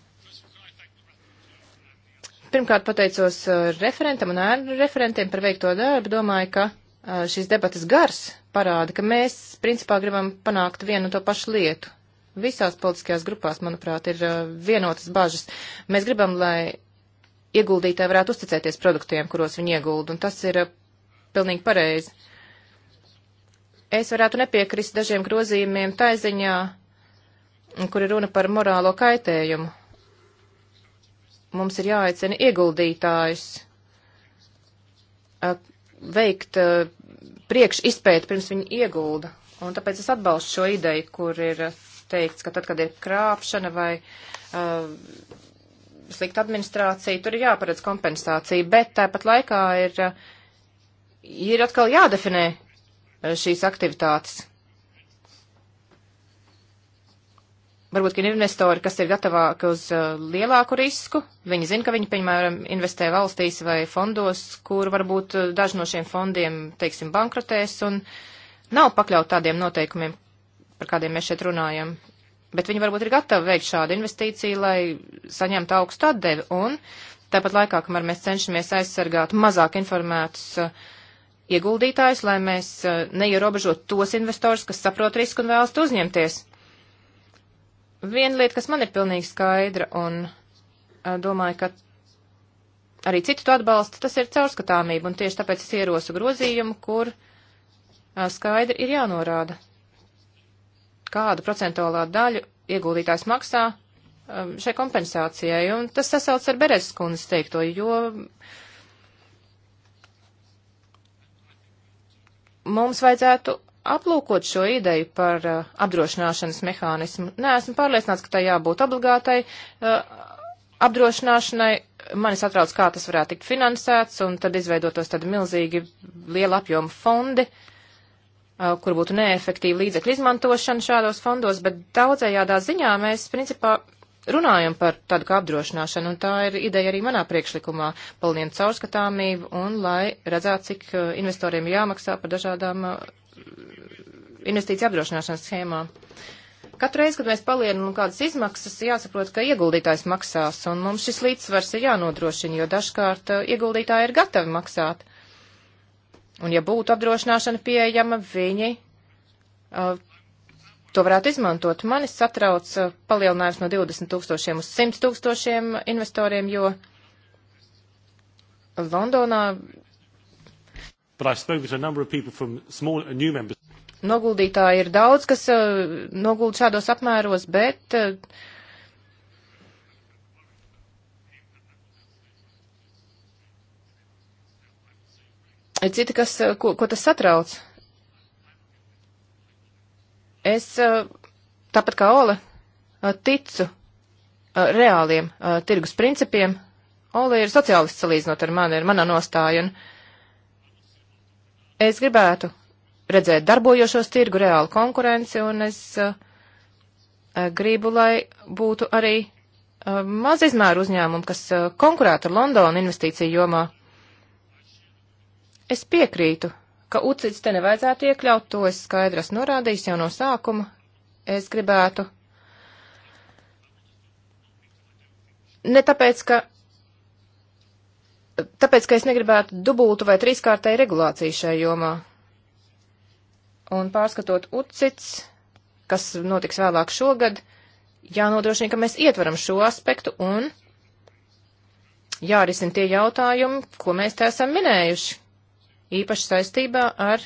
Pirmkārt, pateicos uh, referentam un ēnu referentiem par veikto darbu. Domāju, ka uh, šīs debatas gars parāda, ka mēs, principā, gribam panākt vienu un to pašu lietu. Visās politiskajās grupās, manuprāt, ir uh, vienotas bažas. Mēs gribam, lai ieguldītāji varētu uzticēties produktiem, kuros viņi ieguld, un tas ir pilnīgi pareizi. Es varētu nepiekrist dažiem grozījumiem taiziņā, kur ir runa par morālo kaitējumu. Mums ir jāaicina ieguldītājus veikt priekš izpēti, pirms viņi iegulda. Un tāpēc es atbalstu šo ideju, kur ir teikts, ka tad, kad ir krāpšana vai uh, slikta administrācija, tur ir jāparedz kompensācija, bet tāpat laikā ir uh, ir atkal jādefinē eh, šīs aktivitātes. Varbūt, ka ir investori, kas ir gatavāki uz uh, lielāku risku. Viņi zina, ka viņi, piemēram, investē valstīs vai fondos, kur varbūt uh, daži no šiem fondiem, teiksim, bankrotēs un nav pakļaut tādiem noteikumiem, par kādiem mēs šeit runājam. Bet viņi varbūt ir gatavi veikt šādu investīciju, lai saņemtu augstu atdevi. Un tāpat laikā, kamēr mēs cenšamies aizsargāt mazāk informētus uh, ieguldītājus, lai mēs eh, neierobežot tos investors, kas saprot risku un vēlas to uzņemties. Viena lieta, kas man ir pilnīgi skaidra un eh, domāju, ka arī citu to atbalsta, tas ir caurskatāmība, un tieši tāpēc es ierosu grozījumu, kur eh, skaidri ir jānorāda, kādu procentuālā daļu ieguldītājs maksā šai kompensācijai, un tas sasauc ar Beres kundzes teikto, jo mums vajadzētu aplūkot šo ideju par uh, apdrošināšanas mehānismu. Nē, esmu pārliecināts, ka tai jābūt obligātai uh, apdrošināšanai. Mani satrauc, kā tas varētu tikt finansēts, un tad izveidotos tādi milzīgi liela apjoma fondi, uh, kur būtu neefektīva līdzekļu izmantošana šādos fondos, bet daudzējādā ziņā mēs principā runājam par tādu kā apdrošināšanu, un tā ir ideja arī manā priekšlikumā - palnienu caurskatāmību, un lai redzētu, cik uh, investoriem jāmaksā par dažādām uh, investīciju apdrošināšanas schēmām. Katru reizi, kad mēs palielinām kādas izmaksas, jāsaprot, ka ieguldītājs maksās, un mums šis līdzsvars ir jānodrošina, jo dažkārt uh, ieguldītāji ir gatavi maksāt. Un ja būtu apdrošināšana pieejama, viņi uh, to varētu izmantot. Mani satrauc eh, palielinājums no 20 tūkstošiem uz 100 tūkstošiem investoriem, jo Londonā. Small, Noguldītāji ir daudz, kas uh, noguld šādos apmēros, bet uh, ir citi, kas, ko, ko tas satrauc. Es, eh, tāpat kā Ola, eh, ticu eh, reāliem tirgus principiem. Ola ir sociālists salīdzinot ar mani, ir mana nostāja. Un es gribētu redzēt darbojošos tirgu, reālu konkurenci, un es uh, gribu, lai būtu arī uh, maz izmēru uzņēmumu, kas uh, konkurētu ar Londonu investīciju jomā. Es piekrītu ka ucits te nevajadzētu iekļaut, to es skaidras norādīju jau no sākuma. Es gribētu. Ne tāpēc, ka. Tāpēc, ka es negribētu dubultu vai trīskārtēju regulāciju šai jomā. Un pārskatot ucits, kas notiks vēlāk šogad, jānodrošina, ka mēs ietveram šo aspektu un jārisina tie jautājumi, ko mēs te esam minējuši, īpaši saistībā ar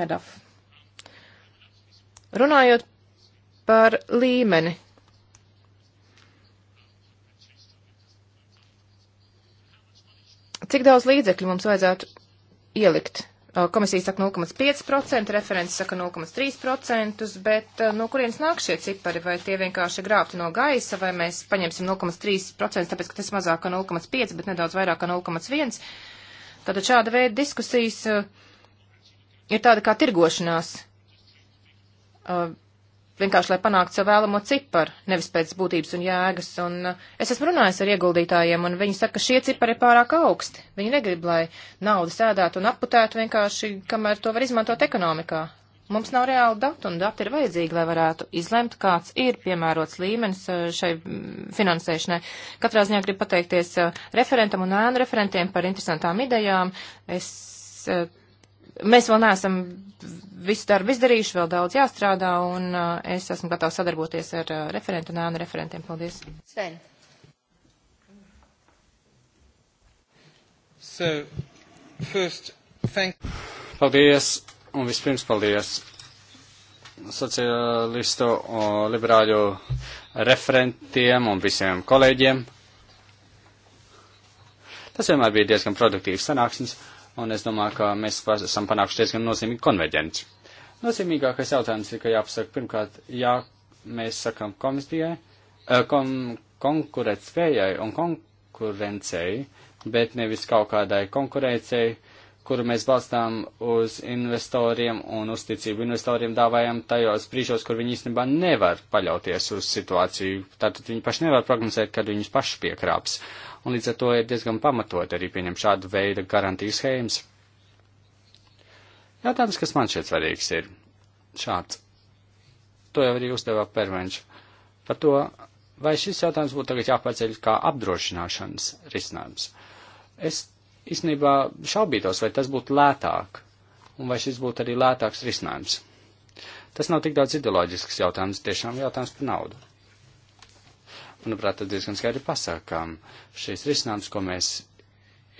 Medaf. Runājot par līmeni. Cik daudz līdzekļu mums vajadzētu ielikt Eh, komisija saka 0,5%, referents saka 0,3%, bet eh, no kurienes nāk šie cipari? Vai tie vienkārši grābti no gaisa, vai mēs paņemsim 0,3%, tāpēc, ka tas mazāk kā 0,5%, bet nedaudz vairāk kā 0,1%? Tātad šāda veida diskusijas eh, ir tāda kā tirgošanās vienkārši, lai panāktu savu vēlamo ciparu, nevis pēc būtības un jēgas. Un uh, es esmu runājis ar ieguldītājiem, un viņi saka, ka šie cipari ir pārāk augsti. Viņi negrib, lai naudu sēdētu un aputētu vienkārši, kamēr to var izmantot ekonomikā. Mums nav reāli datu, un dati ir vajadzīgi, lai varētu izlemt, kāds ir piemērots līmenis uh, šai mm, finansēšanai. Katrā ziņā gribu pateikties uh, referentam un ēnu referentiem par interesantām idejām. Es Mēs vēl neesam visu darbu izdarījuši, vēl daudz jāstrādā, un uh, es esmu gatavs sadarboties ar uh, referentu un ānu referentiem. Paldies. Sven. So, first, thank... Paldies, un vispirms paldies sociālistu un liberāļu referentiem un visiem kolēģiem. Tas vienmēr bija diezgan produktīvs sanāksmes un es domāju, ka mēs esam panākuši diezgan nozīmīgu konverģenci. Nozīmīgākais jautājums ir, ka jāpasaka pirmkārt, jā, mēs sakam komisijai, eh, kom, konkurētspējai un konkurencei, bet nevis kaut kādai konkurencei, kuru mēs balstām uz investoriem un uzticību investoriem dāvājam tajos brīžos, kur viņi īstenībā nevar paļauties uz situāciju. Tātad viņi paši nevar prognozēt, kad viņus paši piekrāps. Uh, un līdz ar to ir diezgan pamatot arī pieņem šādu veidu garantiju schēmas. Jautājums, kas man šeit svarīgs, ir šāds. To jau arī uzdevā pervenš. Par to, vai šis jautājums būtu tagad jāpārceļ kā apdrošināšanas risinājums. Es īstenībā šaubītos, vai tas būtu lētāk, un vai šis būtu arī lētāks risinājums. Tas nav tik daudz ideoloģisks jautājums, tiešām jautājums par naudu manuprāt, tad diezgan skaidri pasakām šīs risinājums, ko mēs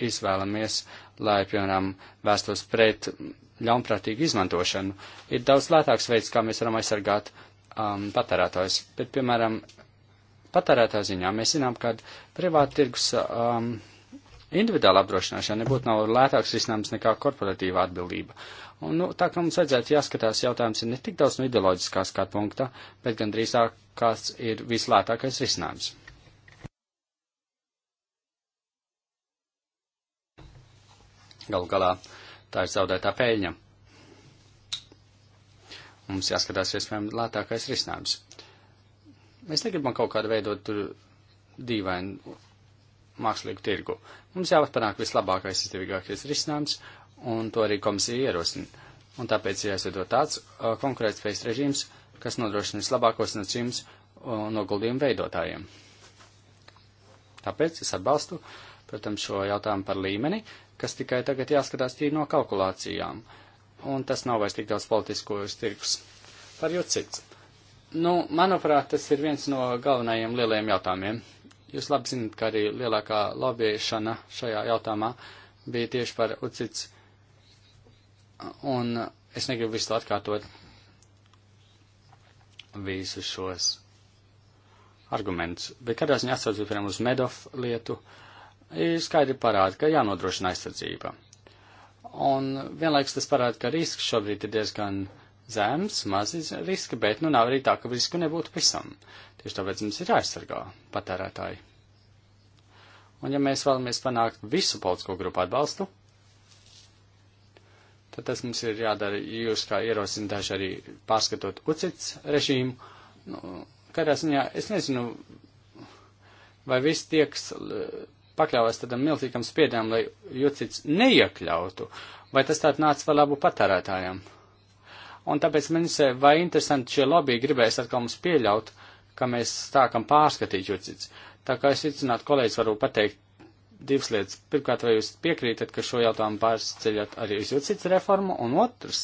izvēlamies, lai, piemēram, vēstos pret ļaunprātīgu izmantošanu. Ir daudz lētāks veids, kā mēs varam aizsargāt um, patērētājus, bet, piemēram, patērētāju ziņā mēs zinām, ka privāta tirgus um, individuāla apdrošināšana nebūtu nav lētāks risinājums nekā korporatīva atbildība. Uh, Un, nu, tā kā mums vajadzētu jāskatās, jautājums ir ne tik daudz no ideoloģiskā skatu punkta, bet gan drīzāk, kāds ir vislētākais risinājums. Galu galā tā ir zaudētā peļņa. Mums jāskatās, iespējams, lētākais risinājums. Mēs negribam kaut kādu veidot tur dīvainu mākslīgu tirgu. Mums jāpanāk vislabākais, izdevīgākais risinājums, un to arī komisija ierosina. Un tāpēc ir jāizveido tāds uh, konkurētspējas režīms, kas nodrošina vislabākos nosacījumus uh, noguldījumu veidotājiem. Tāpēc es atbalstu, protams, šo jautājumu par līmeni, kas tikai tagad jāskatās tīri no kalkulācijām. Un tas nav vairs tik daudz politiskos tirgus. Par jūcits. Nu, manuprāt, tas ir viens no galvenajiem lielajiem jautājumiem. Jūs labi zinat, ka arī lielākā lobiešana šajā jautājumā bija tieši par UCITS Un es negribu visu atkārtot visus šos argumentus, bet kādā ziņā atsaucot, piemēram, uz Medov lietu, ir skaidri parāda, ka jānodrošina aizsardzība. Un vienlaiks tas parāda, ka risks šobrīd ir diezgan zems, maz riska, bet nu nav arī tā, ka risku nebūtu visam. Tieši tāpēc mums ir jāaizsargā patērētāji. Un ja mēs vēlamies panākt visu politisko grupu atbalstu, tad tas mums ir jādara jūs kā ierosinātāši arī pārskatot UCITS režīmu. Nu, kādā ziņā, es nezinu, vai viss tieks eh, pakļāvās tādam milzīgam spiedām, lai UCITS neiekļautu, vai tas tād nāca par labu patērētājiem. Un tāpēc man ir vai interesanti šie lobby gribēs atkal mums pieļaut, ka mēs sākam pārskatīt UCITS. Tā kā es icinātu kolēģis varu pateikt, divas lietas. Pirmkārt, vai jūs piekrītat, ka šo jautājumu pārceļat arī uz jūtas reformu, un otrs,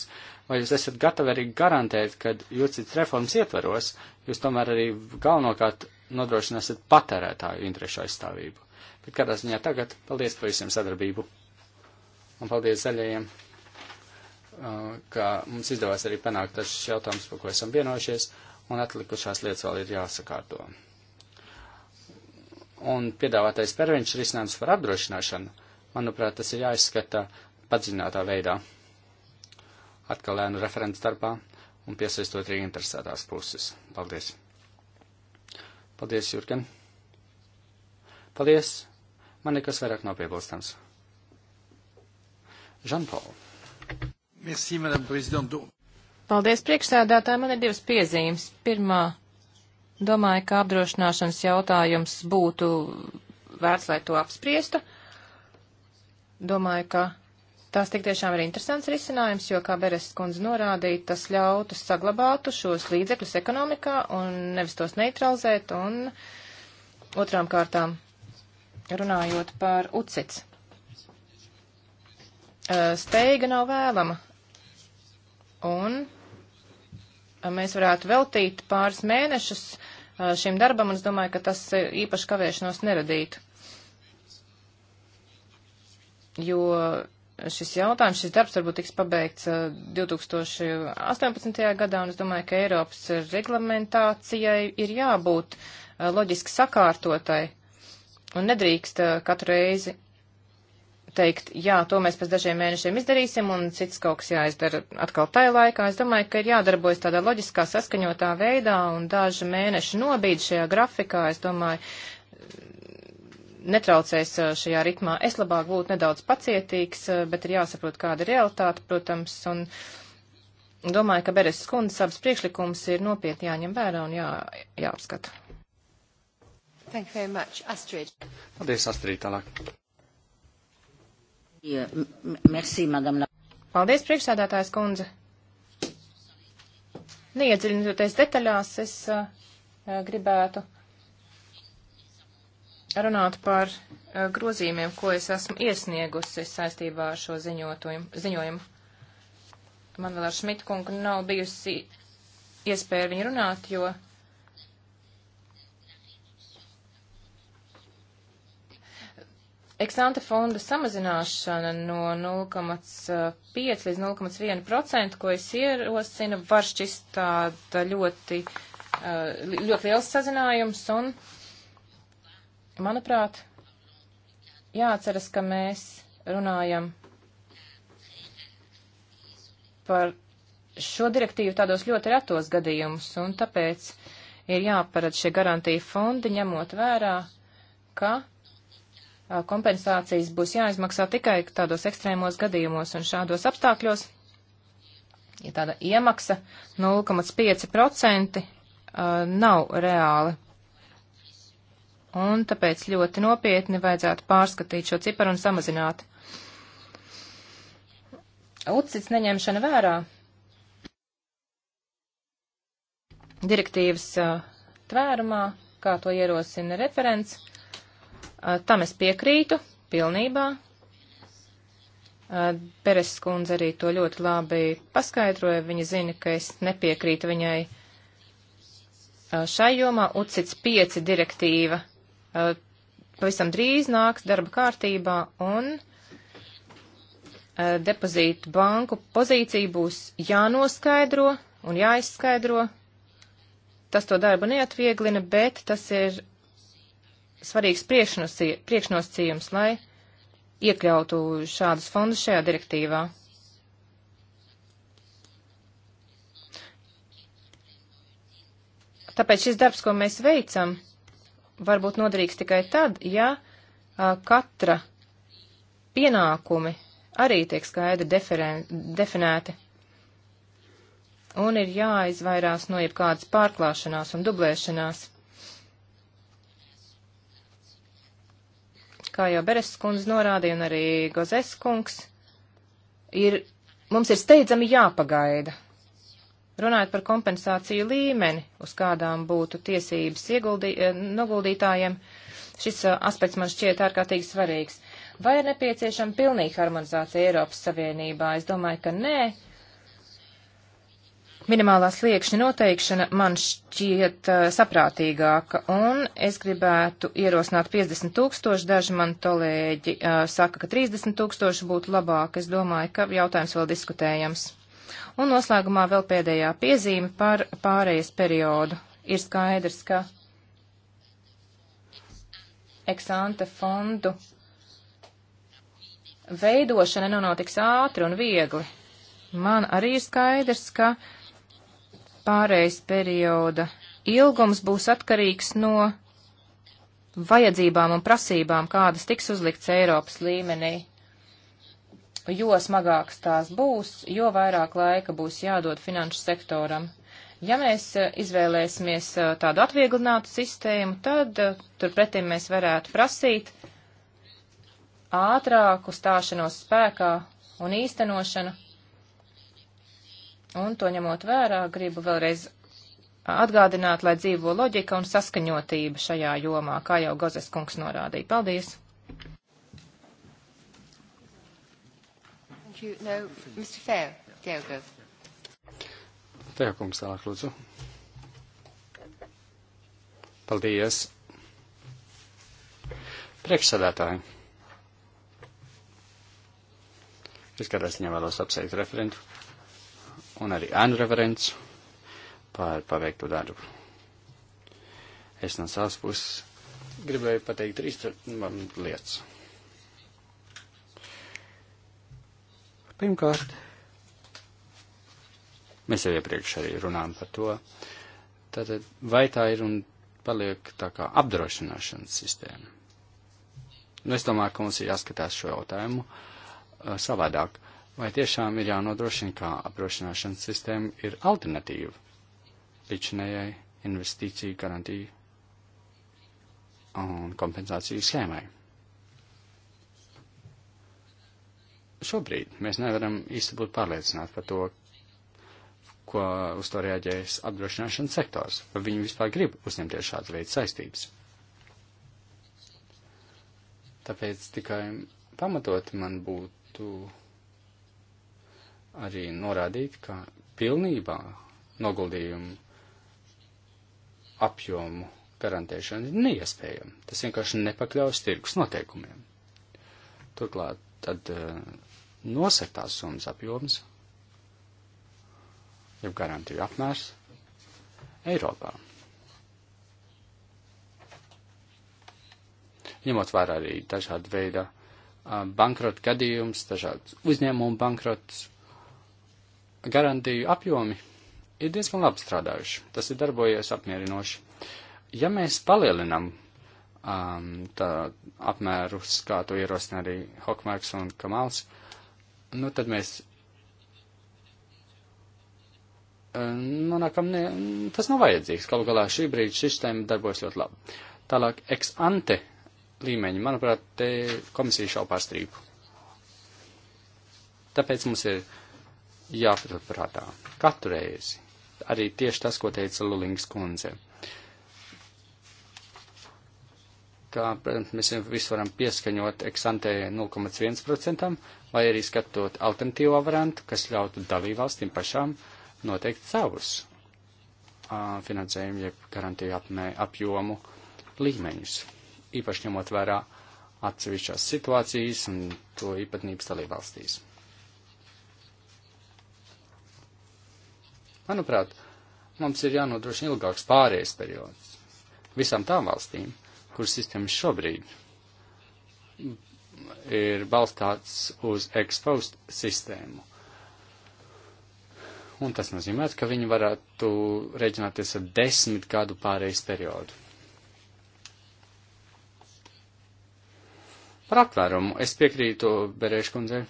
vai jūs esat gatavi arī garantēt, ka jūtas reformas ietveros, jūs tomēr arī galvenokārt nodrošināsiet patērētāju interešu aizstāvību. Bet kādā ziņā tagad, paldies par visiem sadarbību, un paldies zaļajiem, uh, ka mums izdevās arī panākt dažus jautājumus, par ko esam vienojušies, un atlikušās lietas vēl ir jāsakārto un piedāvātais perviņš risinājums par apdrošināšanu, manuprāt, tas ir jāizskata padziļinātā veidā, atkal lēnu referents starpā un piesaistot arī interesētās puses. Paldies! Paldies, Jurgen! Paldies! Man nekas vairāk nav piebilstams. Žanpaul. Merci, madame prezidente. Paldies, priekšsēdētāji. Man ir divas piezīmes. Pirmā Domāju, ka apdrošināšanas jautājums būtu vērts, lai to apspriestu. Domāju, ka tās tik tiešām ir interesants risinājums, jo, kā Beres kundze norādīja, tas ļautu saglabātu šos līdzekļus ekonomikā un nevis tos neutralizēt. Un otrām kārtām runājot par ucits. Steiga nav vēlama. Un mēs varētu veltīt pāris mēnešus Uh, šim darbam, un es domāju, ka tas uh, īpaši kavēšanos neradītu. Jo šis jautājums, šis darbs varbūt tiks pabeigts 2018. Uh, gadā, un es domāju, ka Eiropas reglamentācijai ir jābūt loģiski sakārtotai, un nedrīkst katru reizi teikt, jā, to mēs pēc dažiem mēnešiem izdarīsim, un cits kaut kas jāizdara atkal tajā laikā. Es domāju, ka ir jādarbojas tādā loģiskā saskaņotā veidā, un daži mēneši nobīd šajā grafikā, es domāju, netraucēs uh, šajā ritmā. Es labāk būtu nedaudz pacietīgs, uh, bet ir jāsaprot, kāda ir realitāte, protams, un domāju, ka Beres skundas abas priekšlikums ir nopietni jāņem vērā un jā, jāapskata. Thank you very much. Astrid. Paldies, Astrid, tālāk. Paldies, priekšsēdētājs kundze. Neiedziļinoties detaļās, es uh, uh, gribētu runāt par uh, grozījumiem, ko es esmu iesniegusi saistībā ar šo ziņojumu. Man vēl ar Šmitkungu nav bijusi iespēja viņu runāt, jo Eksanta fonda samazināšana no 0,5 līdz 0,1%, ko es ierosinu, var šķist tāda ļoti, eh, ļoti liels sazinājums un, manuprāt, jāatceras, ka mēs runājam par šo direktīvu tādos ļoti retos gadījumus un tāpēc ir jāparad šie garantija fondi, ņemot vērā, ka Eh, kompensācijas būs jāizmaksā tikai tādos ekstrēmos gadījumos un šādos apstākļos. Ja tāda iemaksa 0,5% eh, nav reāli. Un tāpēc ļoti nopietni vajadzētu pārskatīt šo ciparu un samazināt. Ucits neņemšana vērā direktīvas eh, tvērumā, kā to ierosina referents Tam es piekrītu pilnībā. Peres skundze arī to ļoti labi paskaidroja. Viņa zina, ka es nepiekrītu viņai šai jomā. UCITS 5 direktīva pavisam drīz nāks darba kārtībā un depozītu banku pozīcija būs jānoskaidro un jāizskaidro. Tas to darbu neatvieglina, bet tas ir svarīgs priekšnosacījums, lai iekļautu šādus fondus šajā direktīvā. Tāpēc šis darbs, ko mēs veicam, varbūt noderīgs tikai tad, ja a, katra pienākumi arī tiek skaidri deferen, definēti. Un ir jāizvairās no jebkādas pārklāšanās un dublēšanās. kā jau Beres kundze norādīja un arī Gozes kungs, ir, mums ir steidzami jāpagaida. Runājot par kompensāciju līmeni, uz kādām būtu tiesības ieguldī, eh, noguldītājiem, šis eh, aspekts man šķiet ārkārtīgi svarīgs. Vai ir nepieciešama pilnīga harmonizācija Eiropas Savienībā? Es domāju, ka nē minimālā sliekšņa noteikšana man šķiet uh, saprātīgāka, un es gribētu ierosināt 50 tūkstoši, daži man tolēģi uh, eh, saka, ka 30 tūkstoši būtu labāk, es domāju, ka jautājums vēl diskutējams. Un noslēgumā vēl pēdējā piezīme par pārējais periodu. Ir skaidrs, ka eksante fondu veidošana nenotiks ātri un viegli. Man arī ir skaidrs, ka uh, pārējais perioda ilgums būs atkarīgs no vajadzībām un prasībām, kādas tiks uzlikts Eiropas līmenī. Jo smagāks tās būs, jo vairāk laika būs jādod finanšu sektoram. Ja mēs eh, izvēlēsimies eh, tādu atvieglinātu sistēmu, tad eh, turpretī mēs varētu prasīt ātrāku stāšanos spēkā un īstenošanu Un to ņemot vērā, gribu vēlreiz atgādināt, lai dzīvo loģika un saskaņotība šajā jomā, kā jau Gozes kungs norādīja. Paldies! No, Tev, kungs, tālāk, lūdzu. Paldies! Priekšsēdētāji! Es kādreiz viņam vēlos apsveikt referentu un arī ēnu referents par paveikto darbu. Es no savas puses gribēju pateikt trīs lietas. Pirmkārt, mēs jau iepriekš arī runājam par to, tātad vai tā ir un paliek tā kā apdrošināšanas sistēma. Nu, es domāju, ka mums ir jāskatās šo jautājumu uh, savādāk. Uh, vai tiešām ir jānodrošina, kā apdrošināšanas sistēma ir alternatīva līdzinējai investīciju garantiju un kompensāciju schēmai. Šobrīd mēs nevaram īsti būt pārliecināti par to, ko uz to reaģējas apdrošināšanas sektors, vai viņi vispār grib uzņemties šādu veidu saistības. Tāpēc tikai pamatot man būtu arī norādīt, ka pilnībā noguldījumu apjomu garantēšana ir neiespējama. Tas vienkārši nepakļaus tirgus noteikumiem. Turklāt tad eh, nosaktās summas apjoms, jeb garantiju apmērs Eiropā. Ņemot vērā arī dažādu veidu eh, bankrotu gadījumus, dažādas uzņēmumu bankrotus, garantiju apjomi ir diezgan labi strādājuši. Tas ir darbojies apmierinoši. Ja mēs palielinam um, tā apmērus, kā to ierosina arī Hokmārks un Kamals, nu tad mēs uh, nonākam, nu, ne, tas nav vajadzīgs. Galu galā šī brīža sistēma darbojas ļoti labi. Tālāk, ex ante līmeņi, manuprāt, te komisija šau pārstrīpu. Tāpēc mums ir jāpatur prātā katru reizi. Arī tieši tas, ko teica Lulings kundze. Kā, protams, mēs visu varam pieskaņot eksantē 0,1% vai arī skatot alternatīvo variantu, kas ļautu dalībvalstīm pašām noteikt savus uh, finansējumu, jeb garantiju apmē, apjomu līmeņus, īpaši ņemot vērā atsevišķās situācijas un to īpatnības dalībvalstīs. Manuprāt, mums ir jānodrošina ilgāks pārējais periods visām tām valstīm, kuras sistēmas šobrīd ir balstāts uz exposed sistēmu. Un tas nozīmē, ka viņi varētu rēķināties ar desmit gadu pārējais periodu. Par aptvērumu es piekrītu Berēškundzei.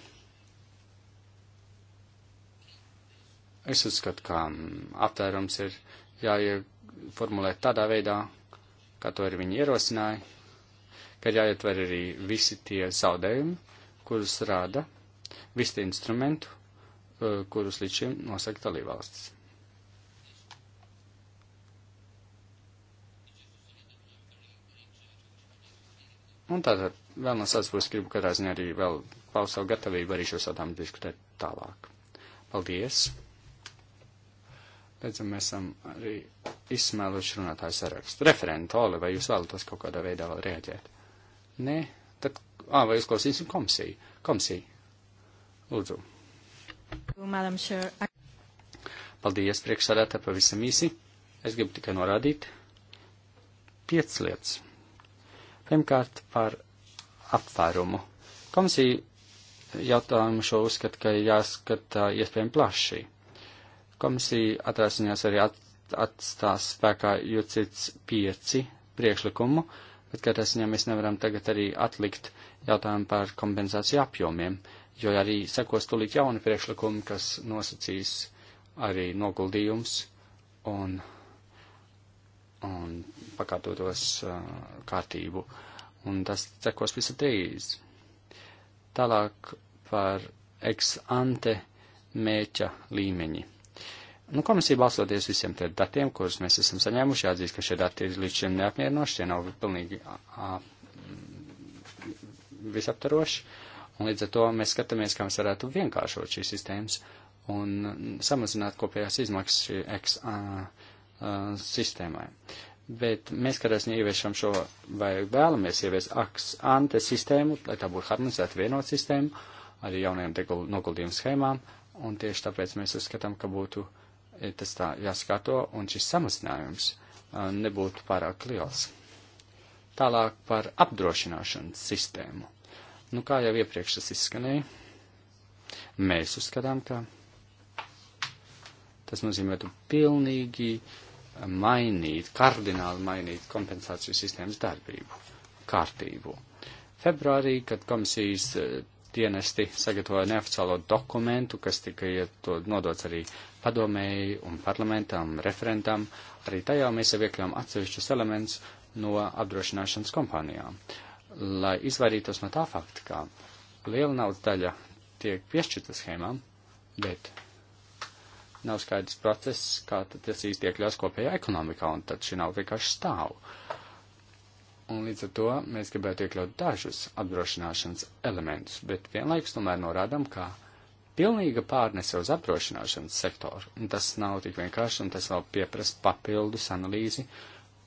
Es uzskatu, ka mm, aptvērums ir jāieformulē tādā veidā, kā to ir viņi ierosināja, ka jāietver arī visi tie zaudējumi, kurus rāda, visi tie instrumentu, e, kurus līdz šim nosaka dalībvalstis. Un tātad vēl no savas puses gribu katrā ziņā arī vēl paust savu gatavību arī šo sadām diskutēt tālāk. Paldies! Pēc tam mēs esam arī izsmēluši runātāju sarakstu. Referenta Oli, vai jūs vēlaties kaut kādā veidā vēl rēģēt? Nē, tad, ā, vai uzklausīsim komisiju? Komisija, lūdzu. Paldies, priekšsādātā, pavisam īsi. Es gribu tikai norādīt piecas lietas. Pirmkārt, par apvērumu. Komisija jautājumu šo uzskata, ka jāskata iespējami plaši. Komisija atrāsiņās arī at, atstās spēkā jucits pieci priekšlikumu, bet katrā ziņā mēs nevaram tagad arī atlikt jautājumu par kompensāciju apjomiem, jo arī sekos tulīt jauni priekšlikumi, kas nosacīs arī noguldījums un, un pakārtotos uh, kārtību. Un tas sekos visu trīs. Tālāk par ex ante mēķa līmeņi. Nu, komisija balstoties visiem tiem datiem, kurus mēs esam saņēmuši, atzīst, ka šie dati ir līdz šim neapmierinoši, tie nav pilnīgi a, a, visaptaroši. Un līdz ar to mēs skatāmies, kā mēs varētu vienkāršot šīs sistēmas un samazināt kopējās izmaksas šī ex a, a, sistēmai. Bet mēs, kad esam ieviešam šo vai vēlamies ieviest ex ante sistēmu, lai tā būtu harmonizēta vienot sistēma, arī jaunajām noguldījumu schēmām, un tieši tāpēc mēs uzskatām, ka būtu tas tā jāskato, un šis samazinājums uh, nebūtu pārāk liels. Tālāk par apdrošināšanas sistēmu. Nu, kā jau iepriekš tas izskanēja, mēs uzskatām, ka tas nozīmētu pilnīgi mainīt, kardināli mainīt kompensāciju sistēmas darbību, kārtību. Februārī, kad komisijas uh, dienesti sagatavoja neoficiālo dokumentu, kas tika ja nodots arī padomēji un parlamentam, referentam, arī tajā mēs jau iekļām atsevišķus elements no apdrošināšanas kompānijām, lai izvairītos no tā fakta, ka liela naudas daļa tiek piešķirta schēmām, bet nav skaidrs process, kā tas īsti iekļās kopējā ekonomikā, un tad šī nav vienkārši stāv. Un līdz ar to mēs gribētu iekļaut dažus apdrošināšanas elementus, bet vienlaikus tomēr norādam, ka pilnīga pārnese uz apdrošināšanas sektoru, un tas nav tik vienkārši, un tas vēl pieprasa papildus analīzi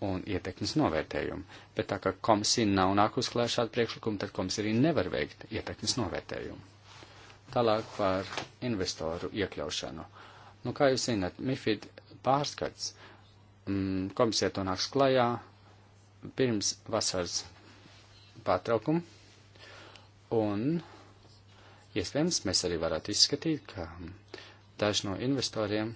un ietekmes novērtējumu. Bet tā kā komisija nav nākus klāt šādu priekšlikumu, tad komisija arī nevar veikt ietekmes novērtējumu. Tālāk par investoru iekļaušanu. Nu, kā jūs zinat, MIFID pārskats, mm, komisija to nāks klajā pirms vasaras pārtraukuma, un Iespējams, mēs arī varētu izskatīt, ka daži no investoriem,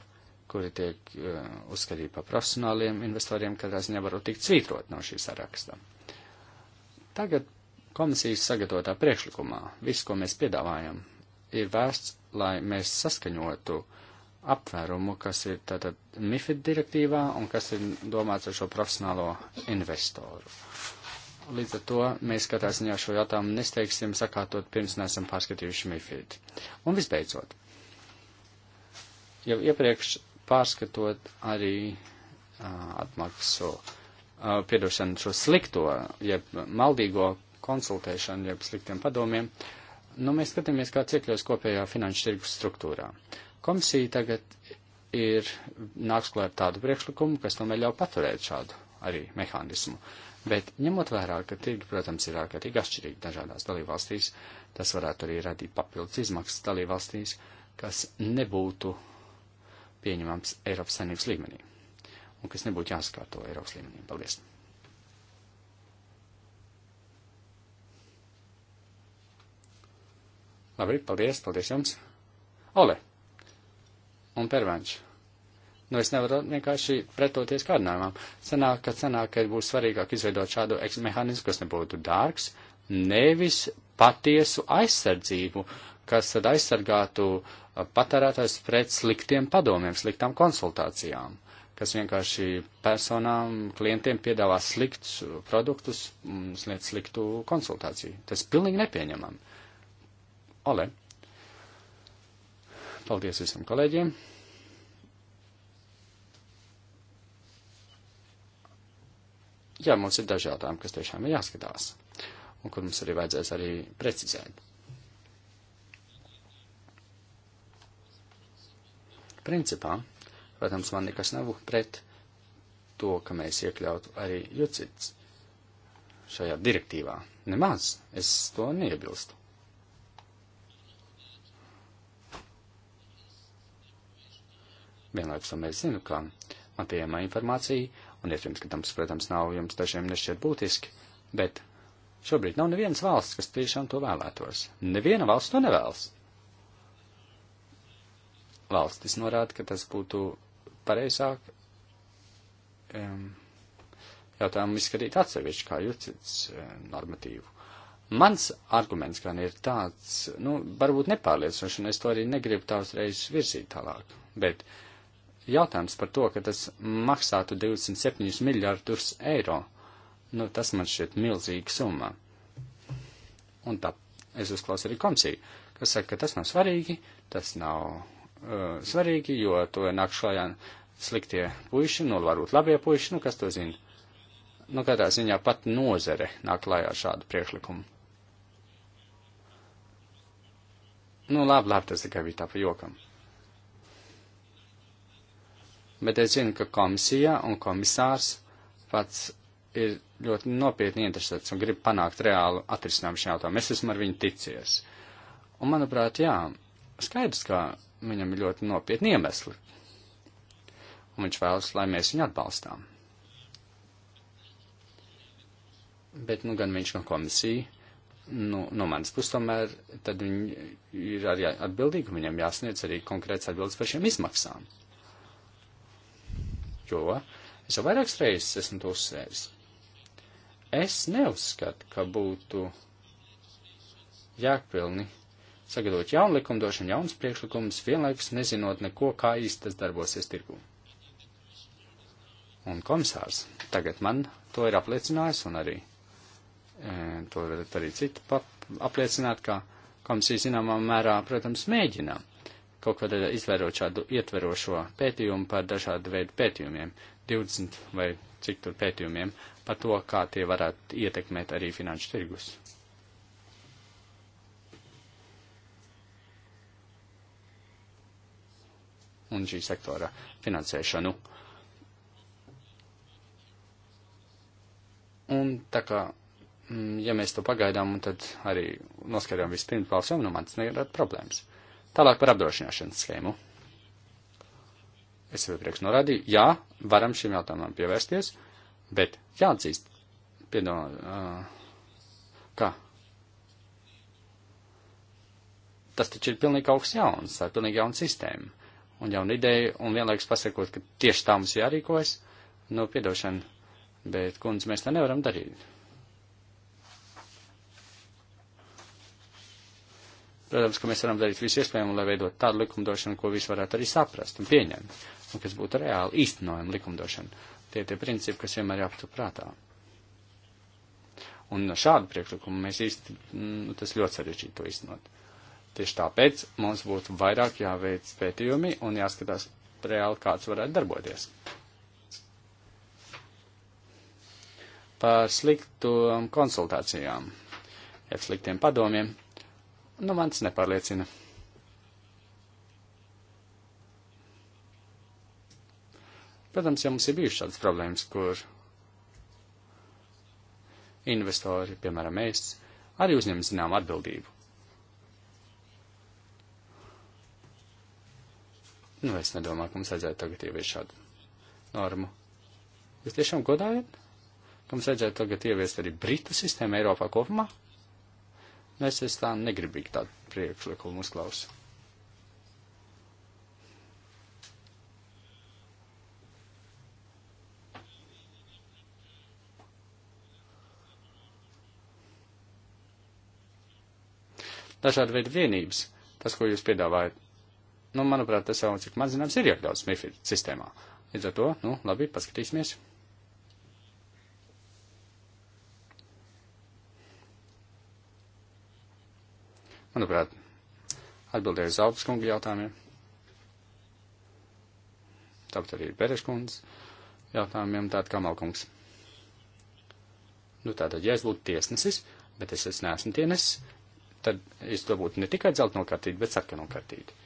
kuri tiek uh, uzskatīti par profesionāliem investoriem, katrā ziņā varu tikt svītrot no šī saraksta. Tagad komisijas sagatavotā priekšlikumā viss, ko mēs piedāvājam, ir vērsts, lai mēs saskaņotu apvērumu, kas ir tātad MIFID direktīvā un kas ir domāts ar šo profesionālo investoru. Uh, Līdz ar to mēs katrā ziņā šo jautājumu nesteigsim sakārtot pirms nesam pārskatījuši MIFID. Un visbeidzot, jau iepriekš pārskatot arī uh, atmaksu, uh, piedošanu šo slikto, jeb maldīgo konsultēšanu, jeb sliktiem padomiem, nu mēs skatāmies, kāds iekļaus kopējā finanšu tirgus struktūrā. Komisija tagad ir nāks klāt tādu priekšlikumu, kas tomēr ļauj paturēt šādu arī mehānismu. Uh, Bet ņemot vērā, ka tirgi, protams, ir ārkārtīgi atšķirīgi dažādās dalībvalstīs, tas varētu arī radīt papildus izmaksas dalībvalstīs, kas nebūtu pieņemams Eiropas saimnības līmenī un kas nebūtu jāskārto Eiropas līmenī. Paldies! Labi, paldies, paldies jums! Ole! Un pervenč! Nu, es nevaru vienkārši pretoties kārdinājumam. Sanāk, ka sanāk, ka būs svarīgāk izveidot šādu mehānismu, kas nebūtu dārgs, nevis patiesu aizsardzību, kas tad aizsargātu patērētājs pret sliktiem padomiem, sliktām konsultācijām, kas vienkārši personām, klientiem piedāvā sliktus produktus, sniedz sliktu konsultāciju. Tas pilnīgi nepieņemam. Ole. Paldies visiem kolēģiem. jā, mums ir daži jautājumi, kas tiešām ir jāskatās, un kur mums arī vajadzēs arī precizēt. Principā, protams, man nekas nav pret to, ka mēs iekļautu arī jucits šajā direktīvā. Nemaz, es to neiebilstu. Vienlaikus to mēs zinu, ka man pieejama informācija un iespējams, ka tams, protams, nav jums dažiem nešķiet būtiski, bet šobrīd nav nevienas valsts, kas tiešām to vēlētos. Neviena valsts to nevēlas. Valstis norāda, ka tas būtu pareizāk um, jautājumu izskatīt atsevišķi kā jucits um, normatīvu. Mans arguments gan ir tāds, nu, varbūt nepārliecinoši, un es to arī negribu tā uzreiz virzīt tālāk, bet uh, jautājums par to, ka tas maksātu 27 miljardus eiro, nu, tas man šķiet milzīga summa. Un tā es uzklausu arī komisiju, kas saka, ka tas nav svarīgi, tas nav uh, svarīgi, jo to nāk šajā sliktie puiši, nu, varbūt labie puiši, nu, kas to zina. Nu, kādā ziņā pat nozare nāk klājā šādu priekšlikumu. Nu, labi, labi, tas tikai bija tā pa jokam bet es zinu, ka komisija un komisārs pats ir ļoti nopietni interesēts un grib panākt reālu atrisinājumu šajā jautājumā. Es esmu ar viņu ticies. Un, manuprāt, jā, skaidrs, ka viņam ir ļoti nopietni iemesli. Un viņš vēlas, lai mēs viņu atbalstām. Bet, nu, gan viņš, gan no komisija, nu, no manas puses tomēr, tad viņi ir arī atbildīgi, viņam jāsniedz arī konkrēts atbildes par šiem izmaksām jo es jau vairākas reizes esmu to uzsvēris. Es neuzskatu, ka būtu jēgpilni sagatavot jaunu likumdošanu, jaunas priekšlikumus, vienlaikus nezinot neko, kā īsti tas darbosies tirgū. Un komisārs tagad man to ir apliecinājis, un arī e, to varat arī citu apliecināt, ka komisija zināmā mērā, protams, mēģina kaut kad izvērot šādu ietverošo pētījumu par dažādu veidu pētījumiem, 20 vai cik tur pētījumiem, par to, kā tie varētu ietekmēt arī finanšu tirgus. Un šī sektora finansēšanu. Un tā kā mm, ja mēs to pagaidām, tad arī noskaidām vispirms balsojumu, nu mans nerada problēmas. Tālāk par apdrošināšanas schēmu. Es jau iepriekš norādīju, jā, varam šim jautājumam pievērsties, bet jāatzīst, piedod, uh, kā? Tas taču ir pilnīgi kaut kas jauns, tā ir pilnīgi jauna sistēma un jauna ideja, un vienlaikus pasakot, ka tieši tā mums jārīkojas, nu, piedošana, bet, kundze, mēs tā nevaram darīt. Protams, ka mēs varam darīt visu iespējamo, lai veidot tādu likumdošanu, ko visi varētu arī saprast un pieņemt, un kas būtu reāli īstenojama likumdošana. Tie ir tie principi, kas vienmēr jāaptur prātā. Un šādu priekšlikumu mēs īsti, nu, tas ļoti sarežģīti to īstenot. Tieši tāpēc mums būtu vairāk jāveic pētījumi un jāskatās reāli, kāds varētu darboties. Par sliktu konsultācijām, jeb sliktiem padomiem. Nu, mans nepārliecina. Protams, ja mums ir bijušas tādas problēmas, kur investori, piemēram, mēs, arī uzņem zinām atbildību. Nu, es nedomāju, ka mums vajadzētu tagad ievies šādu normu. Jūs tiešām godājat? Ka mums vajadzētu tagad ieviest arī Britu sistēmu Eiropā kopumā? Nu, es, es tā negribīgi tādu priekšlikumu uzklausu. dažādi veidi vienības, tas, ko jūs piedāvājat, nu, manuprāt, tas jau, cik man zināms, ir iekļauts MIFID sistēmā. Līdz ar to, nu, labi, paskatīsimies. Manuprāt, atbildēju uz Alpas kunga jautājumiem. Tāpat arī Bereškundas jautājumiem, tātad Kamalkungs. Nu, tātad, ja es būtu tiesnesis, bet es, es neesmu tiesnesis, tad es to būtu ne tikai dzeltenokartīti, bet sarkanokartīti.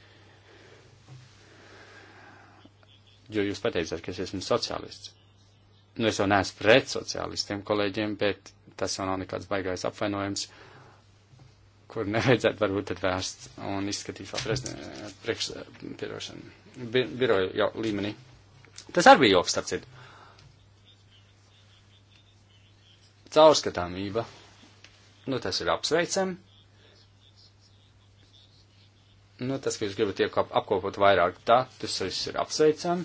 Jo jūs pateicāt, ka es esmu sociālists. Nu, es jau neesmu pret sociālistiem kolēģiem, bet tas jau nav nekāds baigais apvainojums. Uh, kur nevajadzētu varbūt tad vērst un izskatīt vēl priekšpiedošanu, bi biroju jau līmenī. Tas arī bija joks, starp citu. Caurskatāmība. Nu, tas ir apsveicam. Nu, tas, ka jūs gribat iekop, apkopot vairāk datus, tas ir apsveicam.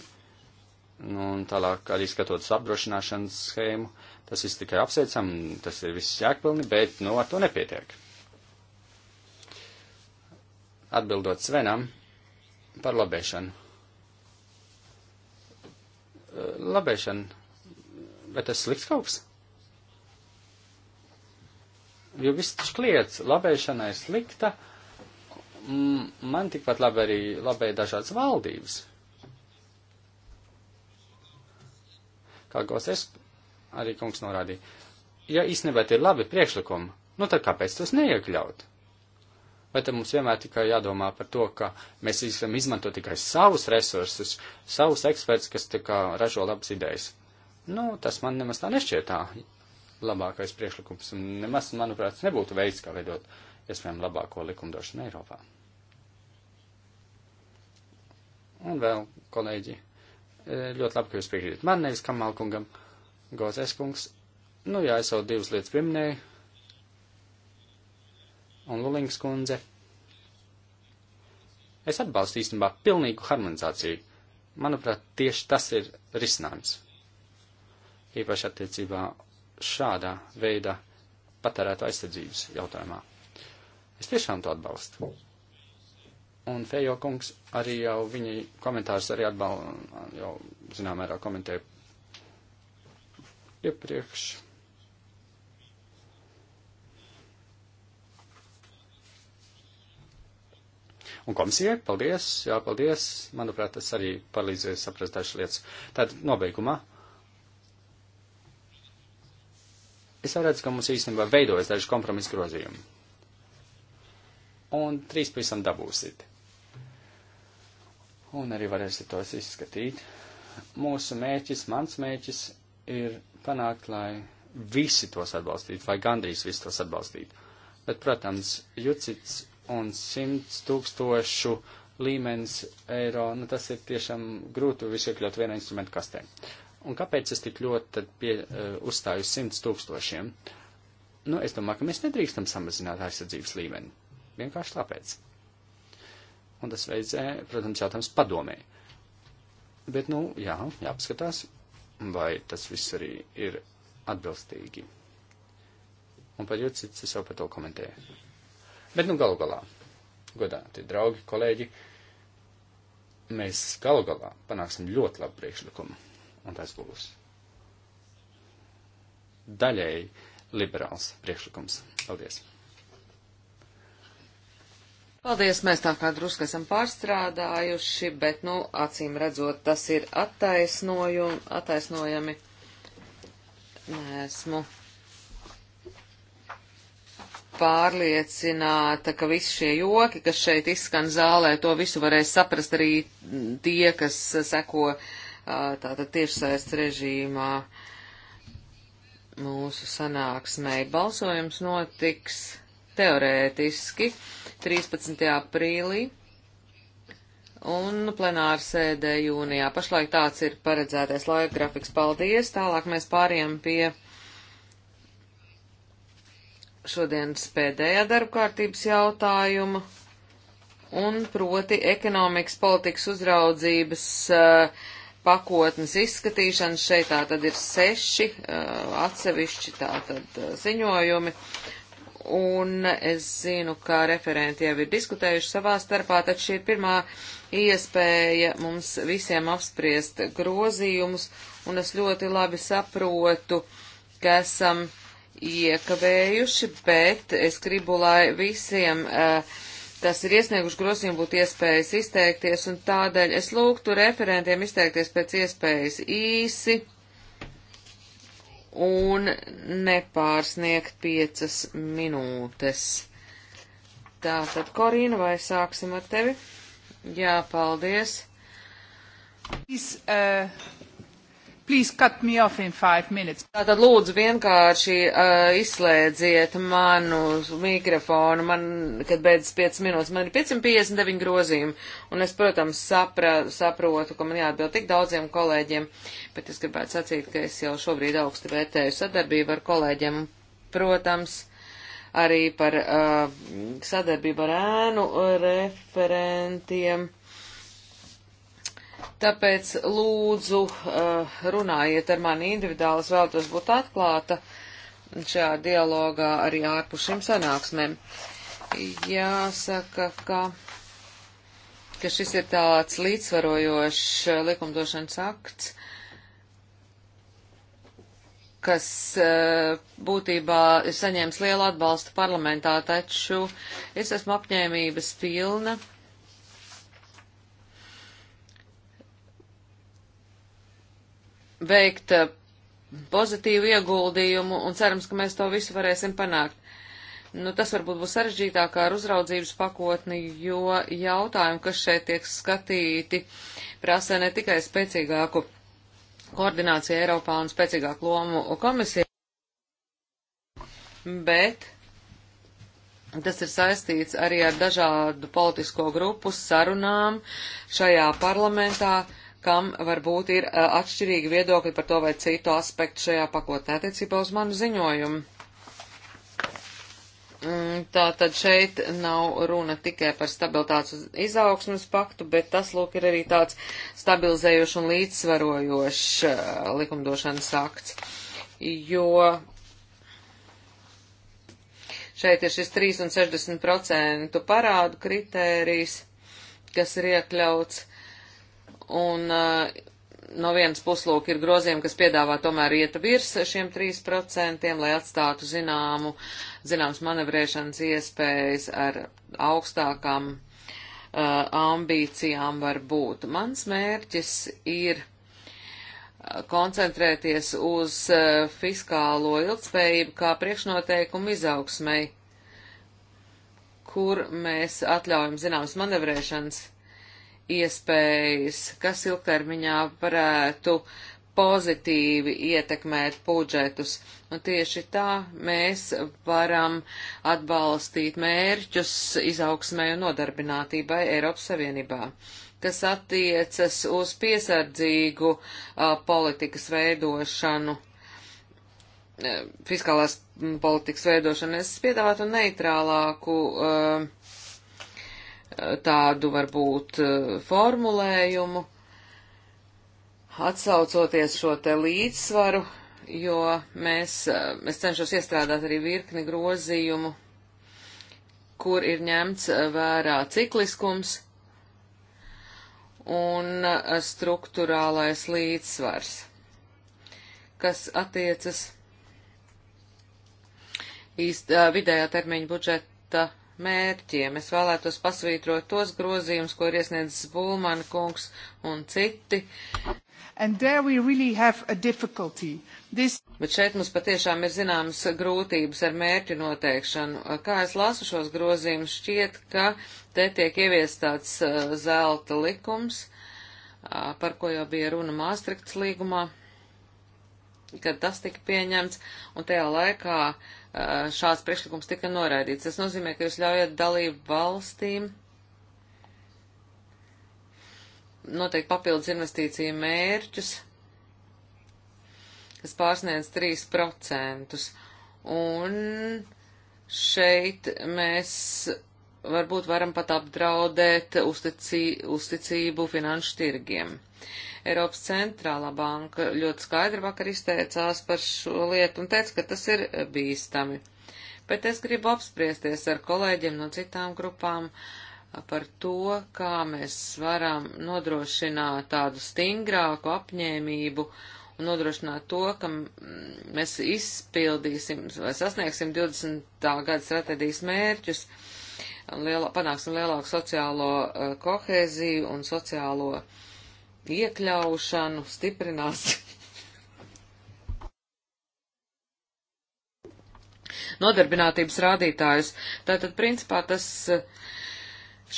Nu, un tālāk arī skatoties apdrošināšanas schēmu, tas viss tikai apsveicam, tas ir viss jēgpilni, bet, nu, ar to nepietiek atbildot Svenam par labēšanu. Labēšana. Vai tas slikts kaut kas? Jo viss taču kliedz, labēšana ir slikta. Man tikpat labi arī labē dažādas valdības. Kā Gosses arī kungs norādīja. Ja īstenībā tie ir labi priekšlikumi, nu tad kāpēc tos neiekļaut? vai tad mums vienmēr tikai jādomā par to, ka mēs esam izmanto tikai savus resursus, savus ekspertus, kas tā kā ražo labas idejas? Nu, tas man nemaz tā nešķiet tā labākais priekšlikums, un nemaz, manuprāt, nebūtu veids, kā veidot iespējami labāko likumdošanu Eiropā. Un vēl, kolēģi, e, ļoti labi, ka jūs piekrītat man, nevis Kamalkungam, Gozēs kungs. Nu jā, es jau divas lietas pieminēju, un Lulings kundze. Es atbalstu īstenībā pilnīgu harmonizāciju. Manuprāt, tieši tas ir risinājums. Īpaši attiecībā šādā veida patērētu aizsardzības jautājumā. Es tiešām to atbalstu. Un Fejo kungs arī jau viņa komentārus arī atbal, jau zinām mērā komentēja iepriekš. Un komisijai, paldies, jā, paldies. Manuprāt, tas arī palīdzēja saprast dažas lietas. Tātad nobeigumā. Es redzu, ka mums īstenībā veidojas daži kompromisa grozījumi. Un trīs pavisam dabūsit. Un arī varēsiet tos izskatīt. Mūsu mērķis, mans mērķis ir panākt, lai visi tos atbalstītu, vai gandrīz visi tos atbalstītu. Bet, protams, Jucits un 100 tūkstošu līmenis eiro, nu tas ir tiešām grūti visu iekļaut vienā instrumentu kastē. Un kāpēc es tik ļoti tad pie, uh, uzstāju 100 tūkstošiem? Nu, es domāju, ka mēs nedrīkstam samazināt aizsardzības līmeni. Vienkārši tāpēc. Un tas veidzē, protams, jautājums padomē. Bet, nu, jā, jāpaskatās, vai tas viss arī ir atbilstīgi. Un pat jūtas, es jau par to komentēju. Bet, nu, galu galā, godāti draugi, kolēģi, mēs galu galā panāksim ļoti labu priekšlikumu, un tas būs daļēji liberāls priekšlikums. Paldies! Paldies, mēs tā kā drusku esam pārstrādājuši, bet, nu, acīm redzot, tas ir attaisnojumi. Nē, esmu pārliecināta, ka visi šie joki, kas šeit izskan zālē, to visu varēs saprast arī tie, kas seko tātad tiešsaist režīmā mūsu sanāksmei. Balsojums notiks teorētiski 13. aprīlī un plenāra sēdē jūnijā. Pašlaik tāds ir paredzētais laika grafiks. Paldies! Tālāk mēs pāriem pie šodienas pēdējā darbkārtības jautājuma, un proti ekonomikas politikas uzraudzības uh, pakotnes izskatīšana. Šeit tā tad ir seši uh, atsevišķi tā tad uh, ziņojumi, un es zinu, ka referenti jau ir diskutējuši savā starpā, tad šī ir pirmā iespēja mums visiem apspriest grozījumus, un es ļoti labi saprotu, ka esam. Um, iekavējuši, bet es gribu, lai visiem, kas eh, ir iesnieguši grozījumu, būtu iespējas izteikties, un tādēļ es lūgtu referentiem izteikties pēc iespējas īsi un nepārsniegt piecas minūtes. Tātad, Korīna, vai sāksim ar tevi? Jā, paldies. Is, uh... Please cut me off in five minutes. Tātad lūdzu vienkārši uh, izslēdziet manu mikrofonu, man, kad beidzas 5 minūtes. Man ir 559 grozījumi, un es, protams, sapra, saprotu, ka man jāatbild tik daudziem kolēģiem, bet es gribētu sacīt, ka es jau šobrīd augstu vērtēju sadarbību ar kolēģiem. Protams, arī par uh, sadarbību ar ēnu referentiem Tāpēc lūdzu uh, runājiet ar mani individuāli, es vēlos būt atklāta šajā dialogā arī ārpus šīm sanāksmēm. Jāsaka, ka, ka šis ir tāds līdzsvarojošs eh, likumdošanas akts, kas uh, būtībā ir saņēmis lielu atbalstu parlamentā, taču es esmu apņēmības pilna veikt eh, pozitīvu ieguldījumu un cerams, ka mēs to visu varēsim panākt. Nu, tas varbūt būs sarežģītāk ar uzraudzības pakotni, jo jautājumi, kas šeit tiek skatīti, prasa ne tikai spēcīgāku koordināciju Eiropā un spēcīgāku lomu komisijai, bet Tas ir saistīts arī ar dažādu politisko grupu sarunām šajā parlamentā, kam varbūt ir atšķirīgi viedokļi par to vai citu aspektu šajā pakotnē attiecībā uz manu ziņojumu. Mm, tā tad šeit nav runa tikai par stabilitātes izaugsmas paktu, bet tas, lūk, ir arī tāds stabilizējošs un līdzsvarojošs likumdošanas akts, jo šeit ir šis 3 un 60% parādu kritērijs, kas ir iekļauts Un uh, no vienas puslūk ir grozījumi, kas piedāvā tomēr iet virs šiem 3%, lai atstātu zināmu, zināms manevrēšanas iespējas ar augstākām uh, ambīcijām var būt. Mans mērķis ir eh, koncentrēties uz uh, fiskālo ilgspējību kā priekšnoteikumu izaugsmai, kur mēs atļaujam zināmas manevrēšanas iespējas iespējas, kas ilgtermiņā varētu pozitīvi ietekmēt budžetus. Un tieši tā mēs varam atbalstīt mērķus izaugsmē un nodarbinātībai Eiropas Savienībā, kas attiecas uz piesardzīgu a, politikas veidošanu, a, fiskālās politikas veidošanu. Es piedāvātu neitrālāku. A, tādu varbūt e, formulējumu, atsaucoties šo te līdzsvaru, jo mēs, e, es cenšos iestrādāt arī virkni grozījumu, kur ir ņemts e, vērā cikliskums un struktūrālais līdzsvars, kas attiecas īst, vidējā termiņa budžeta mērķiem. Es vēlētos pasvītrot tos grozījumus, ko ir iesniedzis Bulman kungs un citi. Really This... Bet šeit mums patiešām ir zināmas grūtības ar mērķu noteikšanu. Kā es lasu šos grozījumus, šķiet, ka te tiek ieviest tāds uh, zelta likums, uh, par ko jau bija runa Māstrikts līgumā, kad tas tika pieņemts, un tajā laikā uh, šāds priekšlikums tika noraidīts. Tas nozīmē, ka jūs ļaujat dalību valstīm noteikti papildus investīciju mērķus, kas pārsniedz 3%. Un šeit mēs varbūt varam pat apdraudēt uztici, uzticību finanšu tirgiem. Uh, Eiropas centrālā banka ļoti skaidri vakar izteicās par šo lietu un teica, ka tas ir bīstami. Bet es gribu apspriesties ar kolēģiem no citām grupām par to, kā mēs varam nodrošināt tādu stingrāku apņēmību un nodrošināt to, ka mēs izpildīsim vai sasniegsim 20. gada stratēģijas mērķus, lielā, panāksim lielāku sociālo uh, kohēziju un sociālo uh, iekļaušanu stiprinās. Nodarbinātības rādītājus. Tātad, principā, tas eh,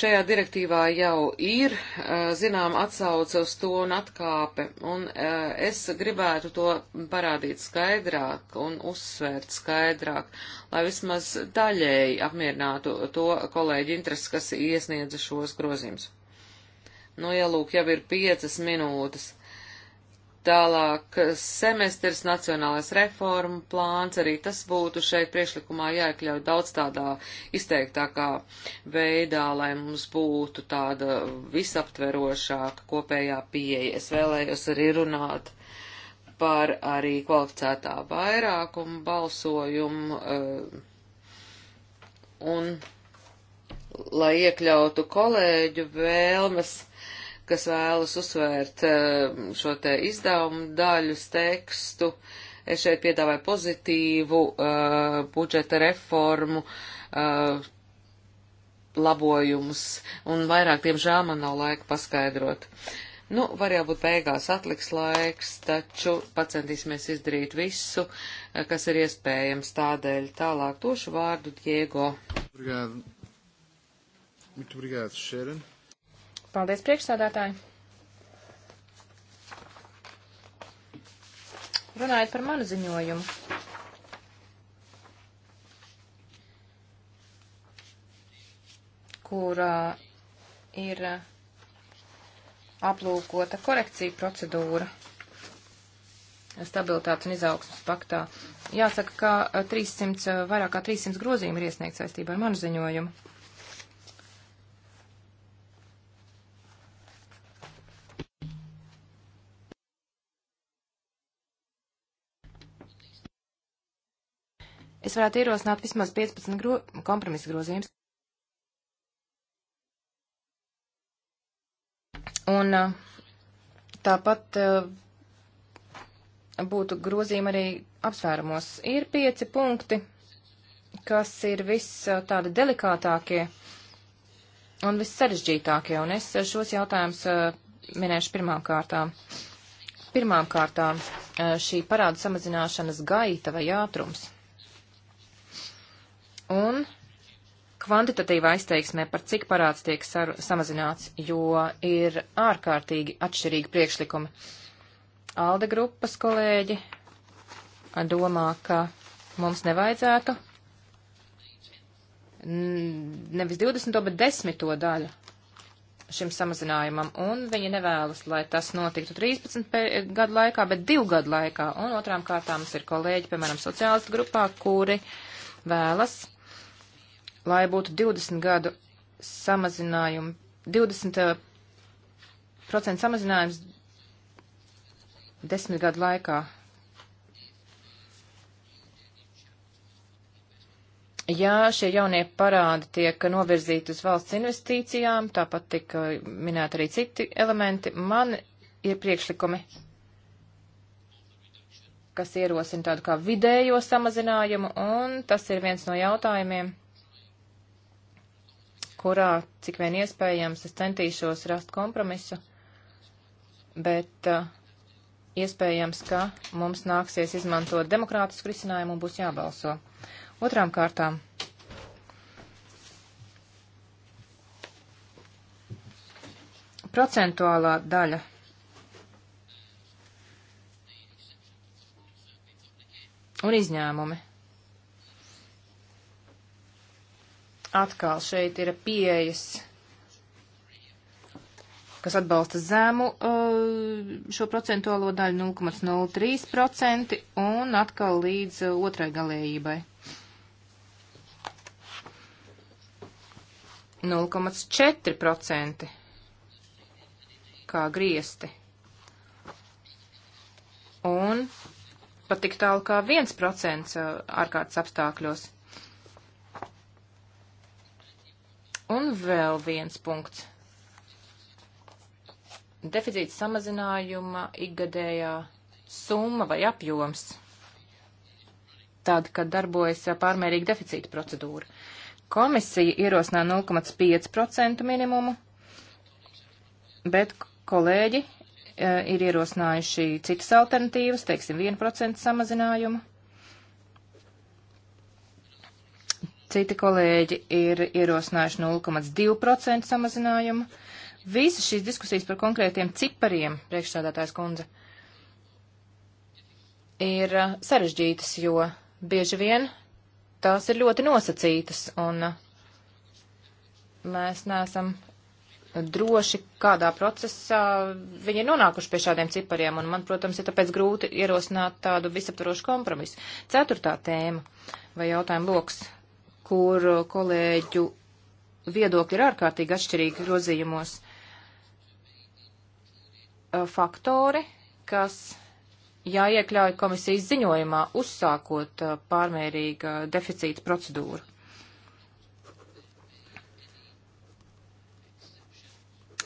šajā direktīvā jau ir, eh, zinām, atsauce uz to un atkāpe, un eh, es gribētu to parādīt skaidrāk un uzsvērt skaidrāk, lai vismaz daļēji apmierinātu to kolēģi interesi, kas iesniedza šos grozījumus. Nu, ielūk, jau ir piecas minūtes. Tālāk semestrs, nacionālais reforma plāns, arī tas būtu šeit priekšlikumā jāiekļauj daudz tādā izteiktākā veidā, lai mums būtu tāda visaptverošāka kopējā pieeja. Es vēlējos arī runāt par arī kvalificētā vairākumu balsojumu eh, un lai iekļautu kolēģu vēlmes kas vēlas uzsvērt eh, šo te izdevumu daļus tekstu. Es šeit piedāvāju pozitīvu uh, budžeta reformu, uh, labojumus, un vairāk, diemžēl, man nav laika paskaidrot. Nu, var jau būt beigās atliks laiks, taču pacentīsimies izdarīt visu, kas ir iespējams tādēļ. Tālāk došu vārdu Diego. Obrigado. Muito obrigado, Sharon. Paldies, priekšsādātāji! Runājot par manu ziņojumu. kur uh, ir uh, aplūkota korekcija procedūra stabilitātes un izaugsmas paktā. Jāsaka, ka 300, uh, uh, vairāk kā 300 grozījumi ir iesniegts saistībā ar manu ziņojumu. Es varētu ierosināt vismaz 15 gro kompromisa grozījums. Un tāpat būtu grozījumi arī apsvērumos. Ir pieci punkti, kas ir viss tādi delikātākie un viss sarežģītākie, un es šos jautājumus minēšu pirmām kārtām. Pirmām kārtām šī parāda samazināšanas gaita vai ātrums un kvantitatīvā izteiksmē par cik parāds tiek saru, samazināts, jo ir ārkārtīgi atšķirīgi priekšlikumi. Alde grupas kolēģi domā, ka mums nevajadzētu nevis 20, bet 10 daļu šim samazinājumam, un viņi nevēlas, lai tas notiktu 13 gadu laikā, bet 2 gadu laikā. Un otrām kārtām mums ir kolēģi, piemēram, sociālistu grupā, kuri vēlas lai būtu 20 gadu samazinājumi, 20% eh, samazinājums desmit gadu laikā. Jā, šie jaunie parādi tiek novirzīti uz valsts investīcijām, tāpat tika minēti arī citi elementi. Man ir priekšlikumi, kas ierosina tādu kā vidējo samazinājumu, un tas ir viens no jautājumiem, kurā, cik vien iespējams, es centīšos rast kompromisu, bet uh, iespējams, ka mums nāksies izmantot demokrātisku risinājumu un būs jābalso. Otrām kārtām. Procentuālā daļa. Un izņēmumi. Atkal šeit ir pieejas, kas atbalsta zemu uh, šo procentuālo daļu 0,03% un atkal līdz uh, otrai galējībai. 0,4% kā griesti. Un pat tik tālu kā 1% uh, ārkārtas apstākļos. Un vēl viens punkts. Deficīta samazinājuma ikgadējā summa vai apjoms. Tad, kad darbojas pārmērīga deficīta procedūra. Komisija ierosināja 0,5% minimumu, bet kolēģi e, ir ierosinājuši citas alternatīvas, teiksim, 1% samazinājumu. Citi kolēģi ir ierosinājuši 0,2% samazinājumu. Visas šīs diskusijas par konkrētiem cipariem, priekšsādātājs kundze, ir uh, sarežģītas, jo bieži vien tās ir ļoti nosacītas, un uh, mēs neesam droši, kādā procesā viņi ir nonākuši pie šādiem cipariem, un man, protams, ir tāpēc grūti ierosināt tādu visaptvarošu kompromisu. Ceturtā tēma vai jautājuma loks, kur uh, kolēģu viedokļi ir ārkārtīgi atšķirīgi grozījumos. Uh, faktori, kas jāiekļauj komisijas ziņojumā, uzsākot uh, pārmērīga deficīta procedūru.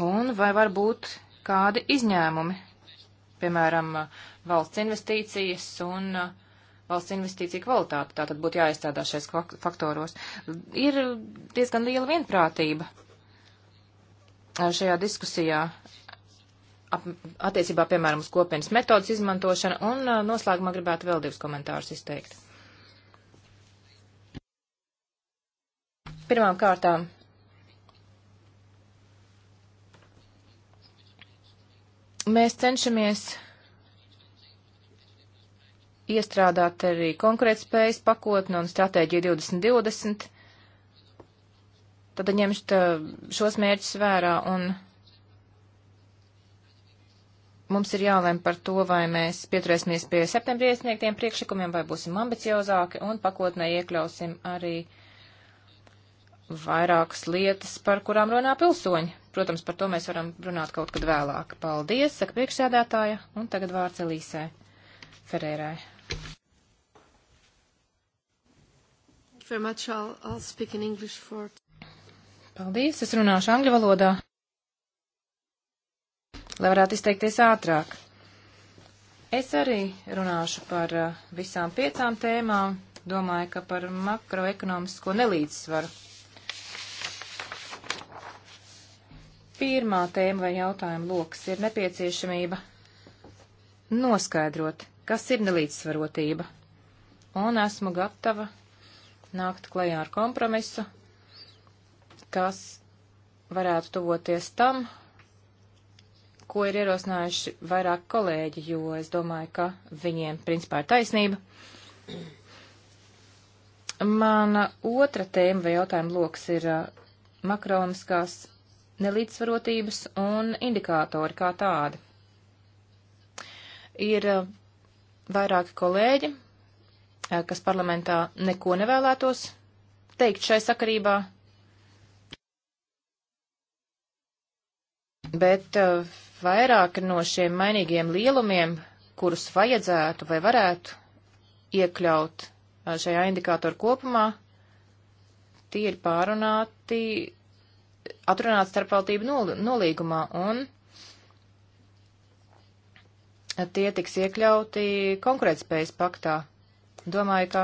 Un vai var būt kādi izņēmumi, piemēram, valsts investīcijas un uh, valsts investīciju kvalitāti. Tātad būtu jāizstrādā šais faktoros. Ir diezgan liela vienprātība šajā diskusijā attiecībā, piemēram, uz kopienas metodas izmantošanu, un noslēgumā gribētu vēl divus komentārus izteikt. Pirmām kārtām. Mēs cenšamies iestrādāt arī konkurētspējas pakotni un stratēģiju 2020. Tad ņemšu šos mērķus vērā un mums ir jālēm par to, vai mēs pieturēsimies pie septembrī iesniegtiem priekšlikumiem, vai būsim ambiciozāki un pakotnē iekļausim arī vairākas lietas, par kurām runā pilsoņi. Protams, par to mēs varam runāt kaut kad vēlāk. Paldies, saka priekšsēdētāja, un tagad vārds Elīsē Ferērai. very much. I'll, I'll speak in English for... Paldies, es runāšu angļu valodā, lai varētu izteikties ātrāk. Es arī runāšu par uh, visām piecām tēmām, domāju, ka par makroekonomisko nelīdzsvaru. Pirmā tēma vai jautājuma lokas ir nepieciešamība noskaidrot, kas ir nelīdzsvarotība, un esmu gatava nākt klajā ar kompromisu, kas varētu tuvoties tam, ko ir ierosinājuši vairāk kolēģi, jo es domāju, ka viņiem principā ir taisnība. Mana otra tēma vai jautājuma loks ir uh, makroniskās nelīdzsvarotības un indikātori kā tādi. Ir uh, vairāki kolēģi, Eh, kas parlamentā neko nevēlētos teikt šai sakarībā. Bet uh, vairāk no šiem mainīgiem lielumiem, kurus vajadzētu vai varētu iekļaut uh, šajā indikātoru kopumā, tie ir pārunāti, atrunāti starpvaldību nol nolīgumā, un tie tiks iekļauti konkurētspējas paktā. Domāju,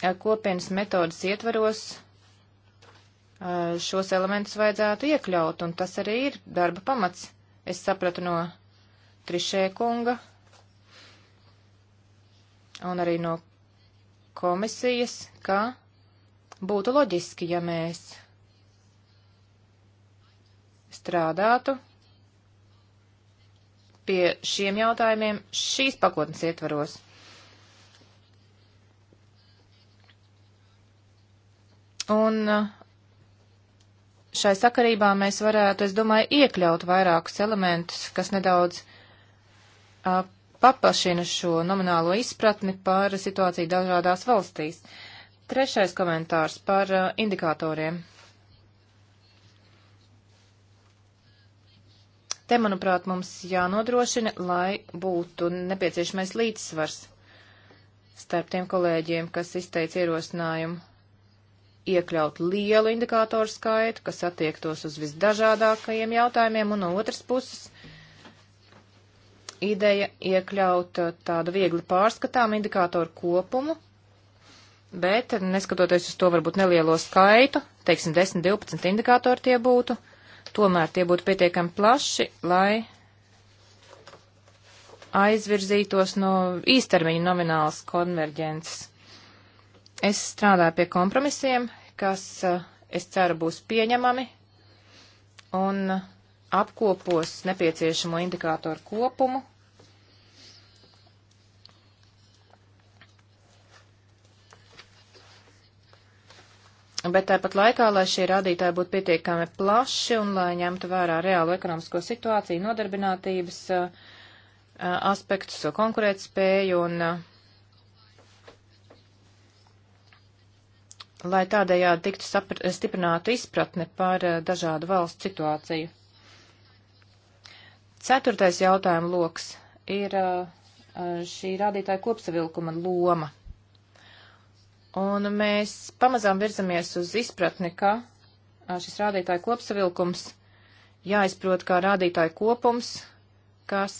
ka kopienas metodas ietvaros šos elementus vajadzētu iekļaut, un tas arī ir darba pamats. Es sapratu no Trišē kunga un arī no komisijas, ka būtu loģiski, ja mēs strādātu pie šiem jautājumiem šīs pakotnes ietvaros. Un šai sakarībā mēs varētu, es domāju, iekļaut vairākus elementus, kas nedaudz uh, paplašina šo nominālo izpratni par situāciju dažādās valstīs. Trešais komentārs par uh, indikatoriem. Te, manuprāt, mums jānodrošina, lai būtu nepieciešamais līdzsvars starp tiem kolēģiem, kas izteica ierosinājumu iekļaut lielu indikātoru skaitu, kas attiektos uz visdažādākajiem jautājumiem, un no otras puses ideja iekļaut uh, tādu viegli pārskatām indikātoru kopumu, bet neskatoties uz to varbūt nelielo skaitu, teiksim 10-12 indikātori tie būtu, uh, tomēr tie būtu pietiekami plaši, lai aizvirzītos no īstermiņa nominālas konverģences. Es strādāju pie kompromisiem, kas, eh, es ceru, būs pieņemami un apkopos nepieciešamo indikātoru kopumu Bet tāpat laikā, lai šie rādītāji būtu pietiekami plaši un lai ņemtu vērā reālu ekonomisko situāciju, nodarbinātības uh, uh, aspektus, konkurētspēju un uh, lai tādējādi tiktu sapr, stiprinātu izpratne par dažādu valstu situāciju. Ceturtais jautājuma loks ir šī rādītāja kopsavilkuma loma Un mēs pamazām virzamies uz izpratni, ka šis rādītāju kopsavilkums jāizprot kā rādītāju kopums, kas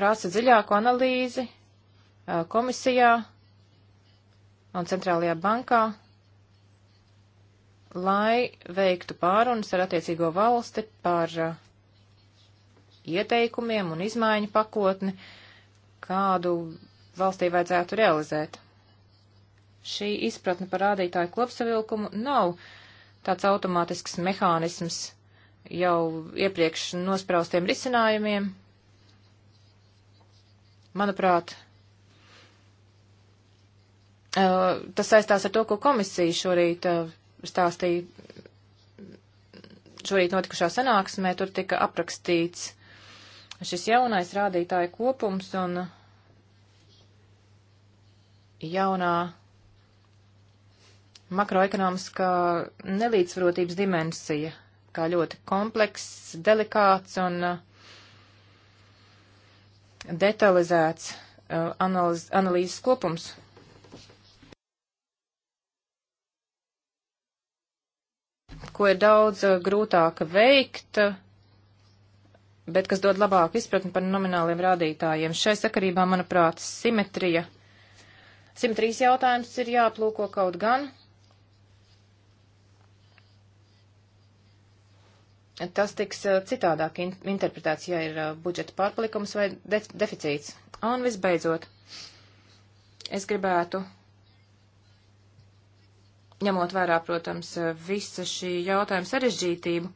prasa dziļāku analīzi komisijā un centrālajā bankā, lai veiktu pārunas ar attiecīgo valsti par ieteikumiem un izmaiņu pakotni, uh, kādu valstī vajadzētu realizēt. Šī izpratne par rādītāju klopsavilkumu nav tāds automātisks mehānisms jau iepriekš nospraustiem risinājumiem. Manuprāt, tas saistās ar to, ko komisija šorīt stāstīja. Šorīt notikušā sanāksmē tur tika aprakstīts šis jaunais rādītāja kopums un jaunā makroekonomiskā nelīdzsvarotības dimensija, kā ļoti komplekss, delikāts un uh, detalizēts uh, analīz, analīzes kopums. ko ir daudz uh, grūtāk veikt, bet kas dod labāku izpratni par nomināliem rādītājiem. Šai sakarībā, manuprāt, simetrija. Simetrijas jautājums ir jāplūko kaut gan. Tas tiks eh, citādāk in interpretēts, ja ir eh, budžeta pārpalikums vai de deficīts. Un visbeidzot, es gribētu, ņemot vērā, protams, eh, visa šī jautājuma sarežģītību,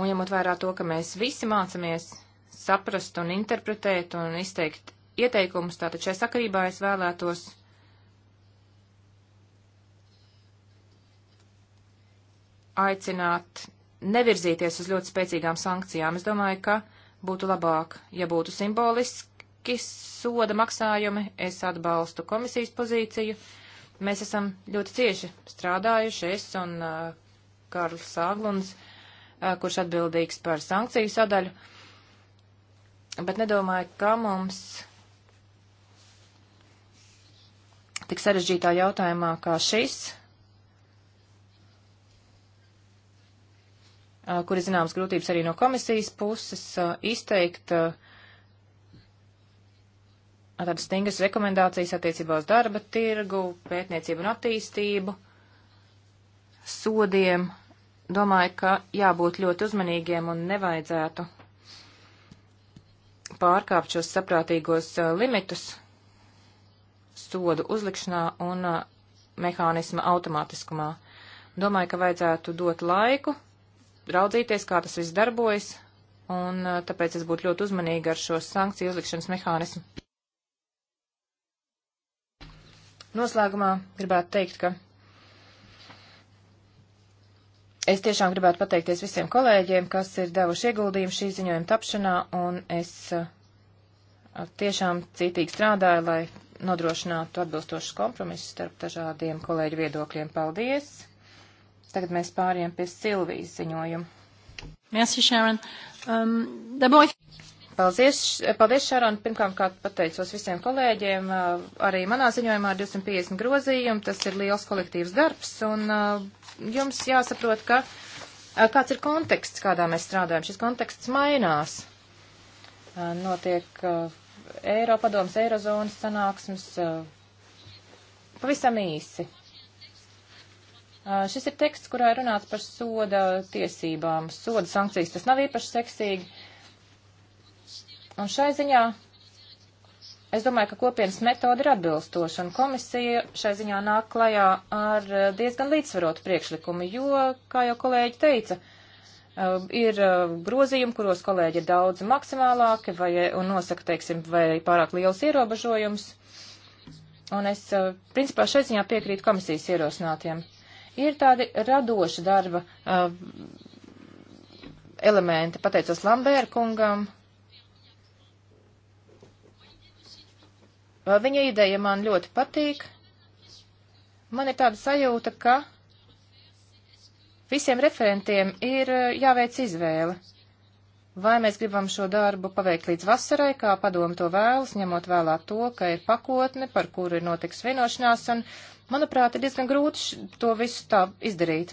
Un ņemot vērā to, ka mēs visi mācāmies saprast un interpretēt un izteikt ieteikumus, tātad šai sakarībā es vēlētos aicināt nevirzīties uz ļoti spēcīgām sankcijām. Es domāju, ka būtu labāk, ja būtu simboliski soda maksājumi. Es atbalstu komisijas pozīciju. Mēs esam ļoti cieši strādājuši, es un uh, Karls Sāgluns, kurš atbildīgs par sankciju sadaļu, bet nedomāju, ka mums tik sarežģītā jautājumā kā šis, kur ir zināmas grūtības arī no komisijas puses, izteikt tādas stingras rekomendācijas attiecībā uz darba tirgu, pētniecību un attīstību, sodiem domāju, ka jābūt ļoti uzmanīgiem un nevajadzētu pārkāpt šos saprātīgos uh, limitus sodu uzlikšanā un uh, mehānisma automātiskumā. Domāju, ka vajadzētu dot laiku, raudzīties, kā tas viss darbojas, un uh, tāpēc es būtu ļoti uzmanīga ar šo sankciju uzlikšanas mehānismu. Noslēgumā gribētu teikt, ka Es tiešām gribētu pateikties visiem kolēģiem, kas ir devuši ieguldījumu šī ziņojuma tapšanā, un es uh, tiešām cītīgi strādāju, lai nodrošinātu atbilstošus kompromisus starp dažādiem kolēģu viedokļiem. Paldies! Tagad mēs pāriem pie Silvijas ziņojuma. Merci, Sharon. Um, dabūj... Paldies, paldies Šaron. Pirmkārt, pateicos visiem kolēģiem. Uh, arī manā ziņojumā ir 250 grozījumi. Tas ir liels kolektīvs darbs, un uh, jums jāsaprot, ka kāds ir konteksts, kādā mēs strādājam. Šis konteksts mainās. Notiek Eiropadomas, Eirozonas sanāksmes pavisam īsi. Šis ir teksts, kurā ir runāts par soda tiesībām, soda sankcijas. Tas nav īpaši seksīgi. Un šai ziņā Es domāju, ka kopienas metoda ir atbilstoša, un komisija šai ziņā nāk klajā ar eh, diezgan līdzsvarotu priekšlikumu, jo, kā jau kolēģi teica, eh, ir eh, grozījumi, kuros kolēģi ir daudz maksimālāki vai, un nosaka, teiksim, vai pārāk liels ierobežojums. Un es, principā, šai ziņā piekrītu komisijas ierosinātiem. Ir tādi radoši darba elementi, pateicos Lambēra kungam, Viņa ideja man ļoti patīk. Man ir tāda sajūta, ka visiem referentiem ir jāveic izvēle. Vai mēs gribam šo darbu paveikt līdz vasarai, kā padomu to vēlas, ņemot vērā to, ka ir pakotne, par kuru ir notiks vienošanās, un, manuprāt, ir diezgan grūti to visu tā izdarīt.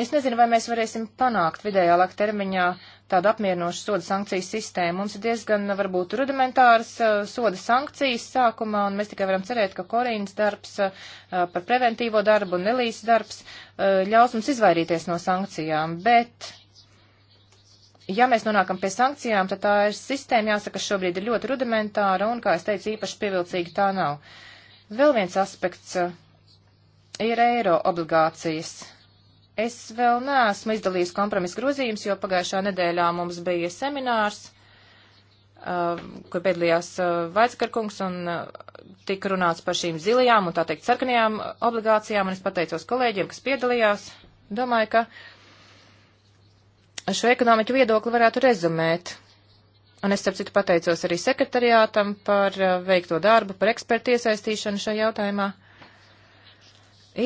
Es nezinu, vai mēs varēsim panākt vidējā laika termiņā uh, tādu apmierinošu soda sankciju sistēmu. Mums ir diezgan, varbūt, rudimentāras uh, soda sankcijas sākumā, un mēs tikai varam cerēt, ka Korīnas darbs uh, par preventīvo darbu un Elīs darbs uh, ļaus mums izvairīties no sankcijām, bet. Ja mēs nonākam pie sankcijām, tad tā ir sistēma, jāsaka, šobrīd ir ļoti rudimentāra un, kā es teicu, īpaši pievilcīga tā nav. Vēl viens aspekts ir eiro obligācijas Es vēl neesmu izdalījis kompromisu grozījums, jo pagājušā nedēļā mums bija seminārs, uh, kur piedalījās uh, Vaitskarkungs un uh, tika runāts par šīm zilajām un tā teikt sarkanajām obligācijām, un es pateicos kolēģiem, kas piedalījās. Domāju, ka šo ekonomiķu viedokli varētu rezumēt. Un es, starp citu, pateicos arī sekretariātam par uh, veikto darbu, par ekspertu iesaistīšanu šajā jautājumā.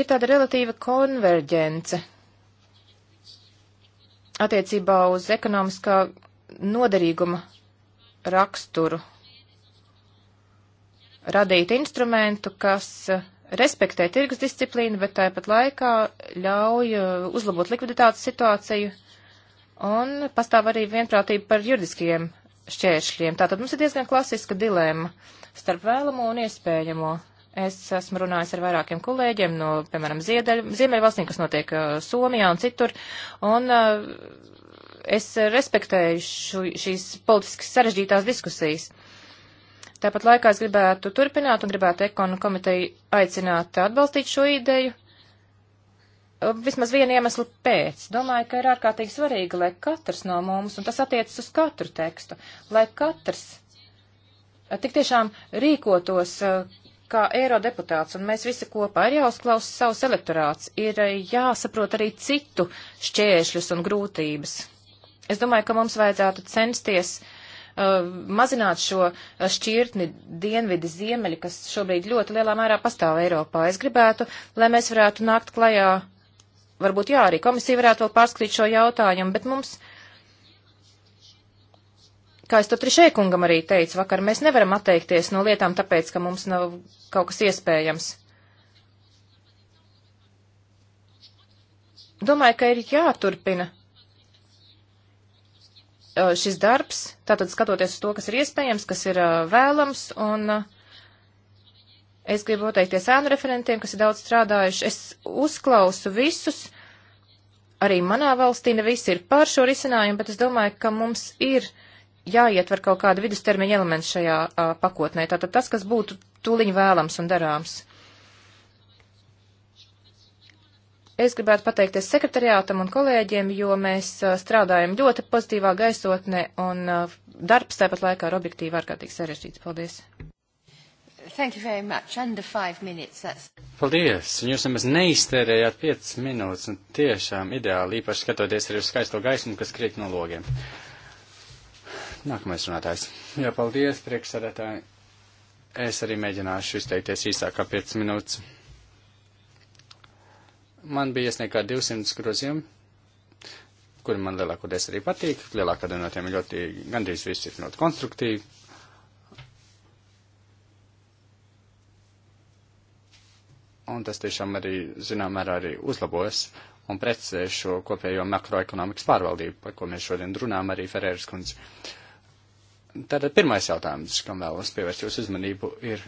Ir tāda relatīva konverģence attiecībā uz ekonomiskā noderīguma raksturu radīt instrumentu, kas eh, respektē tirgus disciplīnu, bet tāpat laikā ļauj eh, uzlabot likviditātes situāciju un pastāv arī vienprātība par juridiskajiem šķēršļiem. Tātad mums ir diezgan klasiska dilēma starp vēlamo un iespējamo. Es esmu runājis ar vairākiem kolēģiem no, piemēram, Ziemeļvalstīm, kas notiek uh, Somijā un citur, un uh, es respektēju šu, šīs politiski sarežģītās diskusijas. Tāpat laikā es gribētu turpināt un gribētu ekonu komiteju aicināt atbalstīt šo ideju. Uh, vismaz vienu iemeslu pēc. Domāju, ka ir ārkārtīgi svarīgi, lai katrs no mums, un tas attiecas uz katru tekstu, lai katrs uh, tik tiešām rīkotos uh, kā eirodeputāts, un mēs visi kopā ir jāuzklausa savus elektorāts, ir eh, jāsaprot arī citu šķēršļus un grūtības. Es domāju, ka mums vajadzētu censties uh, mazināt šo eh, šķirtni dienvidi ziemeļi, kas šobrīd ļoti lielā mērā pastāv Eiropā. Es gribētu, lai mēs varētu nākt klajā, varbūt jā, arī komisija varētu vēl pārskatīt šo jautājumu, bet mums Kā es to trišēkungam arī teicu vakar, mēs nevaram atteikties no lietām, tāpēc, ka mums nav kaut kas iespējams. Domāju, ka ir jāturpina uh, šis darbs, tātad skatoties uz to, kas ir iespējams, kas ir uh, vēlams, un uh, es gribu pateikties ēnu referentiem, kas ir daudz strādājuši. Es uzklausu visus arī manā valstī ne visi ir pār šo risinājumu, bet es domāju, ka mums ir jāietver kaut kāda vidustermiņa elements šajā a, pakotnē. Tātad tas, kas būtu tūliņ vēlams un darāms. Es gribētu pateikties sekretariātam un kolēģiem, jo mēs a, strādājam ļoti pozitīvā gaisotnē un a, darbs tāpat laikā ir objektīvi ārkārtīgi sarežģīts. Paldies! Thank you very much. Under five minutes. That's... Paldies! Un jūs nemaz neiztērējāt 5 minūtes, un tiešām ideāli, īpaši skatoties arī uz skaisto gaismu, kas krīt no logiem. Nākamais runātājs. Jā, paldies, priekšsēdētāji. Es arī mēģināšu izteikties īsāk kā 5 minūtes. Man bija iesniegā 200 grozījumu, kuri man lielākoties arī patīk. Lielākā daļa no tiem ir ļoti, gandrīz viss ir ļoti konstruktīvi. Un tas tiešām arī, zinām, arī uzlabos un precizēs šo kopējo makroekonomikas pārvaldību, par ko mēs šodien runājam arī Ferēras kundze. Uh, Tātad pirmais jautājums, kam vēlos pievērst jūsu uzmanību, ir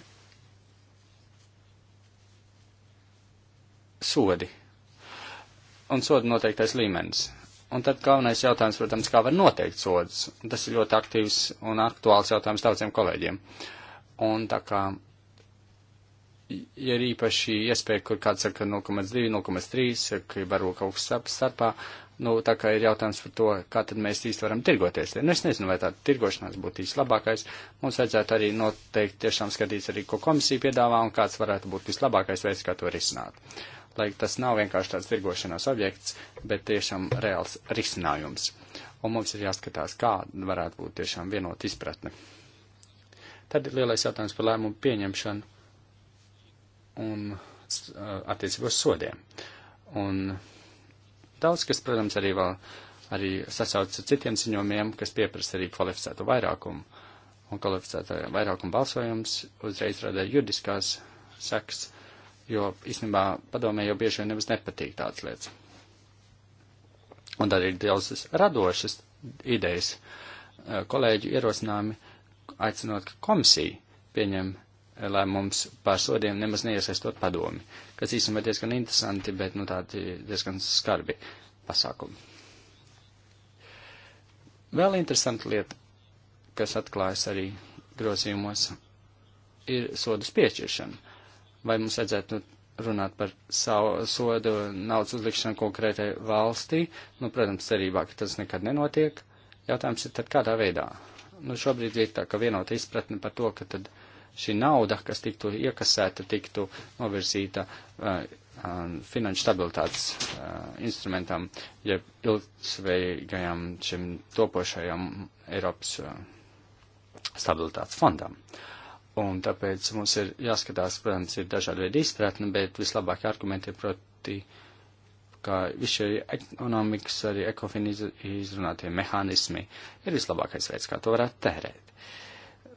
sodi un soda noteiktais līmenis. Un tad galvenais jautājums, protams, kā var noteikt sodus. Tas ir ļoti aktīvs un aktuāls jautājums daudziem kolēģiem. Un tā kā ja ir īpaši iespēja, kur kāds saka 0,2, 0,3, ka var kaut kas starpā, nu, tā kā ir jautājums par to, kā tad mēs īsti varam tirgoties. Nu, es nezinu, vai tāda tirgošanās būtu vislabākais. Mums vajadzētu arī noteikti tiešām skatīties arī, ko komisija piedāvā un kāds varētu būt vislabākais veids, kā to risināt. Lai tas nav vienkārši tāds tirgošanās objekts, bet tiešām reāls risinājums. Un mums ir jāskatās, kā varētu būt tiešām vienot izpratne. Tad ir lielais jautājums par lēmumu pieņemšanu un attiecībā uz sodiem. Un Daudz, kas, protams, arī vēl arī sasauc ar citiem ziņojumiem, kas pieprasa arī kvalificētu vairākumu. Un kvalificētā vairākuma balsojums uzreiz rada juridiskās sekas, jo īstenībā padomē jau bieži vien nemaz nepatīk tādas lietas. Un tad ir daudzas radošas idejas, eh, kolēģi ierosinājumi, aicinot, ka komisija pieņem lēmums par sodiem nemaz neiesaistot padomi, kas īstenībā diezgan interesanti, bet nu tādi diezgan skarbi pasākumi. Vēl interesanta lieta, kas atklājas arī grozījumos, ir sodu piešķiršana. Vai mums vajadzētu nu, runāt par savu sodu naudas uzlikšanu konkrētai valstī? Nu, protams, cerībā, ka tas nekad nenotiek. Jautājums ir tad kādā veidā? Nu, šobrīd ir tā, ka vienota izpratne par to, ka tad. Uh, šī nauda, kas tiktu iekasēta, tiktu novirzīta uh, um, finanšu stabilitātes uh, instrumentam, jeb ilgsveigajam šim topošajam Eiropas uh, stabilitātes fondam. Un tāpēc mums ir jāskatās, protams, ir dažādi veidi izpratni, bet vislabākie argumenti ir proti, ka visi šie ekonomikas, arī ekofin izrunātie mehānismi ir vislabākais veids, kā to varētu tērēt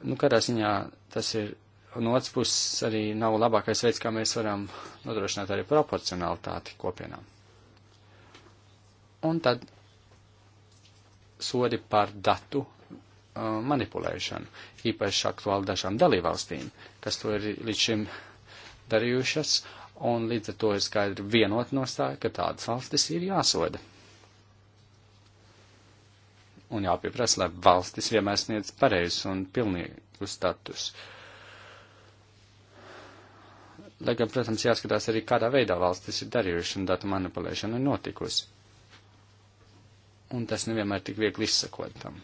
nu, kādā ziņā tas ir, un no otrs puses arī nav labākais veids, kā mēs varam nodrošināt arī proporcionalitāti kopienām. Un tad sodi par datu uh, manipulēšanu, īpaši aktuāli dažām dalībvalstīm, kas to ir līdz šim darījušas, un līdz ar to ir skaidri vienot nostāja, ka tādas valstis ir jāsoda un jāpieprasa, lai valstis vienmēr sniedz pareizs un pilnīgu status. Lai gan, protams, jāskatās arī, kādā veidā valstis ir darījuši un datu manipulēšana ir notikusi. Un tas nevienmēr tik viegli izsakot tam.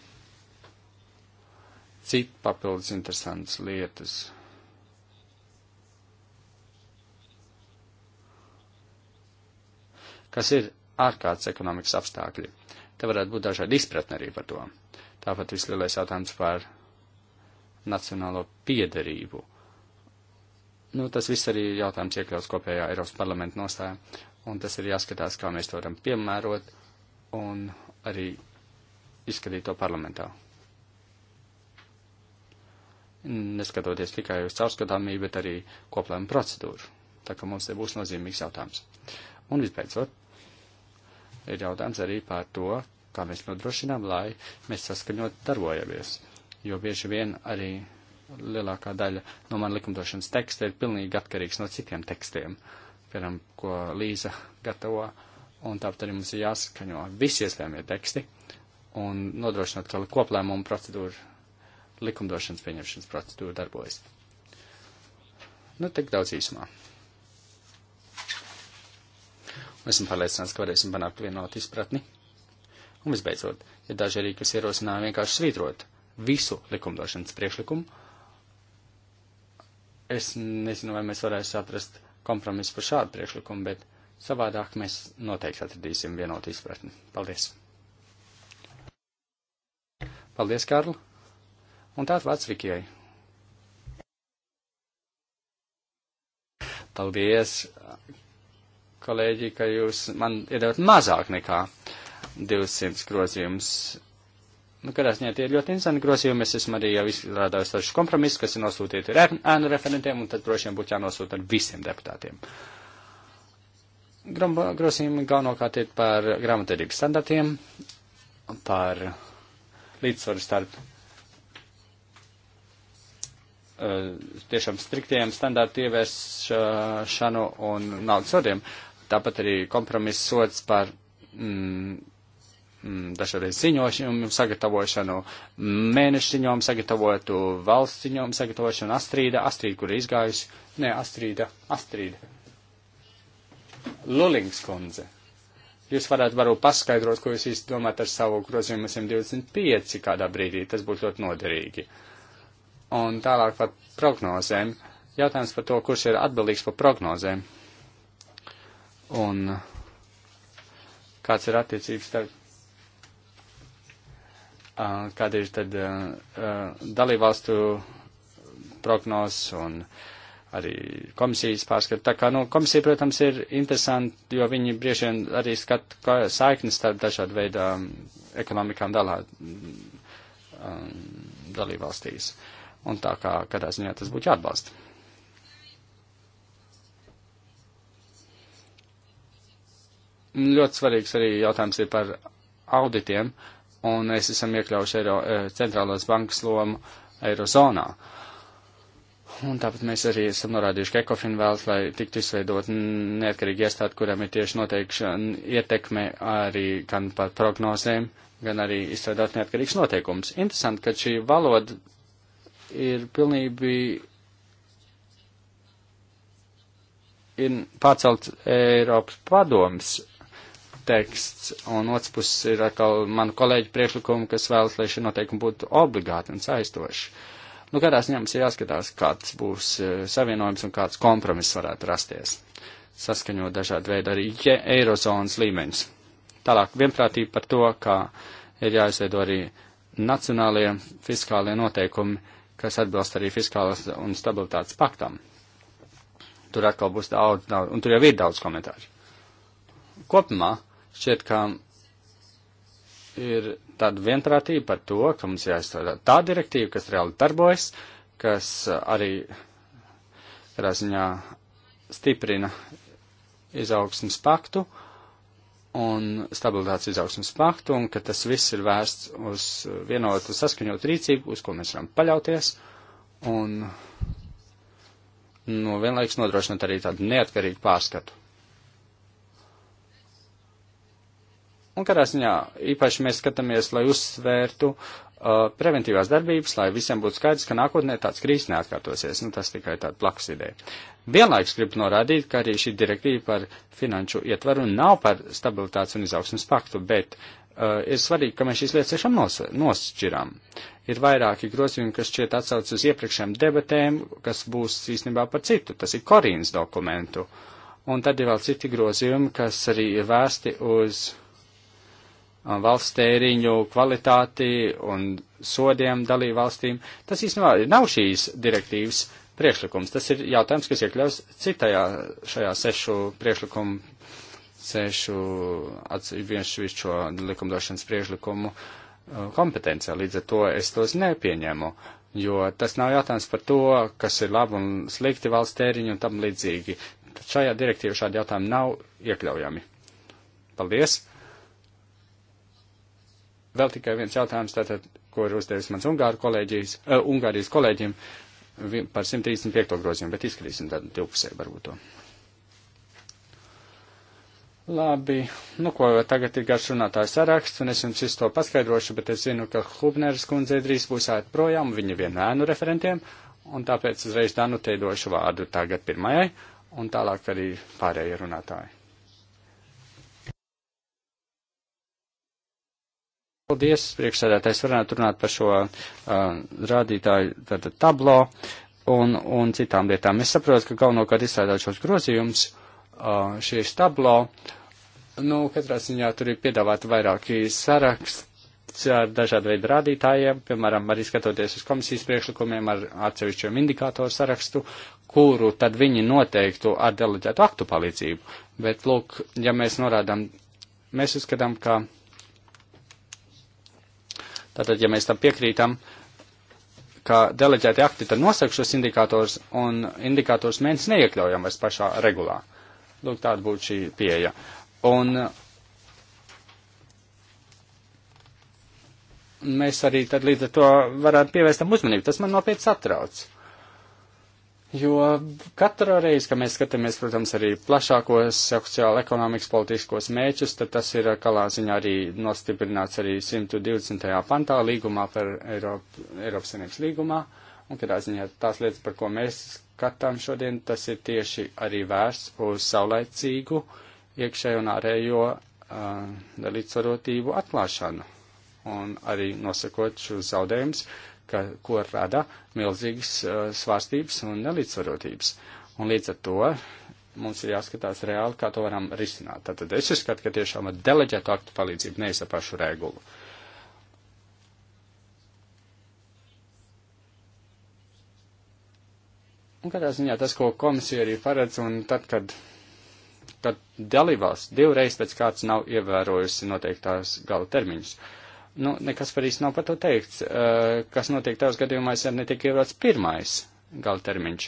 Cita papildus interesantas lietas. Kas ir ārkārtas ekonomikas apstākļi? Te varētu būt dažādi izpratni arī par to. Tāpat vislielais jautājums par nacionālo piedarību. Nu, tas viss arī jautājums iekļauts kopējā Eiropas parlamenta nostājā, un tas ir jāskatās, kā mēs to varam piemērot un arī izskatīt to parlamentā. Neskatoties tikai uz caurskatāmību, bet arī koplēmu procedūru. Tā kā mums te būs nozīmīgs jautājums. Un visbeidzot, ir jautājums arī par to, kā mēs nodrošinām, lai mēs saskaņot darbojamies. Jo bieži vien arī lielākā daļa no man likumdošanas teksta ir pilnīgi atkarīgs no citiem tekstiem, piemēram, ko Līza gatavo, un tāpat arī mums ir jāsaskaņo visi iespējamie teksti un nodrošināt, ka koplēmumu procedūra, likumdošanas pieņemšanas procedūra darbojas. Nu, tik daudz īsumā. Esmu pārliecināts, ka varēsim panākt vienotu izpratni. Un visbeidzot, ir ja daži arī, kas ierosināja vienkārši svītrot visu likumdošanas priekšlikumu. Es nezinu, vai mēs varēsim atrast kompromisu par šādu priekšlikumu, bet savādāk mēs noteikti atradīsim vienotu izpratni. Paldies! Paldies, Kārl! Un tāds vārds Vikijai. Paldies! kolēģi, ka jūs man iedavat mazāk nekā 200 grozījumus. Nu, kādā ziņā tie ir ļoti interesanti grozījumi. Es esmu arī jau izrādājis dažus kompromisus, kas ir nosūtīti ar ēnu referentiem, un tad droši vien būtu jānosūta ar visiem deputātiem. Grozījumi galvenokārt ir par grāmatvedības standartiem, par līdzsvaru starp eh, tiešām striktiem standārtu ieviešanu un naudas sodiem. Uh, Tāpat arī kompromiss sots par mm, mm dažreiz ziņošanu sagatavošanu, mēnešu ziņojumu sagatavotu, valsts ziņojumu sagatavošanu, Astrīda, Astrīda, kur ir izgājusi, nē, Astrīda, Astrīda. Lulings kundze. Jūs varētu varbūt paskaidrot, ko jūs īsti domājat ar savu grozījumu 125 kādā brīdī, tas būtu ļoti noderīgi. Un tālāk par prognozēm. Jautājums par to, kurš ir atbildīgs par prognozēm un kāds ir attiecības starp, uh, kāda ir tad uh, uh, dalībvalstu prognozes un arī komisijas pārskatu. Tā kā, nu, komisija, protams, ir interesanti, jo viņi bieži vien arī skat saiknes starp dažādu veidu ekonomikām dalā, um, dalībvalstīs. Un tā kā, kādā ziņā tas būtu jāatbalsta. Ļoti svarīgs arī jautājums ir par auditiem, un mēs esam iekļauši Eiro, e, centrālās bankas lomu Eirozonā. Un tāpat mēs arī esam norādījuši, ka ECOFIN vēlas, lai tiktu izveidot neatkarīgi iestādi, kuram ir tieši noteikšana ietekme arī gan par prognozēm, gan arī izstrādāt neatkarīgs noteikums. Interesanti, ka šī valoda ir pilnībā ir pārcelt Eiropas padomas teksts, un otrs puses ir atkal manu kolēģu priekšlikumu, kas vēlas, lai šie noteikumi būtu obligāti un saistoši. Nu, kādā ziņā mums ir jāskatās, kāds būs eh, savienojums un kāds kompromiss varētu rasties, saskaņot dažādu veidu arī ja eirozonas līmeņus. Tālāk vienprātība par to, ka ir jāizveido arī nacionālie fiskālie noteikumi, kas atbilst arī fiskālas un stabilitātes paktam. Tur atkal būs daudz, daudz, un tur jau ir daudz komentāru kopumā Šķiet, ka ir tāda vienprātība par to, ka mums jāizstrādā tā direktīva, kas reāli darbojas, kas uh, arī, kādā ziņā, stiprina izaugsmas paktu un stabilitātes izaugsmas paktu, un ka tas viss ir vērsts uz vienotu saskaņotu rīcību, uz ko mēs varam paļauties, un no nu, vienlaiks nodrošināt arī tādu neatkarīgu pārskatu. Un katrā ziņā īpaši mēs skatāmies, lai uzsvērtu uh, preventīvās darbības, lai visiem būtu skaidrs, ka nākotnē tāds krīzes neatkārtosies. Nu, tas tikai tāda plaks ideja. Vienlaiks gribu norādīt, ka arī šī direktīva par finanšu ietvaru nav par stabilitātes un izaugsmas paktu, bet uh, ir svarīgi, ka mēs šīs lietas tiešām nos, nosšķirām. Ir vairāki grozījumi, kas šķiet atsauc uz iepriekšējām debatēm, kas būs īstenībā par citu. Tas ir Korīnas dokumentu. Un tad ir vēl citi grozījumi, kas arī ir vēsti uz. Uh, valsts tēriņu kvalitāti un sodiem dalību valstīm. Tas īstenībā nav šīs direktīvas priekšlikums. Tas ir jautājums, kas iekļaus citajā šajā sešu priekšlikumu, sešu atsevišķo likumdošanas priekšlikumu kompetencijā. Līdz ar to es tos nepieņemu, jo tas nav jautājums par to, kas ir labi un slikti valsts tēriņu un tam līdzīgi. Tad šajā direktīvā šādi jautājumi nav iekļaujami. Paldies! Vēl tikai viens jautājums, tātad, ko ir uzdevis mans Ungāru kolēģijas, uh, eh, Ungārijas kolēģim par 135. grozījumu, bet izskatīsim tad divpusē varbūt to. Labi, nu ko, tagad ir garš runātājs saraksts, un es jums visu to paskaidrošu, bet es zinu, ka Hubneris kundze drīz būs ēt projām, viņa vienēnu referentiem, un tāpēc uzreiz Danutei došu vārdu tagad pirmajai, un tālāk arī pārējie runātāji. Paldies, priekšsēdētājs, varētu runāt par šo uh, rādītāju tātad tablo un, un citām lietām. Es saprotu, ka galvenokārt izstrādāt šos grozījumus, uh, šīs tablo, nu, katrā ziņā tur ir piedāvāti vairāki saraksts ar dažādu veidu rādītājiem, piemēram, arī skatoties uz komisijas priekšlikumiem ar atsevišķiem indikātoru sarakstu, kuru tad viņi noteiktu ar deleģētu aktu palīdzību. Bet, lūk, ja mēs norādām, mēs uzskatām, ka Tātad, ja mēs tam piekrītam, ka deleģēti akti tad nosaka šos indikātors un indikātors mēs neiekļaujam vairs pašā regulā. Lūk, tāda būtu šī pieeja. Un mēs arī tad līdz ar to varētu pievērst tam uzmanību. Tas man nopietni satrauc. Jo katru reizi, kad mēs skatāmies, protams, arī plašākos sociāla ekonomikas politiskos mēķus, tad tas ir uh, kalā ziņā arī nostiprināts arī 120. pantā līgumā par Eiropa, Eiropas Savienības līgumā. Un kādā ziņā tās lietas, par ko mēs skatām šodien, tas ir tieši arī vērsts uz saulaicīgu iekšējo un ārējo uh, līdzsvarotību atklāšanu un arī nosakot šos zaudējumus, ka, ko rada milzīgas uh, svārstības un nelīdzsvarotības. Un līdz ar to mums ir jāskatās reāli, kā to varam risināt. Tātad es uzskatu, ka tiešām ar deleģētu aktu palīdzību nevis ar pašu regulu. Un katrā ziņā tas, ko komisija arī paredz, un tad, kad, kad dalībās divreiz pēc kāds nav ievērojusi noteiktās gala termiņus. Uh, nu, nekas par īsti nav par to teikts, eh, kas notiek tās gadījumās, ja netiek ievērots pirmais gala termiņš.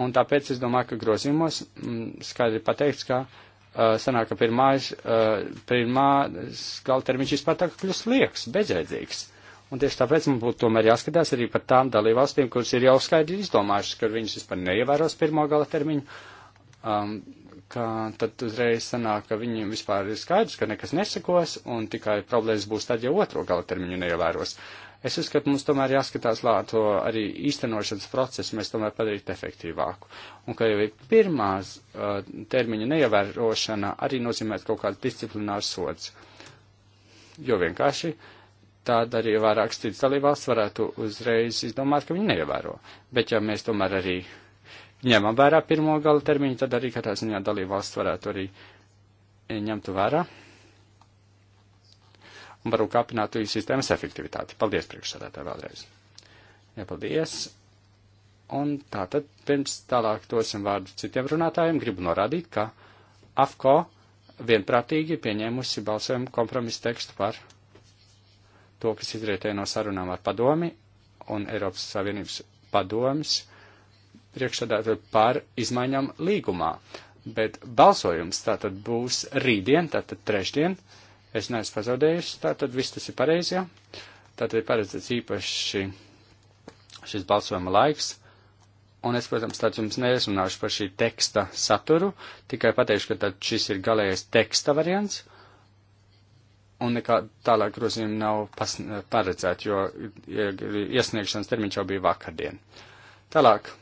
Un tāpēc es domāju, ka grozījumos mm, skaidri pateikts, ka eh, sanāk, ka pirmais, eh, pirmās gala termiņš vispār tā kā kļūst lieks, bezēdzīgs. Un tieši tāpēc mums būtu tomēr jāskatās arī par tām dalībvalstīm, kuras ir jau skaidri izdomājušas, ka viņas vispār neievēros pirmo gala termiņu. Um, ka tad uzreiz sanāk, ka viņiem vispār ir skaidrs, ka nekas nesakos, un tikai problēmas būs tad, ja otro gala termiņu neievēros. Es uzskatu, mums tomēr jāskatās, lai to arī īstenošanas procesu mēs tomēr padarītu efektīvāku. Un ka jau ir pirmās uh, termiņa neievērošana arī nozīmē kaut kāds disciplinārs sods. Jo vienkārši tad arī vairākas citas dalībvalsts varētu uzreiz izdomāt, ka viņi neievēro. Bet ja mēs tomēr arī ņemam vērā pirmo gala termiņu, tad arī katrā ziņā dalību valsts varētu arī eh, ņemt vērā un varu kāpināt arī sistēmas efektivitāti. Paldies priekšsēdētāji vēlreiz. Jā, paldies. Un tātad pirms tālāk dosim vārdu citiem runātājiem, gribu norādīt, ka AFCO vienprātīgi pieņēmusi balsojumu kompromisu tekstu par to, kas izrietēja no sarunām ar padomi un Eiropas Savienības padomis priekšsēdētāju par izmaiņām līgumā. Bet balsojums tātad būs rītdien, tātad trešdien. Es neesmu pazaudējis, tātad viss tas ir pareizi, jā. Ja? Tātad ir paredzēts īpaši šis balsojuma laiks. Un es, protams, tāds jums neiesunāšu par šī teksta saturu, tikai pateikšu, ka tad šis ir galējais teksta variants, un nekā tālāk grozījumi nav paredzēti, jo iesniegšanas termiņš jau bija vakardien. Tālāk,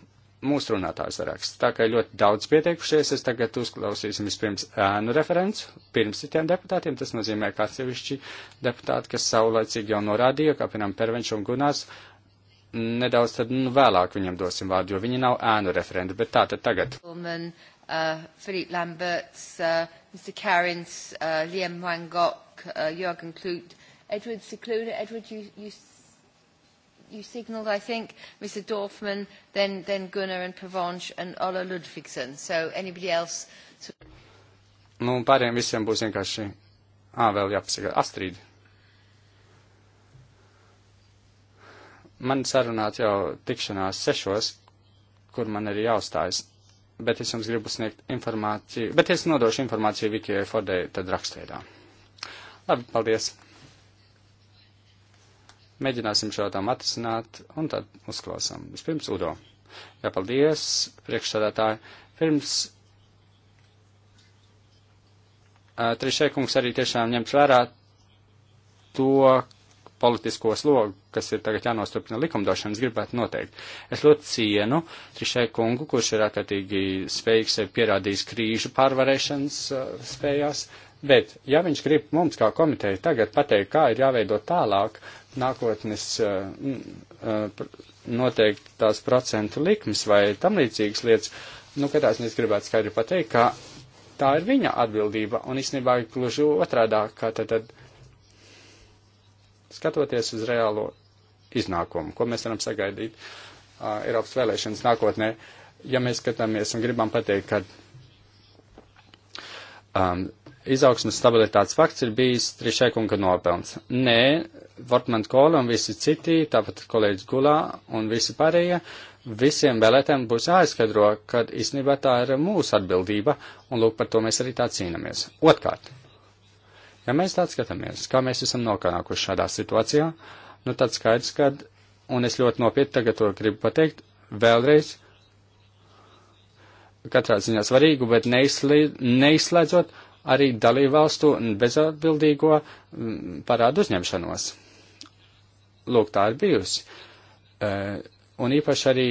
mūsu runātājs saraksts. Tā kā ļoti daudz pieteikušies, es tagad uzklausīsim vispirms ēnu referents pirms citiem deputātiem. Tas nozīmē, ka atsevišķi deputāti, kas saulaicīgi jau norādīja, kā piemēram Pervenš un Gunārs, nedaudz tad nu, vēlāk viņam dosim vārdu, jo viņi nav ēnu referenti, bet tā tad tagad. Woman, uh, Philippe Lamberts, uh, Mr. Karins, uh, Liam Wangok, uh, Jürgen Klute, Edward Sikluna. Edward, you, you you signalled, I think, Mr Dorfman, then, then Gunnar and Pavanche and Ola Ludvigsen. So anybody else? To... Nu, pārējiem visiem būs vienkārši, ā, vēl jāpasaka, Astrid. Man sarunāt jau tikšanās sešos, kur man arī jāuzstājas, bet es jums gribu sniegt informāciju, bet es nodošu informāciju Vikijai Fordai tad rakstveidā. Labi, paldies! Mēģināsim šo jautājumu atrisināt un tad uzklausām. Vispirms Udo. Jā, paldies, priekšstādātāji. Pirms uh, trešiekungs arī tiešām ņemt vērā to politisko slogu, kas ir tagad jānostiprina likumdošanas, gribētu noteikt. Es ļoti cienu Trišai kungu, kurš ir ārkārtīgi spējīgs pierādījis krīžu pārvarēšanas uh, spējās. Uh, Bet, ja viņš grib mums kā komiteja tagad pateikt, kā ir jāveido tālāk nākotnes uh, uh, noteiktās procentu likmes vai tam līdzīgas lietas, nu, katrā ziņā es gribētu skaidri pateikt, ka tā ir viņa atbildība un īstenībā gluži otrādā, kā tad, tad skatoties uz reālo iznākumu, ko mēs varam sagaidīt uh, Eiropas vēlēšanas nākotnē, ja mēs skatāmies un gribam pateikt, ka um, izaugsmas stabilitātes fakts ir bijis Trišēkunga nopelns. Nē, Vortman Kola un visi citi, tāpat kolēģis Gulā un visi pārējie, visiem vēlētēm būs jāizskaidro, ka īstenībā tā ir mūsu atbildība, un lūk, par to mēs arī tā cīnāmies. Otkārt, ja mēs tā skatāmies, kā mēs esam nokānākuši šādā situācijā, nu tad skaidrs, ka, un es ļoti nopietni tagad to gribu pateikt, vēlreiz, katrā ziņā svarīgu, bet neizslēdzot arī dalībvalstu bezatbildīgo mm, parādu uzņemšanos. Lūk, tā ir bijusi. E, un īpaši arī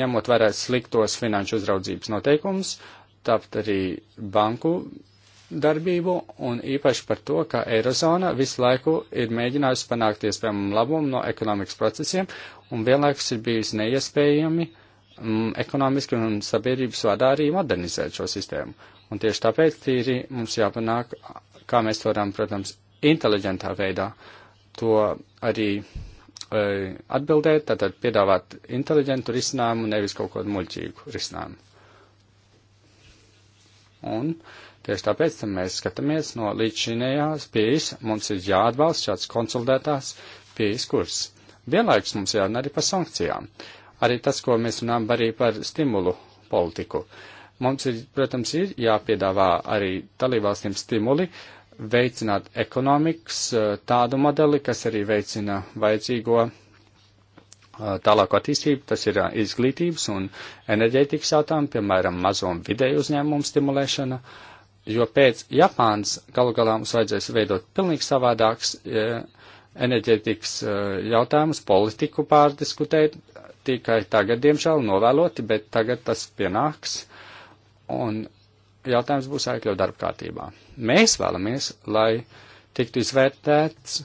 ņemot vērā sliktos finanšu uzraudzības noteikumus, tāpat arī banku darbību un īpaši par to, ka Eirozona visu laiku ir mēģinājusi panākt iespējamu labumu no ekonomikas procesiem un vienlaikus ir bijusi neiespējami mm, ekonomiski un sabiedrības vadā arī modernizēt šo sistēmu. Un tieši tāpēc tīri mums jāpanāk, kā mēs varam, protams, inteliģentā veidā to arī e, atbildēt, tātad piedāvāt inteliģentu risinājumu, nevis kaut kādu muļķīgu risinājumu. Un tieši tāpēc mēs skatāmies no līdzšinējās pieejas, mums ir jāatbalsta šāds konsolidētās pieejas kurs. Vienlaiks mums jārunā arī par sankcijām. Arī tas, ko mēs runājam arī par stimulu politiku. Uh, Mums, ir, protams, ir jāpiedāvā arī dalībvalstīm stimuli veicināt ekonomikas eh, tādu modeli, kas arī veicina vajadzīgo eh, tālāko attīstību, tas ir eh, izglītības un enerģētikas jautājumi, piemēram, mazo un vidēju uzņēmumu stimulēšana, jo pēc Japānas galu galā mums vajadzēs veidot pilnīgi savādāks enerģētikas jautājumus, politiku pārdiskutēt, tikai tagad, diemžēl, novēloti, bet tagad tas pienāks un jautājums būs jāiekļaut darba kārtībā. Mēs vēlamies, lai tiktu izvērtēts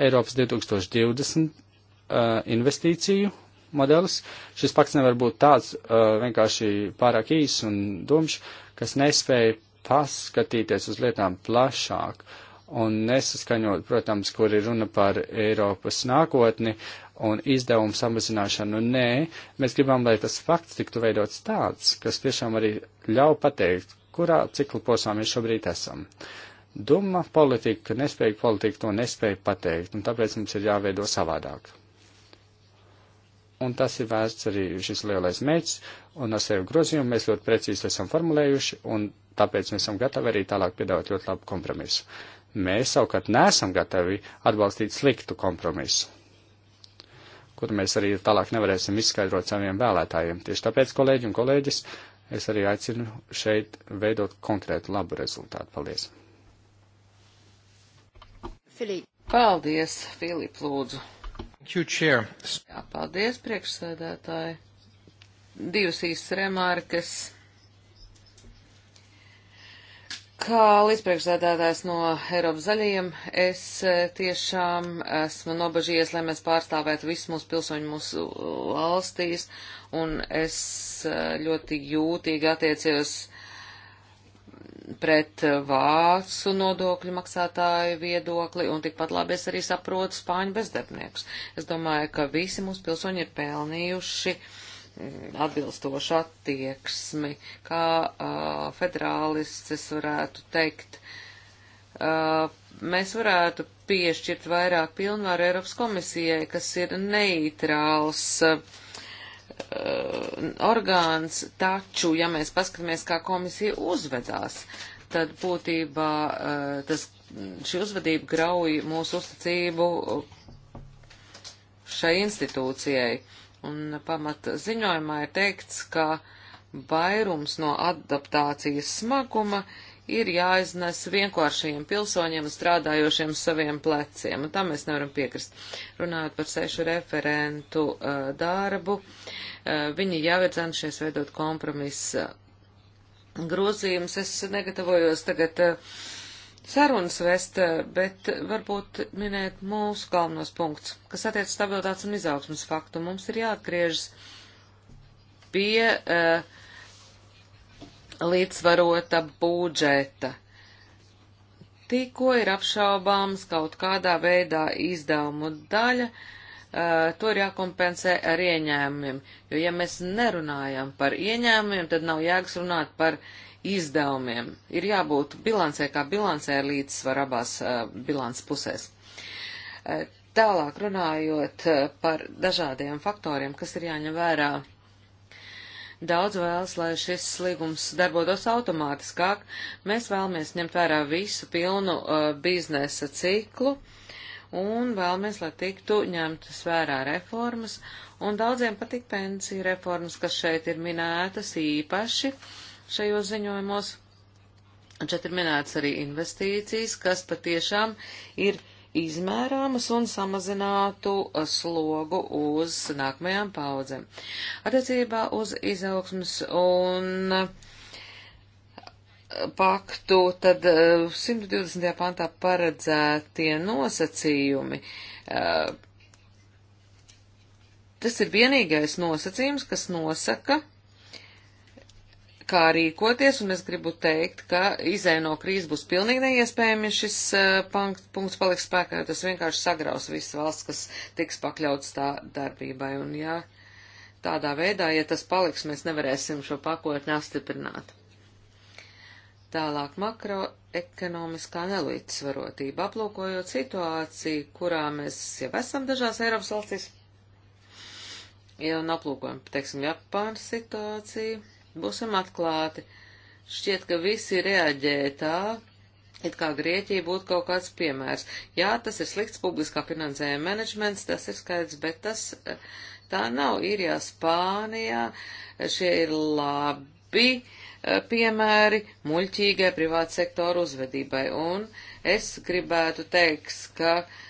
Eiropas 2020 uh, investīciju modelis. Šis pakts nevar būt tāds uh, vienkārši pārāk īs un dumšs, kas nespēja paskatīties uz lietām plašāk un nesaskaņot, protams, kur ir runa par Eiropas nākotni, un izdevumu samazināšanu nu, nē. Mēs gribam, lai tas fakts tiktu veidots tāds, kas tiešām arī ļauj pateikt, kurā ciklu posmā mēs šobrīd esam. Duma politika, nespēja politika to nespēja pateikt, un tāpēc mums ir jāveido savādāk. Un tas ir vērsts arī šis lielais mērķis, un ar sevi grozījumu mēs ļoti precīzi esam formulējuši, un tāpēc mēs esam gatavi arī tālāk piedāvāt ļoti labu kompromisu. Mēs savukārt nesam gatavi atbalstīt sliktu kompromisu kuru mēs arī tālāk nevarēsim izskaidrot saviem vēlētājiem. Tieši tāpēc, kolēģi un kolēģis, es arī aicinu šeit veidot konkrētu labu rezultātu. Paldies! Filip. Paldies, Filip, lūdzu. Jā, paldies, priekšsēdētāji. Divas īsas remārkas Kā līdzpriekšsēdētājs no Eiropas zaļajiem, es eh, tiešām esmu nobažījies, lai mēs pārstāvētu visus mūsu pilsoņu mūsu valstīs, un es eh, ļoti jūtīgi attiecies pret vācu nodokļu maksātāju viedokli, un tikpat labi es arī saprotu spāņu bezdarbniekus. Es domāju, ka visi mūsu pilsoņi ir pelnījuši uh, atbilstošu attieksmi, kā uh, federālists es varētu teikt. Uh, mēs varētu piešķirt vairāk pilnvaru Eiropas komisijai, kas ir neitrāls uh, orgāns, taču, ja mēs paskatāmies, kā komisija uzvedās, tad būtībā uh, tas, šī uzvedība grauj mūsu uzticību šai institūcijai. Uh, Un pamata ziņojumā ir teikts, ka vairums no adaptācijas smaguma ir jāiznes vienkāršajiem pilsoņiem un strādājošiem saviem pleciem, un tam mēs nevaram piekrist. Runājot par sešu referentu uh, darbu, uh, viņi jau ir cenšies veidot kompromisa grozījumus. Es negatavojos tagad uh, sarunas vest, bet varbūt minēt mūsu galvenos punktus, kas attiec stabilitātes un izaugsmas faktu. Mums ir jāatgriežas pie uh, līdzsvarota budžeta. Tikko ir apšaubāms kaut kādā veidā izdevumu daļa, uh, to ir jākompensē ar ieņēmumiem, jo ja mēs nerunājam par ieņēmumiem, tad nav jēgas runāt par ieņēmumiem izdevumiem. Ir jābūt bilancē kā bilancē līdzsvar abās eh, bilants pusēs. Eh, tālāk runājot eh, par dažādiem faktoriem, kas ir jāņem vērā. Daudz vēlas, lai šis līgums darbotos automātiskāk. Mēs vēlamies ņemt vērā visu pilnu uh, biznesa ciklu un vēlamies, lai tiktu ņemtas vērā reformas. Un daudziem patīk pensiju reformas, kas šeit ir minētas īpaši. Uh, šajos ziņojumos. Un šeit ir minēts arī investīcijas, kas patiešām ir izmērāmas un samazinātu uh, slogu uz nākamajām paudzēm. Attiecībā uz izaugsmas un uh, paktu, tad 120. Uh, pantā paredzētie nosacījumi. Tas ir vienīgais nosacījums, kas nosaka, kā rīkoties, un es gribu teikt, ka izē no krīzes būs pilnīgi neiespējami, ja šis eh, punkts, punkts paliks spēkā, jo tas vienkārši sagraus visas valsts, kas tiks pakļauts tā darbībai, un jā, tādā veidā, ja tas paliks, mēs nevarēsim šo pakotni apstiprināt. Tālāk makroekonomiskā nelīdzsvarotība, aplūkojot situāciju, kurā mēs jau esam dažās Eiropas valstīs, ja un aplūkojam, teiksim, Japānas situāciju Būsim atklāti. Šķiet, ka visi reaģē tā, it kā Grieķija būtu kaut kāds piemērs. Jā, tas ir slikts publiskā finansējuma menedžments, tas ir skaidrs, bet tas tā nav. Īrijā, Spānijā šie ir labi eh, piemēri muļķīgai privāta sektora uzvedībai. Un es gribētu teikt, ka uh,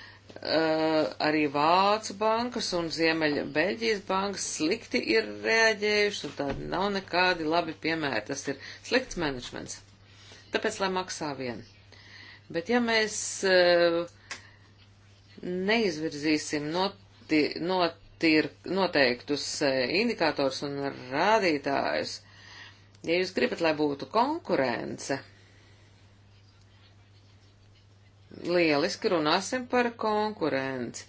Uh, arī Vācu bankas un Ziemeļa Beļģijas bankas slikti ir rēģējušas, un tādi nav nekādi labi piemēri. Tas ir slikts menedžments. Tāpēc, lai maksā vien. Bet ja mēs uh, neizvirzīsim noti, notir, noteiktus uh, indikātors un rādītājus, ja jūs gribat, lai būtu konkurence, Lieliski runāsim par konkurenci.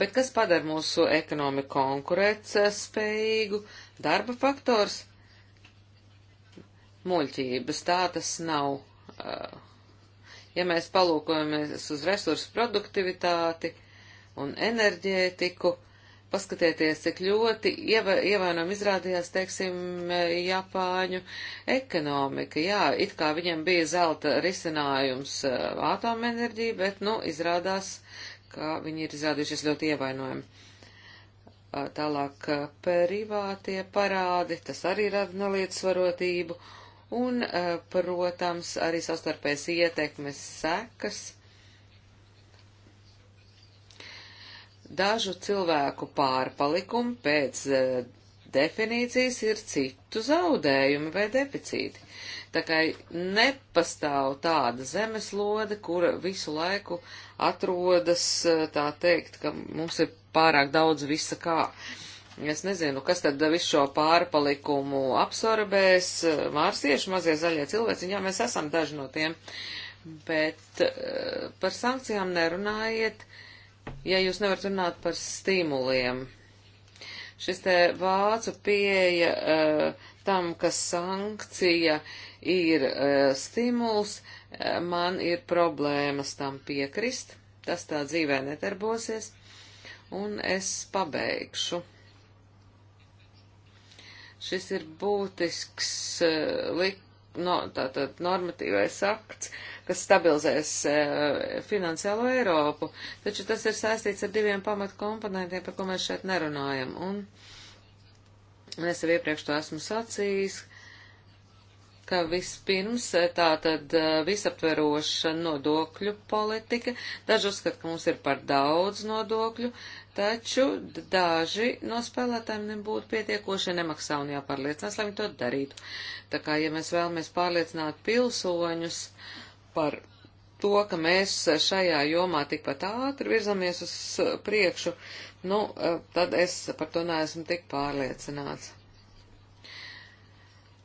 Bet kas padara mūsu ekonomiku konkurētspējīgu? Darba faktors? Muļķības tā tas nav. Uh, ja mēs palūkojamies uz resursu produktivitāti un enerģētiku, uh, paskatieties, cik ļoti ieva, ievainojam izrādījās, teiksim, Japāņu ekonomika. Jā, it kā viņam bija zelta risinājums eh, atomenerģija, bet, nu, izrādās, ka viņi ir izrādījušies ļoti ievainojami. Eh, tālāk eh, privātie parādi, tas arī rada nelietsvarotību, un, protams, arī sastarpēs ietekmes sekas dažu cilvēku pārpalikumi pēc eh, definīcijas ir citu zaudējumi vai deficīti. Tā kā nepastāv tāda zemeslode, kura visu laiku atrodas, eh, tā teikt, ka mums ir pārāk daudz visa kā. Es nezinu, kas tad visu šo pārpalikumu absorbēs. Mārsieši, mazie zaļie cilvēci, jā, mēs esam daži no tiem. Bet eh, par sankcijām nerunājiet. Uh, ja jūs nevarat runāt par stimuliem. Šis te vācu pieeja uh, tam, ka sankcija ir uh, stimuls, uh, man ir problēmas tam piekrist, tas tā dzīvē nedarbosies, un es pabeigšu. Šis ir būtisks uh, lik, no, tātad normatīvais akts, uh, kas stabilizēs e, finansiālo Eiropu, taču tas ir saistīts ar diviem pamatkomponentiem, par ko mēs šeit nerunājam. Un es jau iepriekš to esmu sacījis, ka vispirms e, tā tad e, visaptveroša nodokļu politika. Daži uzskata, ka mums ir par daudz nodokļu, taču daži no spēlētājiem nebūtu pietiekoši nemaksā un jāpārliecinās, lai viņi to darītu. Tā kā, ja mēs vēlamies pārliecināt pilsoņus, uh, par to, ka mēs šajā jomā tikpat ātri virzamies uz priekšu, nu, eh, tad es par to neesmu tik pārliecināts.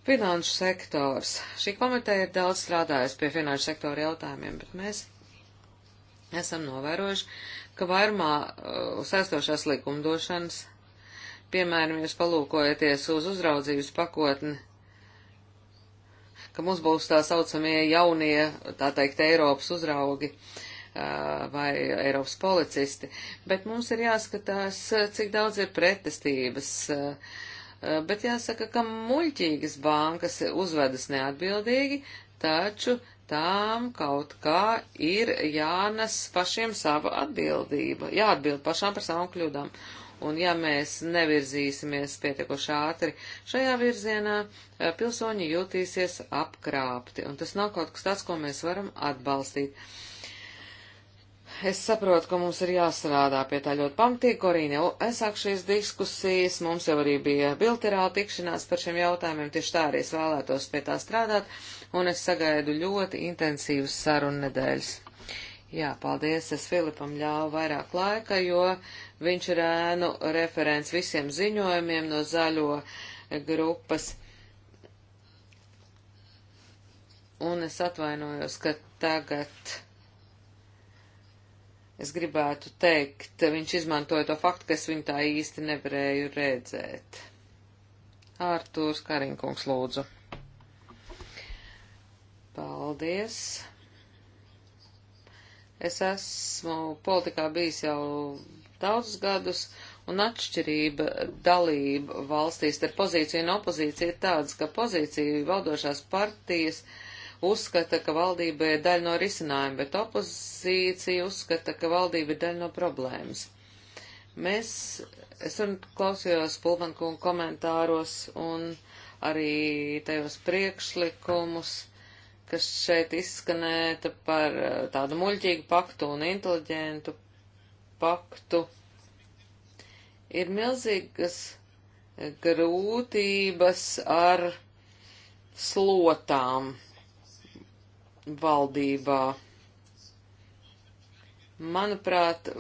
Finanšu sektors. Šī komiteja ir daudz strādājusi pie finanšu sektora jautājumiem, bet mēs esam novērojuši, ka vairumā uh, saistošās likumdošanas, piemēram, jūs palūkojaties uz uzraudzības pakotni, ka mums būs tā saucamie jaunie, tā teikt, Eiropas uzraugi vai Eiropas policisti, bet mums ir jāskatās, cik daudz ir pretestības. Bet jāsaka, ka muļķīgas bankas uzvedas neatbildīgi, taču tām kaut kā ir jānes pašiem sava atbildība, jāatbild pašām par savām kļūdām. Uh, un ja mēs nevirzīsimies pietiekoši ātri šajā virzienā, eh, pilsoņi jūtīsies apkrāpti, un tas nav kaut kas tāds, ko mēs varam atbalstīt. Es saprotu, ka mums ir jāstrādā pie tā ļoti pamatīgi, Korīna jau aizsāk šīs diskusijas, mums jau arī bija bilaterāla tikšanās par šiem jautājumiem, tieši tā arī es vēlētos pie tā strādāt, un es sagaidu ļoti intensīvas sarunu nedēļas. Jā, paldies, es Filipam ļāvu vairāk laika, jo viņš ir ēnu referents visiem ziņojumiem no zaļo grupas. Un es atvainojos, ka tagad es gribētu teikt, viņš izmantoja to faktu, ka es viņu tā īsti nevarēju redzēt. Ārtūrs Karinkungs lūdzu. Paldies. Es esmu politikā bijis jau daudzus gadus, un atšķirība dalība valstīs ar pozīciju un opozīciju ir tādas, ka pozīcija valdošās partijas uzskata, ka valdība ir daļa no risinājuma, bet opozīcija uzskata, ka valdība ir daļa no problēmas. Mēs, es klausījos Pulmankungu komentāros un arī tajos priekšlikumus, kas šeit izskanēta par eh, tādu muļķīgu paktu un inteliģentu paktu, ir milzīgas grūtības ar slotām valdībā. Manuprāt,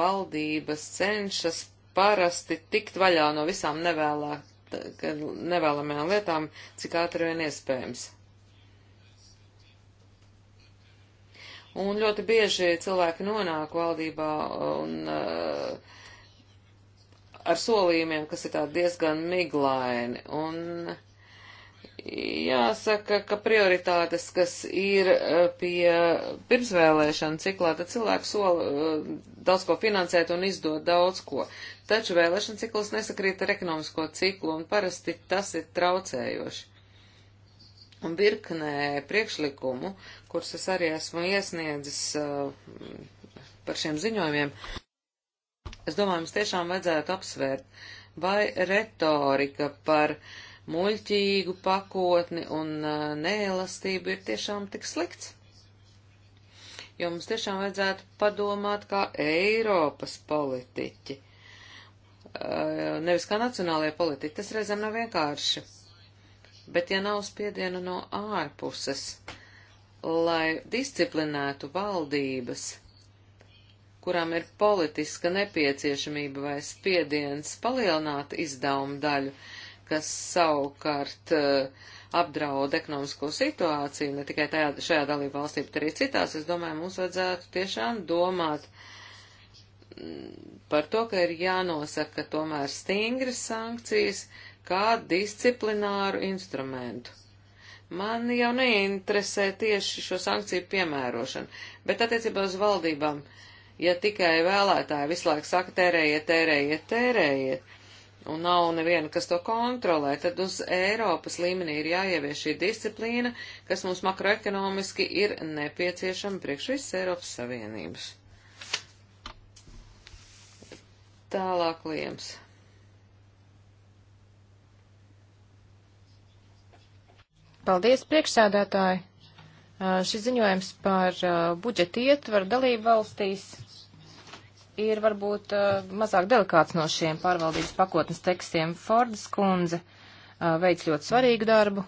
valdības cenšas parasti tikt vaļā no visām nevēlā, nevēlamajām lietām, cik ātri vien iespējams. Un ļoti bieži cilvēki nonāk valdībā un uh, ar solījumiem, kas ir tādi diezgan miglaini. Un jāsaka, ka prioritātes, kas ir eh, pie pirmsvēlēšana ciklā, tad cilvēki sola uh, eh, daudz ko finansēt un izdot daudz ko. Taču vēlēšana cikls nesakrīt ar ekonomisko ciklu un parasti tas ir traucējoši un virknē priekšlikumu, kurus es arī esmu iesniedzis uh, par šiem ziņojumiem, es domāju, mums tiešām vajadzētu apsvērt, vai retorika par muļķīgu pakotni un uh, neelastību ir tiešām tik slikts. Jo mums tiešām vajadzētu padomāt kā Eiropas politiķi, uh, nevis kā nacionālajie politiķi. Tas reizēm nav vienkārši bet ja nav spiediena no ārpuses, lai disciplinētu valdības, kurām ir politiska nepieciešamība vai spiediens palielināt izdevumu daļu, kas savukārt uh, apdraud ekonomisko situāciju, ne tikai tajā, šajā dalību valstī, bet arī citās, es domāju, mums vajadzētu tiešām domāt mm, par to, ka ir jānosaka tomēr stingras sankcijas, uh, kā disciplināru instrumentu. Man jau neinteresē tieši šo sankciju piemērošana, bet attiecībā uz valdībām, ja tikai vēlētāji visu laiku saka tērējiet, tērējiet, tērējiet, un nav neviena, kas to kontrolē, tad uz Eiropas līmenī ir jāievieš šī disciplīna, kas mums makroekonomiski ir nepieciešama priekš visas Eiropas Savienības. Tālāk liemts. Paldies, priekšsēdētāji! Šis ziņojums par budžeta ietvaru dalību valstīs ir varbūt mazāk delikāts no šiem pārvaldības pakotnes tekstiem. Fordas kundze veic ļoti svarīgu darbu,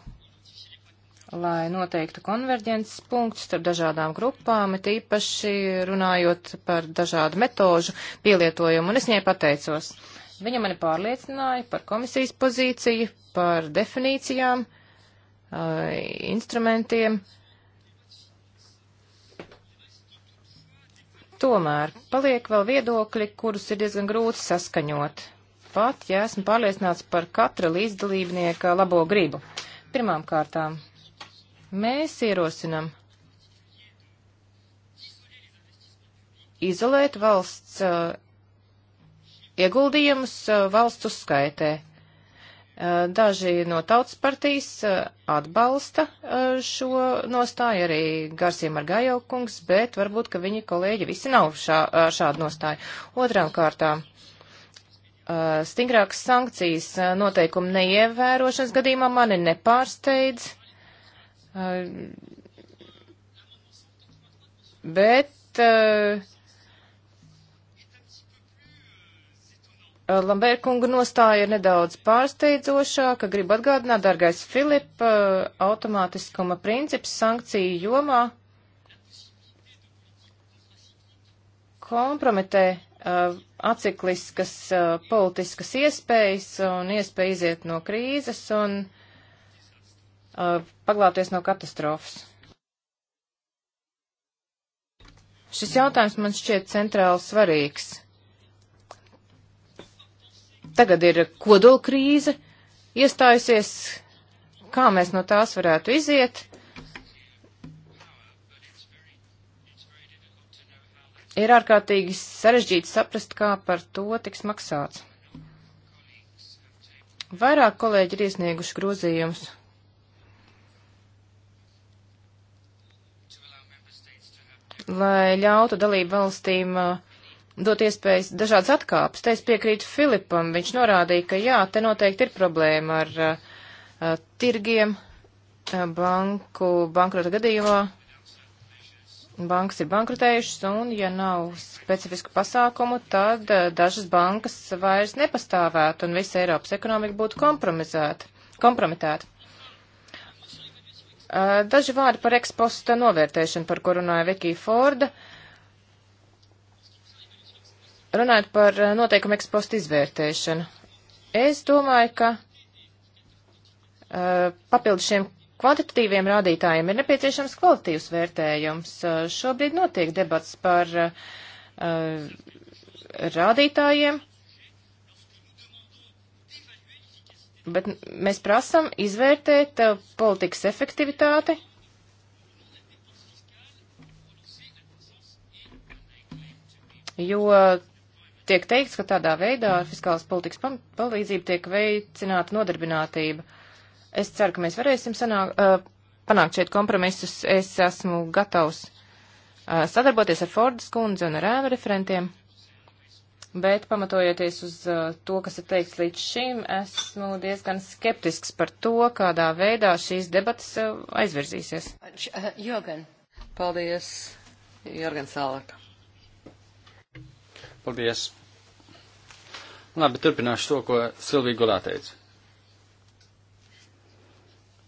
lai noteiktu konverģences punktus starp dažādām grupām, it īpaši runājot par dažādu metožu pielietojumu, un es viņai pateicos. Viņa mani pārliecināja par komisijas pozīciju, par definīcijām. Uh, Eh, instrumentiem. Tomēr paliek vēl viedokļi, kurus ir diezgan grūti saskaņot, pat ja esmu pārliecināts par katra līdzdalībnieka labo gribu. Pirmām kārtām mēs ierosinam izolēt valsts uh, ieguldījumus uh, valsts uzskaitē. Eh, daži no tautas partijas eh, atbalsta eh, šo nostāju, arī Garsīm ar Gajokungs, bet varbūt, ka viņa kolēģi visi nav šā, šādu nostāju. Otrām kārtām, stingrākas sankcijas noteikumu neievērošanas gadījumā mani nepārsteidz, bet Eh, Lambēra kunga nostāja ir nedaudz pārsteidzošāka. Gribu atgādināt, dargais Filip, eh, automātiskuma princips sankciju jomā kompromitē eh, acikliskas politiskas iespējas un iespēja iziet no krīzes un paglāties no katastrofas. Šis jautājums man šķiet centrāli svarīgs Tagad ir kodolkrīze iestājusies, kā mēs no tās varētu iziet. Ir ārkārtīgi sarežģīti saprast, kā par to tiks maksāts. Vairāk kolēģi ir iesnieguši grozījumus. Lai ļautu dalību valstīm uh, dot iespējas dažādas atkāpes. Te es piekrītu Filipam, viņš norādīja, ka jā, te noteikti ir problēma ar a, uh, a, uh, tirgiem a, uh, banku bankrota gadījumā. Bankas ir bankrotējušas, un ja nav specifisku pasākumu, tad dažas bankas vairs nepastāvētu, un visa Eiropas ekonomika būtu kompromitēta. Daži vārdi par eksposta novērtēšanu, par ko runāja Vikija Forda. Uh, Runājot par eh, noteikumu ekspostu izvērtēšanu, es domāju, ka uh, papildus šiem kvantitatīviem rādītājiem ir nepieciešams kvalitīvs vērtējums. Uh, šobrīd notiek debats par uh, rādītājiem, bet mēs prasam izvērtēt politikas efektivitāti. Jo tiek teikts, ka tādā veidā ar fiskālas politikas palīdzību tiek veicināta nodarbinātība. Es ceru, ka mēs varēsim sanāk, uh, panākt šeit kompromisus. Es esmu gatavs uh, sadarboties ar Fordas kundzi un ar ēnu referentiem, bet pamatojoties uz uh, to, kas ir teikts līdz šim, esmu diezgan skeptisks par to, kādā veidā šīs debatas uh, aizvirzīsies. Jogan. Paldies, Jorgen Sālaka. Paldies! Labi, turpināšu to, ko Silvija Gulā teica.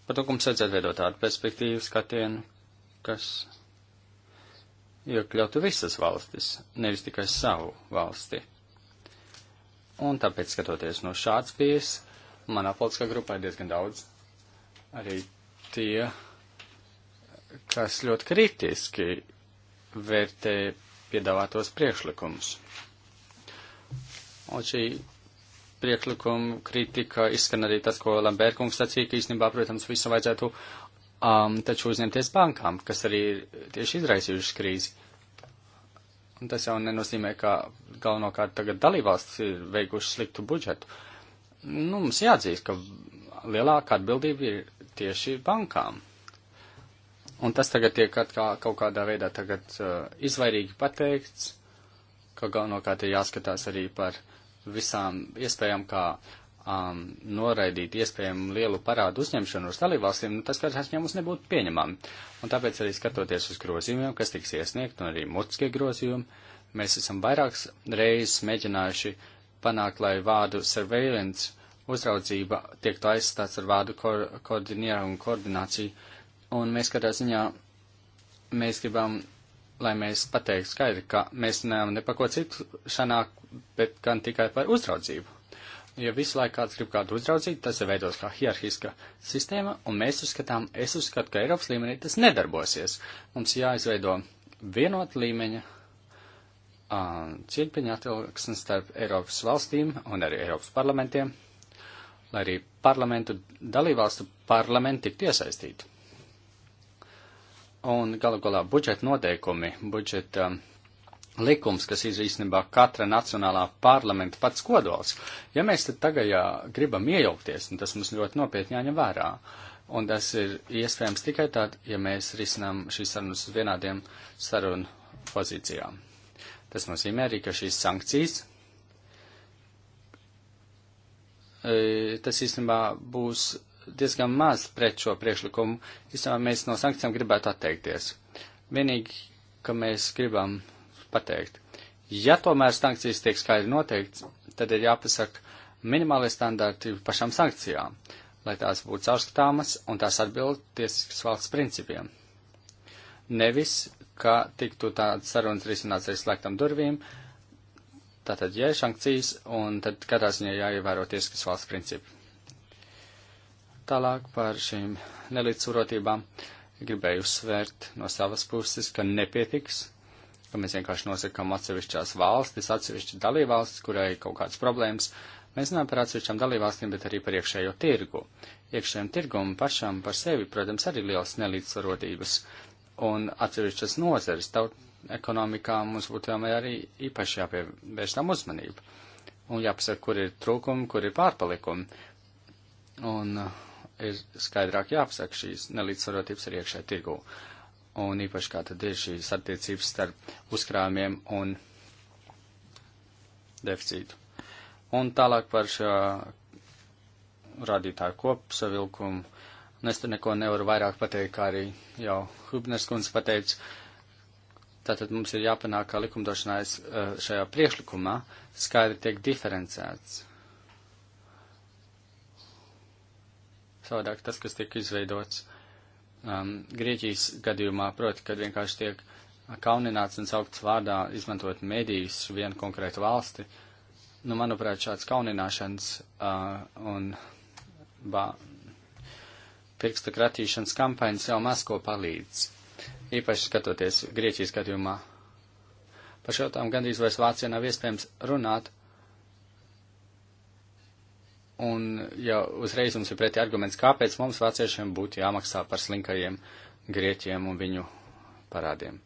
Par to, ka mums vajadzētu veidot tādu perspektīvu skatienu, kas iekļautu visas valstis, nevis tikai savu valsti. Un tāpēc, skatoties no šāds pieejas, manā politiskā grupā ir diezgan daudz arī tie, kas ļoti kritiski vērtē piedāvātos priekšlikumus. Un šī prieklikuma kritika izskan arī tas, ko Lambērkungs sacīja, ka īstenībā, protams, visu vajadzētu um, taču uzņemties bankām, kas arī ir tieši izraisījušas krīzi. Un tas jau nenozīmē, ka galvenokārt tagad dalībvalstis ir veikuši sliktu budžetu. Nu, mums jāatzīst, ka lielākā atbildība ir tieši bankām. Un tas tagad tiek atkā, kaut kādā veidā tagad uh, izvairīgi pateikts, ka galvenokārt ir jāskatās arī par uh, visām iespējām, kā um, noraidīt iespējamu lielu parādu uzņemšanu uz dalībvalstīm, nu, tas katrās ņēmums nebūtu pieņemami. Un tāpēc arī skatoties uz grozījumiem, kas tiks iesniegt, un arī mutiskie grozījumi, mēs esam vairākas reizes mēģinājuši panākt, lai vārdu surveillance uzraudzība tiek to aizstāts ar vārdu ko koordinēru un koordināciju. Un mēs katrā ziņā mēs gribam lai mēs pateiktu skaidri, ka mēs neesam ne par ko citu sanāk, bet gan tikai par uzraudzību. Ja visu laiku kāds grib kādu uzraudzīt, tas ir veidos kā hierarhiska sistēma, un mēs uzskatām, es uzskatu, ka Eiropas līmenī tas nedarbosies. Mums jāizveido vienot līmeņa cieņpiņa attieksme starp Eiropas valstīm un arī Eiropas parlamentiem, lai arī parlamentu dalībvalstu parlamenti tiktu iesaistīti. Un galu galā budžeta noteikumi, budžeta um, likums, kas ir īstenībā katra nacionālā parlamenta pats kodols. Ja mēs tad tagad jā, gribam iejaukties, un tas mums ļoti nopietni jāņem vērā, un tas ir iespējams tikai tad, ja mēs risinām šīs sarunas uz vienādiem sarunu pozīcijām. Tas nozīmē arī, ka šīs sankcijas, e, tas īstenībā būs diezgan maz pret šo priekšlikumu. Īstenībā mēs no sankcijām gribētu atteikties. Vienīgi, ka mēs gribam pateikt, ja tomēr sankcijas tiek skaidri noteikts, tad ir jāpasaka minimālie standarti pašām sankcijām, lai tās būtu caurskatāmas un tās atbild tiesiskas valsts principiem. Nevis, ka tiktu tāds sarunas risināts aiz slēgtam durvīm, tātad jēšankcijas, un tad katrā ziņā jāievēro tiesiskas valsts principi. Tālāk par šīm nelīdzsvarotībām gribēju uzsvērt no savas puses, ka nepietiks, ka mēs vienkārši nosakām atsevišķās valstis, atsevišķi dalībvalstis, kurai kaut kādas problēmas. Mēs runājam par atsevišķām dalībvalstīm, bet arī par iekšējo tirgu. Iekšējiem tirgum pašam par sevi, protams, arī liels nelīdzsvarotības un atsevišķas nozeres. Tautu ekonomikā mums būtu jāmēr arī īpaši jāpievērš tam uzmanību. Un jāpasaka, kur ir trūkumi, kur ir pārpalikumi. Un uh, ir skaidrāk jāapsaka šīs nelīdzsvarotības arī iekšē tirgū. Un īpaši kā tad ir šīs attiecības starp uzkrājumiem un deficītu. Un tālāk par šo rādītāju kopsavilkumu. Un nu, es tur neko nevaru vairāk pateikt, kā arī jau Hubners kundze pateica. Tātad mums ir jāpanāk, ka likumdošanais eh, šajā priekšlikumā skaidri tiek diferencēts Savādāk tas, kas tika izveidots um, Grieķijas gadījumā, proti, kad vienkārši tiek kaunināts un saukts vārdā, izmantot medijas vienu konkrētu valsti, nu, manuprāt, šāds kaunināšanas uh, un ba, pirksta kratīšanas kampaņas jau maz ko palīdz. Īpaši skatoties Grieķijas gadījumā. Par šo tām gandrīz vairs Vācijā nav iespējams runāt, Un ja uzreiz mums ir pretī arguments, kāpēc mums vāciešiem būtu jāmaksā par slinkajiem grieķiem un viņu parādiem.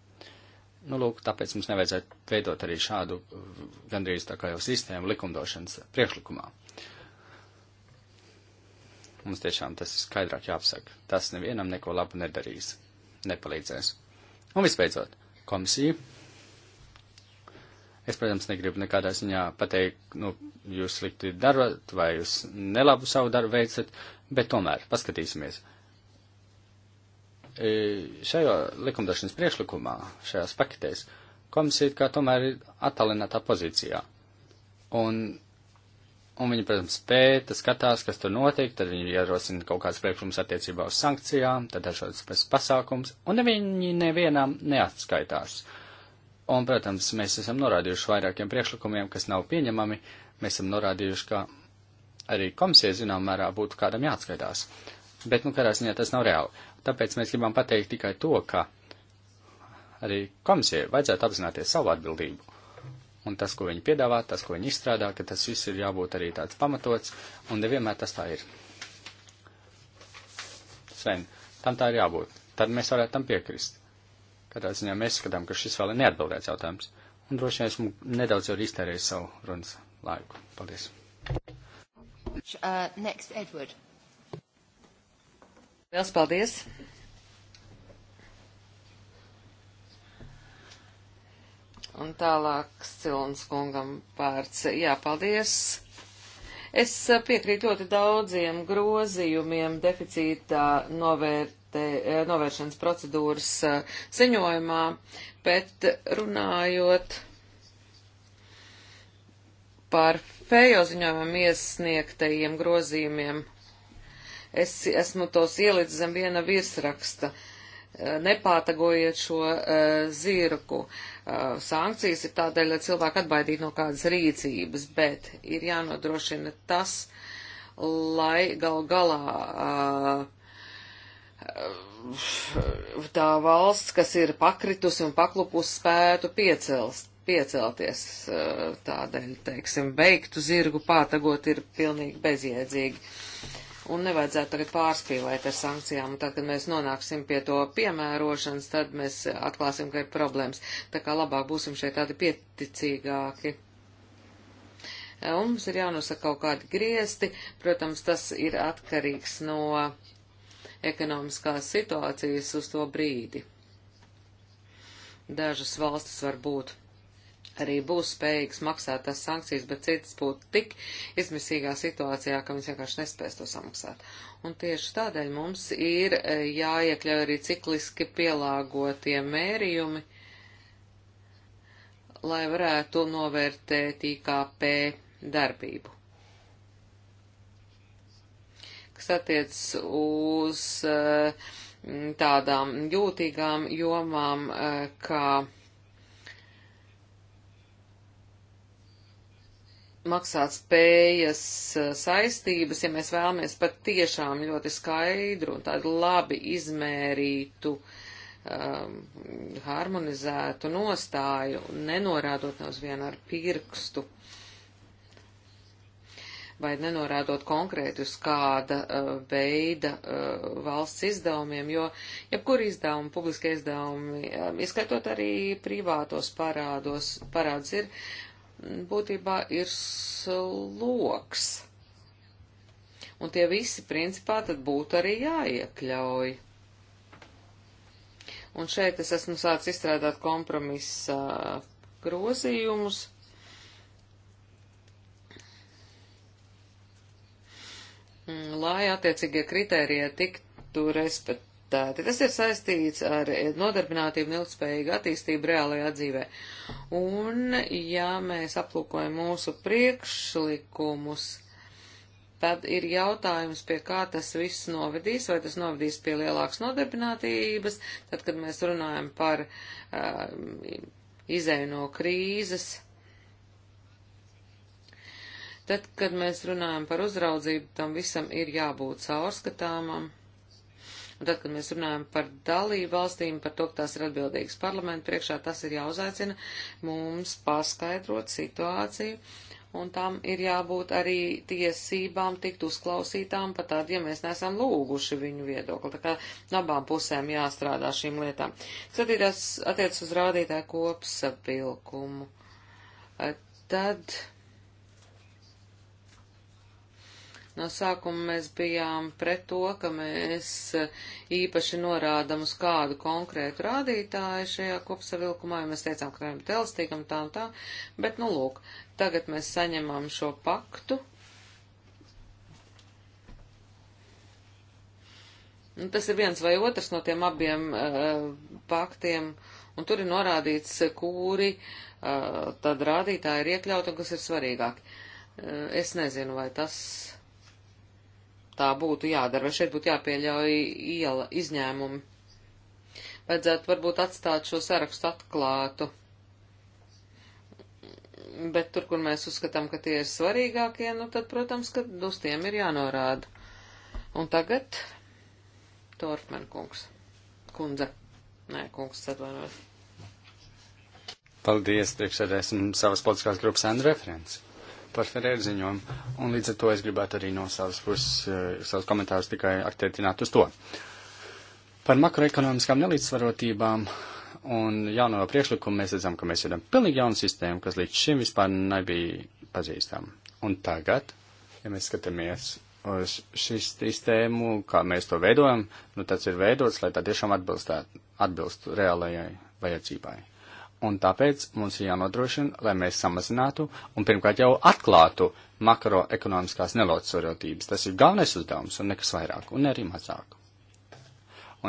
Nu, lūk, tāpēc mums nevajadzētu veidot arī šādu gandrīz tā kā jau sistēmu likumdošanas priekšlikumā. Mums tiešām tas ir skaidrāk jāapsaka. Tas nevienam neko labu nedarīs, nepalīdzēs. Un visbeidzot, komisija Es, protams, negribu nekādā ziņā pateikt, nu, jūs slikti darat vai jūs nelabu savu darbu veicat, bet tomēr paskatīsimies. E, šajā likumdošanas priekšlikumā, šajās paketēs, komisija kā tomēr ir attālinātā pozīcijā. Un, un viņi, protams, pēta, skatās, kas tur notiek, tad viņi ierosina kaut kāds priekšlikums attiecībā uz sankcijām, tad dažādas pasākums, un viņi nevienam neatskaitās. Uh, Un, protams, mēs esam norādījuši vairākiem priekšlikumiem, kas nav pieņemami. Mēs esam norādījuši, ka arī komisija zinām mērā būtu kādam jāatskaitās. Bet, nu, kādā ziņā tas nav reāli. Tāpēc mēs gribam pateikt tikai to, ka arī komisijai vajadzētu apzināties savu atbildību. Un tas, ko viņi piedāvā, tas, ko viņi izstrādā, ka tas viss ir jābūt arī tāds pamatots, un nevienmēr tas tā ir. Sven, tam tā ir jābūt. Tad mēs varētu tam piekrist. Katrā ziņā mēs skatām, ka šis vēl ir neatbildēts jautājums. Un droši vien esmu nedaudz jau iztērējis savu runas laiku. Paldies. Uh, next, Edward. Liels paldies. Un tālāk Cilons kungam pārts. Jā, paldies. Es uh, piekrītu ļoti daudziem grozījumiem deficītā novērt te, e, novēršanas procedūras e, ziņojumā, bet runājot par fejo ziņojumam iesniegtajiem grozījumiem, es esmu tos ielicis zem viena virsraksta. E, nepātagojiet šo uh, zirgu. Uh, sankcijas ir tādēļ, lai cilvēku atbaidītu no kādas rīcības, bet ir jānodrošina tas, lai gal galā uh, tā valsts, kas ir pakritusi un paklupusi, spētu piecelst, piecelties tādēļ, teiksim, beigtu zirgu pātagot ir pilnīgi bezjēdzīgi. Un nevajadzētu tagad pārspīlēt ar sankcijām, un tad, kad mēs nonāksim pie to piemērošanas, tad mēs atklāsim, ka ir problēmas. Tā kā labāk būsim šeit tādi pieticīgāki un mums ir jānosaka kaut kādi griesti. Protams, tas ir atkarīgs no ekonomiskās situācijas uz to brīdi. Dažas valstis varbūt arī būs spējīgas maksāt tās sankcijas, bet citas būtu tik izmisīgā situācijā, ka viņas vienkārši nespēs to samaksāt. Un tieši tādēļ mums ir e, jāiekļauj arī cikliski pielāgotie mērījumi, lai varētu novērtēt IKP darbību kas attiec uz eh, tādām jūtīgām jomām, eh, kā maksāt spējas eh, saistības, ja mēs vēlamies pat tiešām ļoti skaidru un tādu labi izmērītu, um, harmonizētu nostāju, nenorādot ne uz vienu ar pirkstu vai nenorādot konkrēti uz kāda uh, veida uh, uh, valsts izdevumiem, jo jebkur izdevumi, publiskie izdevumi, um, ieskaitot arī privātos parādos, parāds ir mm, būtībā ir sloks. Un tie visi principā tad būtu arī jāiekļauj. Un šeit es esmu sācis izstrādāt kompromisa uh, grozījumus. Uh, Mm, lai attiecīgie kritērija tiktu respektēti. Tas ir saistīts ar nodarbinātību un ilgspējīgu attīstību reālajā dzīvē. Un, ja mēs aplūkojam mūsu priekšlikumus, tad ir jautājums, pie kā tas viss novedīs, vai tas novedīs pie lielākas nodarbinātības, tad, kad mēs runājam par uh, izēju no krīzes, Tad, kad mēs runājam par uzraudzību, tam visam ir jābūt caurskatāmam. Un tad, kad mēs runājam par dalību valstīm, par to, ka tās ir atbildīgas parlamentu priekšā, tas ir jāuzaicina mums paskaidrot situāciju. Un tam ir jābūt arī tiesībām tikt uzklausītām, pat tad, ja mēs neesam lūguši viņu viedokli. Tā kā abām pusēm jāstrādā šīm lietām. Skatītās attiec uz rādītāju kopsavilkumu. Tad No sākuma mēs bijām pret to, ka mēs īpaši norādam uz kādu konkrētu rādītāju šajā kopsavilkumā, ja mēs teicām, ka varam telstīgam tā un tā, bet nu lūk, tagad mēs saņemam šo paktu. Nu, tas ir viens vai otrs no tiem abiem uh, paktiem, un tur ir norādīts, kuri uh, tad rādītāji ir iekļauti un kas ir svarīgāki. Uh, es nezinu, vai tas tā būtu jādara, vai šeit būtu jāpieļauj iela izņēmumi. Vajadzētu varbūt atstāt šo sarakstu atklātu, bet tur, kur mēs uzskatām, ka tie ir svarīgākie, nu tad, protams, ka uz tiem ir jānorāda. Un tagad Torfmen kungs. Kundze. Nē, kungs, atvainojiet. Paldies, priekšsēdēsim savas politiskās grupas Andreferenci par Ferēru ziņojumu, un līdz ar to es gribētu arī no savas puses, eh, savus komentārus tikai aktietināt uz to. Par makroekonomiskām nelīdzsvarotībām un jauno priekšlikumu mēs redzam, ka mēs redzam pilnīgi jaunu sistēmu, kas līdz šim vispār nebija pazīstama. Un tagad, ja mēs skatāmies uz šis sistēmu, kā mēs to veidojam, nu tas ir veidots, lai tā tiešām atbilstētu, atbilstu reālajai vajadzībai. Un tāpēc mums ir jānodrošina, lai mēs samazinātu un pirmkārt jau atklātu makroekonomiskās nelocoriotības. Tas ir galvenais uzdevums un nekas vairāk, un ne arī mazāk.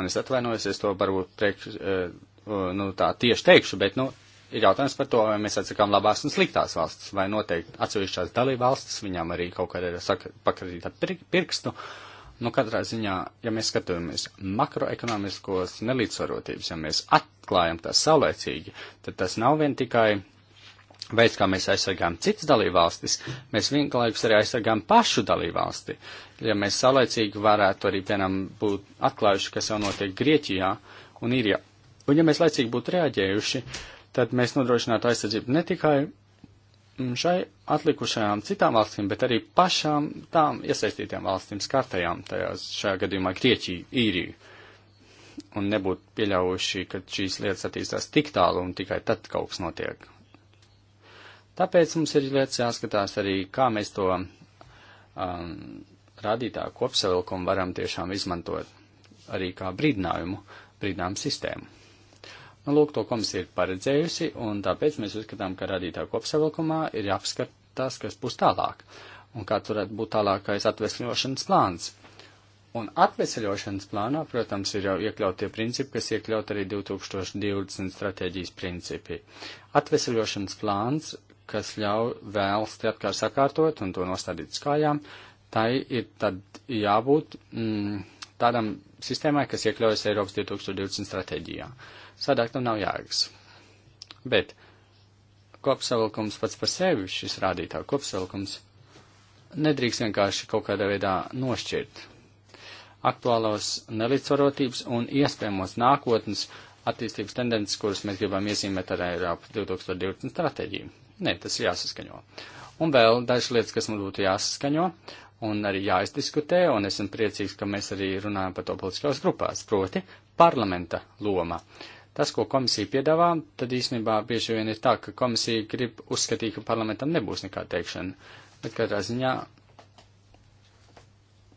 Un es atvainojos, es to varbūt priekš, eh, nu, tā tieši teikšu, bet, nu, ir jautājums par to, vai mēs atsakām labās un sliktās valstis, vai noteikti atsevišķās dalībvalstis, viņām arī kaut kādā ir pakarīt ar pirkstu. Uh, Nu, katrā ziņā, ja mēs skatāmies makroekonomiskos nelīdzsvarotības, ja mēs atklājam tās saulēcīgi, tad tas nav vien tikai veids, kā mēs aizsargām citas dalībvalstis, mēs vienlaikus arī aizsargām pašu dalībvalsti. Ja mēs saulēcīgi varētu arī, piemēram, būt atklājuši, kas jau notiek Grieķijā un Īrijā, un ja mēs laicīgi būtu reaģējuši, tad mēs nodrošinātu aizsardzību ne tikai šai atlikušajām citām valstīm, bet arī pašām tām iesaistītām valstīm, skartajām, tajās šajā gadījumā Grieķiju, Īriju, un nebūtu pieļaujuši, ka šīs lietas attīstās tik tālu un tikai tad kaut kas notiek. Tāpēc mums ir lietas jāskatās arī, kā mēs to um, radītā kopsavilkumu varam tiešām izmantot arī kā brīdinājumu, brīdinājumu sistēmu. Nu, lūk, to komisija ir paredzējusi, un tāpēc mēs uzskatām, ka radītā kopsavilkumā ir jāapskatās, kas būs tālāk, un kā tur varētu būt tālākais atvesļošanas plāns. Un atvesļošanas plānā, protams, ir jau iekļautie principi, kas iekļaut arī 2020 stratēģijas principi. Atvesļošanas plāns, kas ļauj vēlsti atkārt sakārtot un to nostādīt skājām, tai ir tad jābūt mm, tādam sistēmai, kas iekļaujas Eiropas 2020 stratēģijā. Uh, Sadāk tam nu nav jēgas. Bet kopsavilkums pats par sevi, šis rādītāju kopsavilkums, nedrīkst vienkārši kaut kādā veidā nošķirt aktuālos nelīdzsvarotības un iespējamos nākotnes attīstības tendences, kuras mēs gribam iezīmēt ar Eiropu 2020 stratēģiju. Nē, tas ir jāsaskaņo. Un vēl dažas lietas, kas mums būtu jāsaskaņo un arī jāizdiskutē, un esmu priecīgs, ka mēs arī runājam par to politiskajās grupās, proti parlamenta loma. Uh, Tas, ko komisija piedāvā, tad īstenībā bieži vien ir tā, ka komisija grib uzskatīt, ka parlamentam nebūs nekāda teikšana. Bet katrā ziņā,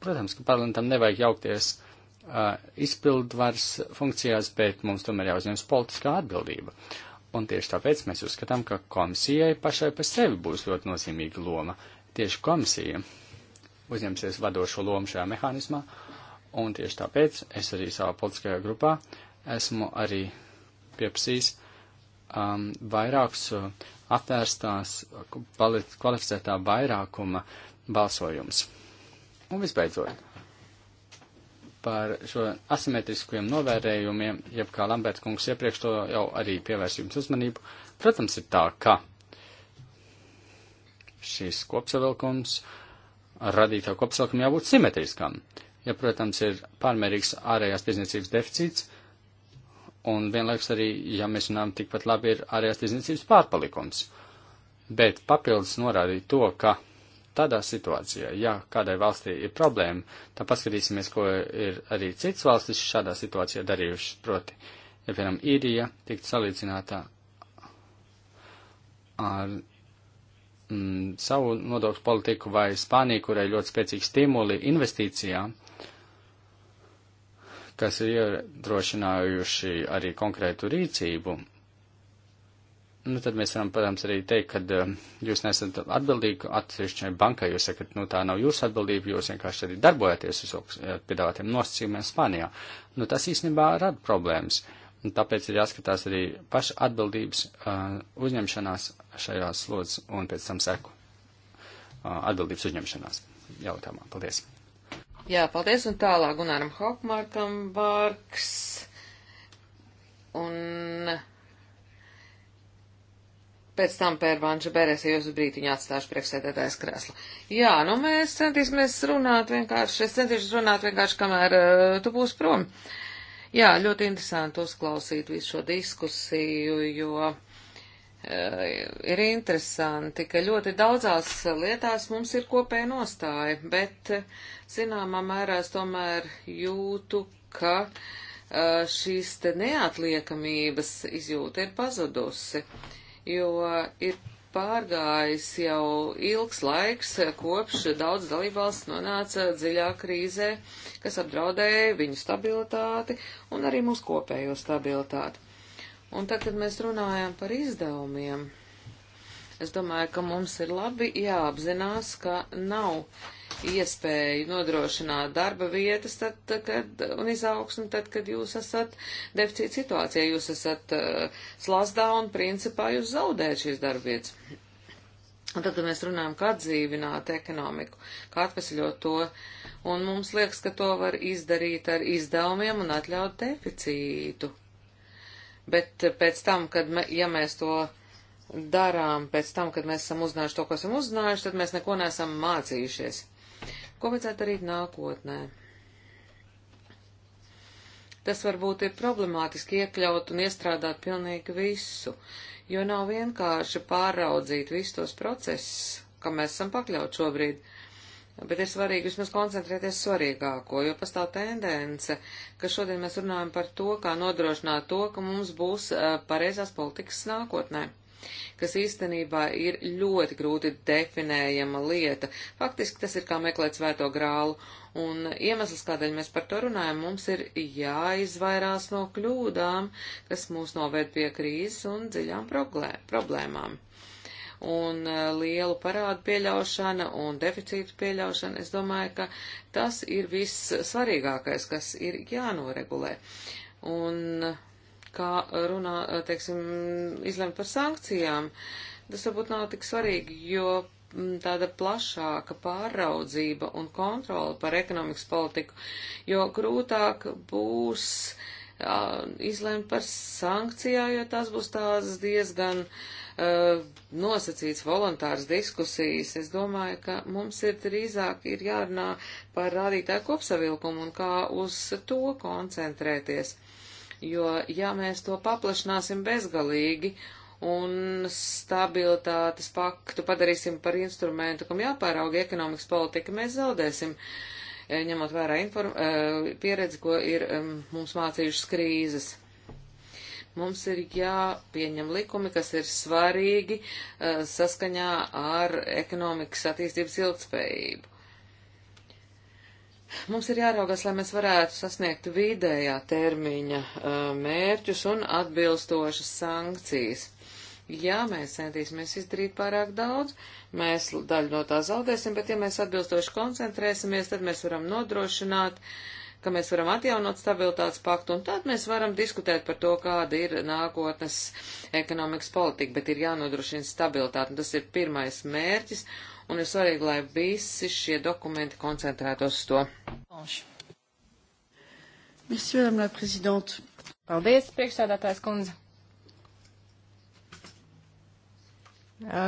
protams, ka parlamentam nevajag jaukties uh, izpildvars funkcijās, bet mums tomēr jāuzņems politiskā atbildība. Un tieši tāpēc mēs uzskatām, ka komisijai pašai par sevi būs ļoti nozīmīga loma. Tieši komisija uzņemsies vadošo lomu šajā mehānismā, un tieši tāpēc es arī savā politiskajā grupā esmu arī pieprasīs um, vairākus uh, apvērstās kvalificētā vairākuma balsojums. Un visbeidzot, par šo asimetriskajiem novērējumiem, jeb kā Lamberts kungs iepriekš to jau arī pievērs jums uzmanību, protams, ir tā, ka šīs kopsavilkums, radītā kopsavilkuma jābūt simetriskam. Ja, protams, ir pārmērīgs ārējās tirzniecības deficīts, Un vienlaiks arī, ja mēs runājam, tikpat labi ir ārējās tirdzniecības pārpalikums. Bet papildus norādīt to, ka tādā situācijā, ja kādai valstī ir problēma, tad paskatīsimies, ko ir arī cits valstis šādā situācijā darījuši. Proti, ja, piemēram, īrija tiktu salīdzinātā ar mm, savu nodokļu politiku vai Spāniju, kurai ļoti spēcīgi stimuli investīcijām, kas ir iedrošinājuši arī konkrētu rīcību. Nu, tad mēs varam, protams, arī teikt, ka eh, jūs nesat atbildīgi atsevišķai bankai. Jūs sakat, nu, tā nav jūsu atbildība, jūs vienkārši arī darbojaties uz eh, piedāvātiem nosacījumiem Spānijā. Nu, tas īstenībā rada problēmas. Un tāpēc ir jāskatās arī paša atbildības uh, eh, uzņemšanās šajās slodzes un pēc tam seku uh, atbildības uzņemšanās jautājumā. Paldies! Jā, paldies, un tālāk Gunaram Hokmarkam Barks. Un pēc tam pērvanša bērēs, ja jūs brīdi viņu atstāšu priekšsēdētājas krēslu. Jā, nu mēs centīsimies runāt vienkārši, es centīšos runāt vienkārši, kamēr uh, tu būsi prom. Jā, ļoti interesanti uzklausīt visu šo diskusiju, jo. Uh, Eh, ir interesanti, ka ļoti daudzās lietās mums ir kopēja nostāja, bet eh, zināmā mērā es tomēr jūtu, ka eh, šīs te neatliekamības izjūta ir pazudusi, jo ir pārgājis jau ilgs laiks, kopš daudz dalībvalsts nonāca dziļā krīzē, kas apdraudēja viņu stabilitāti un arī mūsu kopējo stabilitāti. Un tagad, kad mēs runājam par izdevumiem, es domāju, ka mums ir labi jāapzinās, ka nav iespēju nodrošināt darba vietas tad, kad, un izaugsmu tad, kad jūs esat deficīta situācijā, jūs esat uh, slazdā un principā jūs zaudējat šīs darba vietas. Un tad, kad mēs runājam, kā atdzīvināt ekonomiku, kā atvesļot to, un mums liekas, ka to var izdarīt ar izdevumiem un atļaut deficītu bet eh, pēc tam, kad, me, ja mēs to darām, pēc tam, kad mēs esam uzzinājuši to, ko esam uzzinājuši, tad mēs neko neesam mācījušies. Ko vajadzētu darīt nākotnē? Tas varbūt ir problemātiski iekļaut un iestrādāt pilnīgi visu, jo nav vienkārši pāraudzīt visus tos procesus, kam mēs esam pakļaut šobrīd bet ir svarīgi vismaz koncentrēties svarīgāko, jo pastāv tendence, ka šodien mēs runājam par to, kā nodrošināt to, ka mums būs pareizās politikas nākotnē kas īstenībā ir ļoti grūti definējama lieta. Faktiski tas ir kā meklēt svēto grālu, un iemesls, kādēļ mēs par to runājam, mums ir jāizvairās no kļūdām, kas mūs noved pie krīzes un dziļām problēmām un e, lielu parādu pieļaušana un deficītu pieļaušana, es domāju, ka tas ir viss svarīgākais, kas ir jānoregulē. Un kā runā, teiksim, izlemt par sankcijām, tas varbūt nav tik svarīgi, jo tāda plašāka pāraudzība un kontrola par ekonomikas politiku, jo grūtāk būs uh, izlemt par sankcijām, jo tās būs tās diezgan uh, Uh, nosacīts voluntārs diskusijas. Es domāju, ka mums ir drīzāk ir jārunā par rādītāju kopsavilkumu un kā uz to koncentrēties. Jo, ja mēs to paplašināsim bezgalīgi un stabilitātes paktu padarīsim par instrumentu, kam jāpārauga ekonomikas politika, mēs zaudēsim, eh, ņemot vērā inform, eh, pieredzi, ko ir mums mācījušas krīzes. Mums ir jāpieņem likumi, kas ir svarīgi eh, saskaņā ar ekonomikas attīstības ilgspējību. Mums ir jāraugās, lai mēs varētu sasniegt vidējā termiņa eh, mērķus un atbilstošas sankcijas. Ja mēs centīsimies izdarīt pārāk daudz, mēs daļu no tā zaudēsim, bet ja mēs atbilstoši koncentrēsimies, tad mēs varam nodrošināt uh, ka mēs varam atjaunot stabilitātes paktu, un tad mēs varam diskutēt par to, kāda ir nākotnes ekonomikas politika, bet ir jānodrošina stabilitāte, un tas ir pirmais mērķis, un ir svarīgi, lai visi šie dokumenti koncentrētos uz to. Paldies, priekšsēdētājs kundze.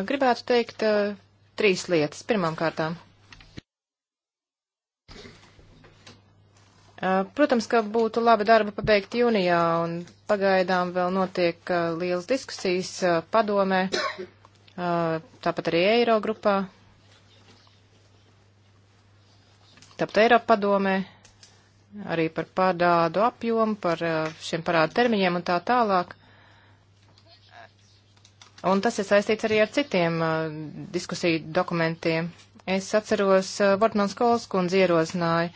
Gribētu teikt trīs lietas. Pirmām kārtām. Protams, ka būtu labi darba pabeigt jūnijā, un pagaidām vēl notiek lielas diskusijas padomē, tāpat arī Eirogrupā, tāpat Eiropa padomē, arī par parādu apjomu, par šiem parādu termiņiem un tā tālāk. Un tas ir saistīts arī ar citiem diskusiju dokumentiem. Es atceros, Bortmans Kols kundze ierozināja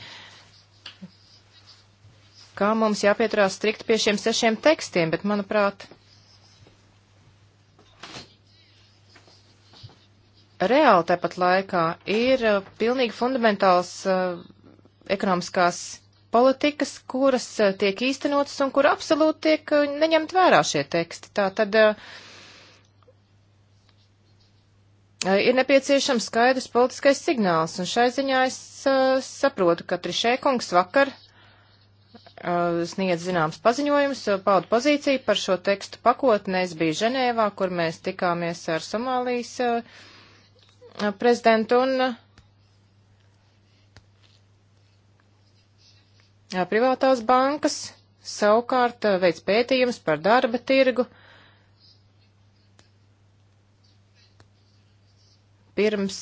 ka mums jāpieturās strikt pie šiem sešiem tekstiem, bet, manuprāt, reāli tāpat laikā ir uh, pilnīgi fundamentāls uh, ekonomiskās politikas, kuras uh, tiek īstenotas un kur absolūti tiek uh, neņemt vērā šie teksti. Tā tad uh, uh, ir nepieciešams skaidrs politiskais signāls, un šai ziņā es saprotu, ka Trišēkungs vakar Uh, sniedz zināms paziņojums, uh, pauda pozīciju par šo tekstu pakotni. Es biju Ženēvā, kur mēs tikāmies ar Somālijas uh, prezidentu un privātās bankas savukārt veids pētījums par darba tirgu. Pirms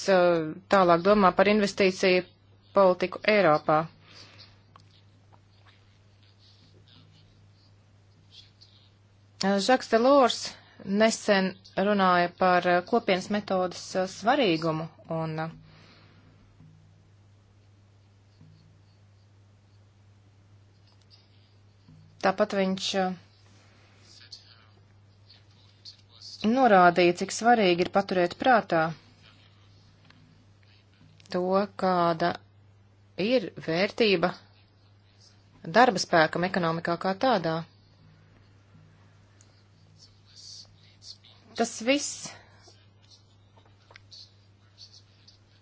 tālāk domā par investīciju politiku Eiropā. Žaks eh, Delors nesen runāja par eh, kopienas metodas eh, svarīgumu un tāpat viņš norādīja, cik svarīgi ir paturēt prātā to, kāda ir vērtība darba spēkam ekonomikā kā tādā. tas viss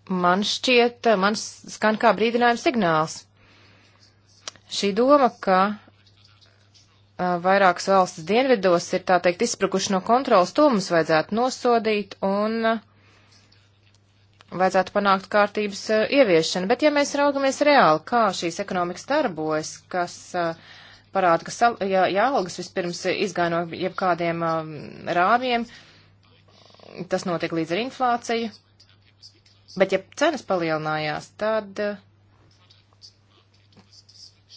man šķiet, eh, man skan kā brīdinājums signāls. Šī doma, ka uh, vairākas valstis dienvidos ir tā teikt izsprukuši no kontrolas, to mums vajadzētu nosodīt un uh, vajadzētu panākt kārtības uh, ieviešanu. Bet ja mēs raugamies reāli, kā šīs ekonomikas darbojas, kas parāda, ka sal, ja, ja algas vispirms izgaino jebkādiem rāmjiem, tas notiek līdz ar inflāciju, bet ja cenas palielinājās, tad eh,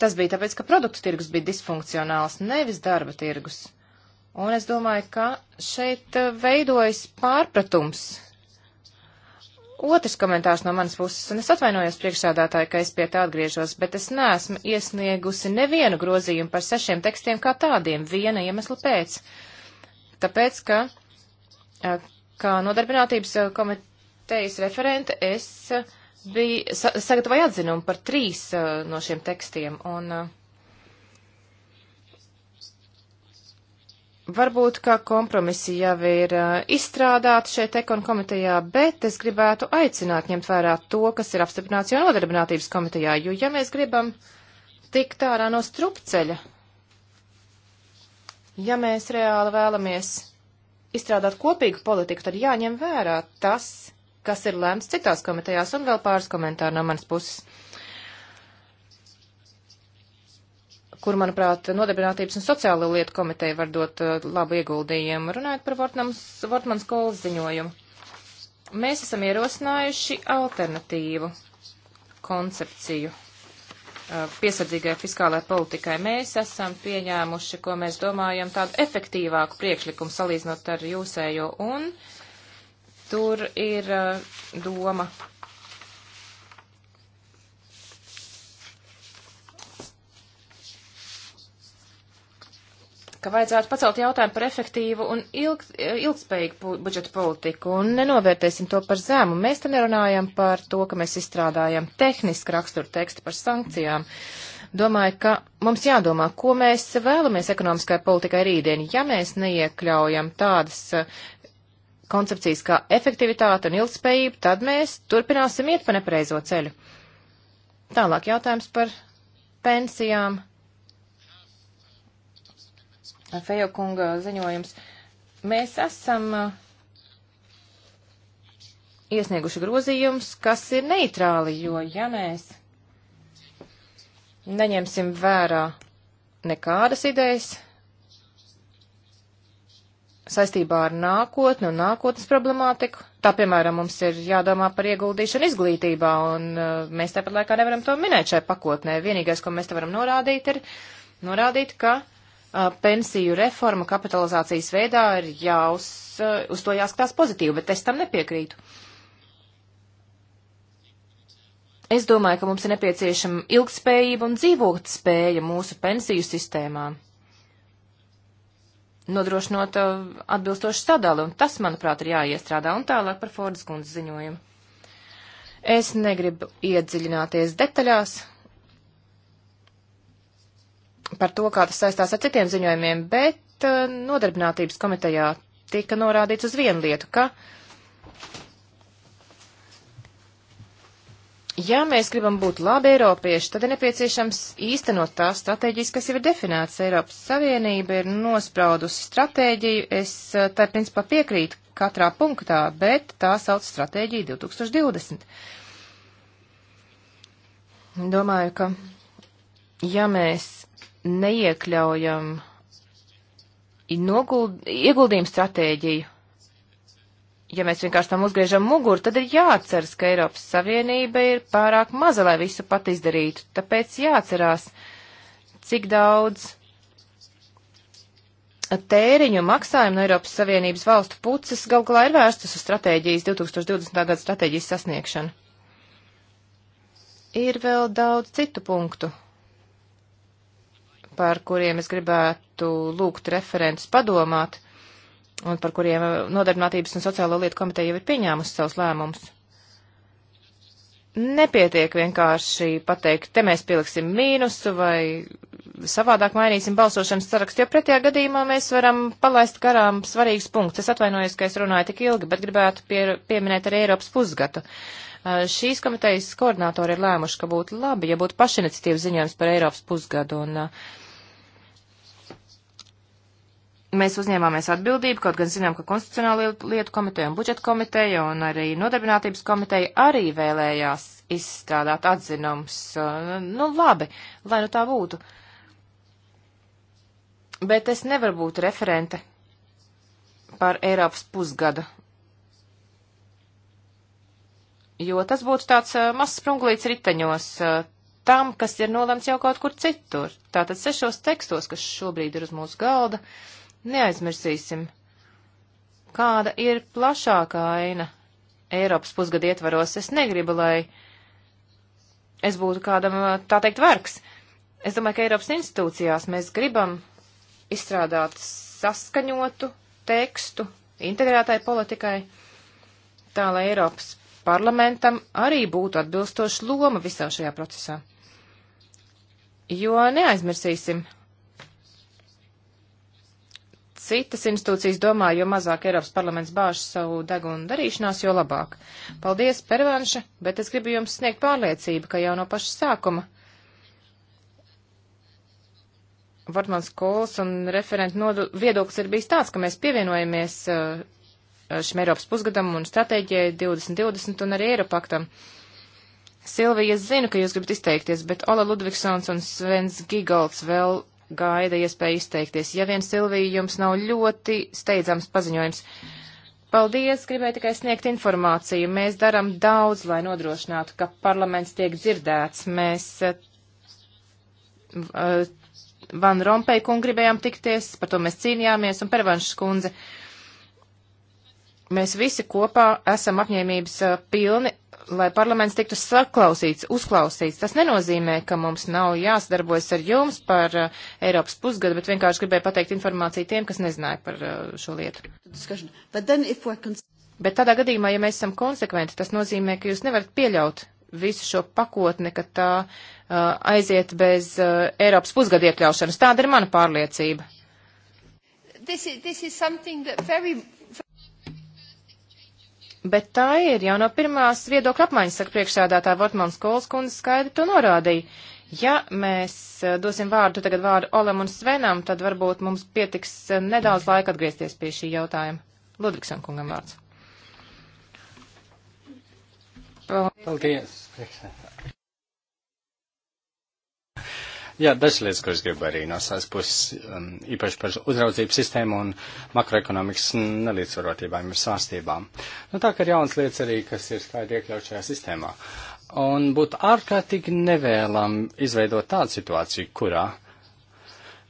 tas bija tāpēc, ka produktu tirgus bija disfunkcionāls, nevis darba tirgus. Un es domāju, ka šeit eh, veidojas pārpratums. Otrs komentārs no manas puses, un es atvainojos priekšsādātāju, ka es pie tā atgriežos, bet es neesmu iesniegusi nevienu grozījumu par sešiem tekstiem kā tādiem, viena iemesla pēc. Tāpēc, ka eh, Kā nodarbinātības eh, komitejas referente es eh, biju sa sagatavoju atzinumu par trīs eh, no šiem tekstiem. Un varbūt kā kompromisi jau ir izstrādāti šeit ekonu komitejā, bet es gribētu aicināt ņemt vērā to, kas ir apstiprināts jau nodarbinātības komitejā, jo ja mēs gribam tikt ārā no strupceļa, ja mēs reāli vēlamies izstrādāt kopīgu politiku, tad jāņem vērā tas, kas ir lēmts citās komitejās, un vēl pāris komentāru no manas puses, kur, manuprāt, nodarbinātības un sociālo lietu komiteja var dot uh, labu ieguldījumu, runājot par Vortmans kolas ziņojumu. Mēs esam ierosinājuši alternatīvu koncepciju Eh, piesardzīgai fiskālai politikai. Mēs esam pieņēmuši, ko mēs domājam, tādu efektīvāku priekšlikumu salīdzinot ar jūsējo, un tur ir eh, doma ka vajadzētu pacelt jautājumu par efektīvu un ilg, ilgspējīgu budžeta politiku un nenovērtēsim to par zemu. Mēs te nerunājam par to, ka mēs izstrādājam tehnisku raksturu tekstu par sankcijām. Domāju, ka mums jādomā, ko mēs vēlamies ekonomiskai politikai rītdien, ja mēs neiekļaujam tādas eh, koncepcijas kā efektivitāte un ilgspējība, tad mēs turpināsim iet pa nepareizo ceļu. Tālāk jautājums par pensijām Fejo kunga ziņojums. Mēs esam uh, iesnieguši grozījums, kas ir neitrāli, jo ja mēs neņemsim vērā nekādas idejas saistībā ar nākotni un nākotnes problemātiku. Tā, piemēram, mums ir jādomā par ieguldīšanu izglītībā, un uh, mēs tāpat laikā nevaram to minēt šai pakotnē. Vienīgais, ko mēs te varam norādīt, ir norādīt, ka Uh, pensiju reforma kapitalizācijas veidā ir jāuz, uh, uz to jāskatās pozitīvi, bet es tam nepiekrītu. Es domāju, ka mums ir nepieciešama ilgspējība un dzīvot spēja mūsu pensiju sistēmā, nodrošinot uh, atbilstošu sadalu, un tas, manuprāt, ir jāiestrādā un tālāk par Fordas kundzes ziņojumu. Es negribu iedziļināties detaļās, par to, kā tas saistās ar citiem ziņojumiem, bet uh, nodarbinātības komitejā tika norādīts uz vienu lietu, ka ja mēs gribam būt labi eiropieši, tad ir nepieciešams īstenot tās stratēģijas, kas jau ir definētas. Eiropas Savienība ir nospraudusi stratēģiju, es uh, tai principā piekrītu katrā punktā, bet tā sauc stratēģiju 2020. Domāju, ka ja mēs neiekļaujam noguld, ieguldījumu stratēģiju. Ja mēs vienkārši tam uzgriežam muguru, tad ir jāatceras, ka Eiropas Savienība ir pārāk maza, lai visu pat izdarītu. Tāpēc jāatcerās, cik daudz tēriņu maksājumu no Eiropas Savienības valstu puses gal galā ir vērstas uz stratēģijas 2020. gada stratēģijas sasniegšanu. Ir vēl daudz citu punktu, par kuriem es gribētu lūgt referents padomāt un par kuriem uh, Nodarbinātības un sociālo lietu komiteja jau ir pieņēmusi savus lēmumus. Nepietiek vienkārši pateikt, te mēs pieliksim mīnusu vai savādāk mainīsim balsošanas sarakstu, jo pretējā gadījumā mēs varam palaist garām svarīgs punkts. Es atvainojos, ka es runāju tik ilgi, bet gribētu pie, pieminēt arī Eiropas pusgadu. Uh, šīs komitejas koordinātori ir lēmuši, ka būtu labi, ja būtu pašiniciatīvas ziņojums par Eiropas pusgadu. Un, uh, mēs uzņēmāmies atbildību, kaut gan zinām, ka Konstitucionāla lietu komiteja un budžeta komiteja un arī nodarbinātības komiteja arī vēlējās izstrādāt atzinums. Nu, labi, lai nu tā būtu. Bet es nevaru būt referente par Eiropas pusgada. Jo tas būtu tāds eh, mazs sprunglīts riteņos eh, tam, kas ir nolemts jau kaut kur citur. Tātad sešos tekstos, kas šobrīd ir uz mūsu galda, uh, neaizmirsīsim, kāda ir plašākā aina Eiropas pusgada ietvaros. Es negribu, lai es būtu kādam, tā teikt, vergs. Es domāju, ka Eiropas institūcijās mēs gribam izstrādāt saskaņotu tekstu integrētai politikai, tā lai Eiropas parlamentam arī būtu atbilstoša loma visā šajā procesā. Jo neaizmirsīsim, citas institūcijas domā, jo mazāk Eiropas parlaments bāž savu degunu darīšanās, jo labāk. Paldies, Pervanša, bet es gribu jums sniegt pārliecību, ka jau no paša sākuma Vartmans Kols un referenta viedoklis ir bijis tāds, ka mēs pievienojamies uh, šim Eiropas pusgadam un stratēģijai 2020 un arī Eiropaktam. Silvija, es zinu, ka jūs gribat izteikties, bet Ola Ludvigsons un Svens Gigalds vēl gaida iespēju izteikties, ja vien Silvija jums nav ļoti steidzams paziņojums. Paldies, gribēju tikai sniegt informāciju. Mēs daram daudz, lai nodrošinātu, ka parlaments tiek dzirdēts. Mēs uh, Van Rompei kungu gribējām tikties, par to mēs cīnījāmies, un Pervanšs kundze. Mēs visi kopā esam apņēmības uh, pilni lai parlaments tiktu saklausīts, uzklausīts. Tas nenozīmē, ka mums nav jāsadarbojas ar jums par uh, Eiropas pusgadu, bet vienkārši gribēju pateikt informāciju tiem, kas nezināja par uh, šo lietu. Bet tādā gadījumā, ja mēs esam konsekventi, tas nozīmē, ka jūs nevarat pieļaut visu šo pakotni, ka tā uh, aiziet bez uh, Eiropas pusgada iekļaušanas. Tāda ir mana pārliecība. This is, this is Bet tā ir jau no pirmās viedokļa apmaiņas, saka priekšsēdētāja Vortmans Kols kundze skaidri to norādīja. Ja mēs eh, dosim vārdu tagad vārdu Olam un Svenam, tad varbūt mums pietiks eh, nedaudz laika atgriezties pie šī jautājuma. Ludvigsam kungam vārds. Paldies, priekšsēdētāji. Jā, dažas lietas, ko es gribu arī no savas puses, um, īpaši par uzraudzību sistēmu un makroekonomikas nelīdzsvarotībām ir sārstībām. Nu, tā kā ir jauns lietas arī, kas ir skaidri iekļaut šajā sistēmā. Un būtu ārkārtīgi nevēlam izveidot tādu situāciju, kurā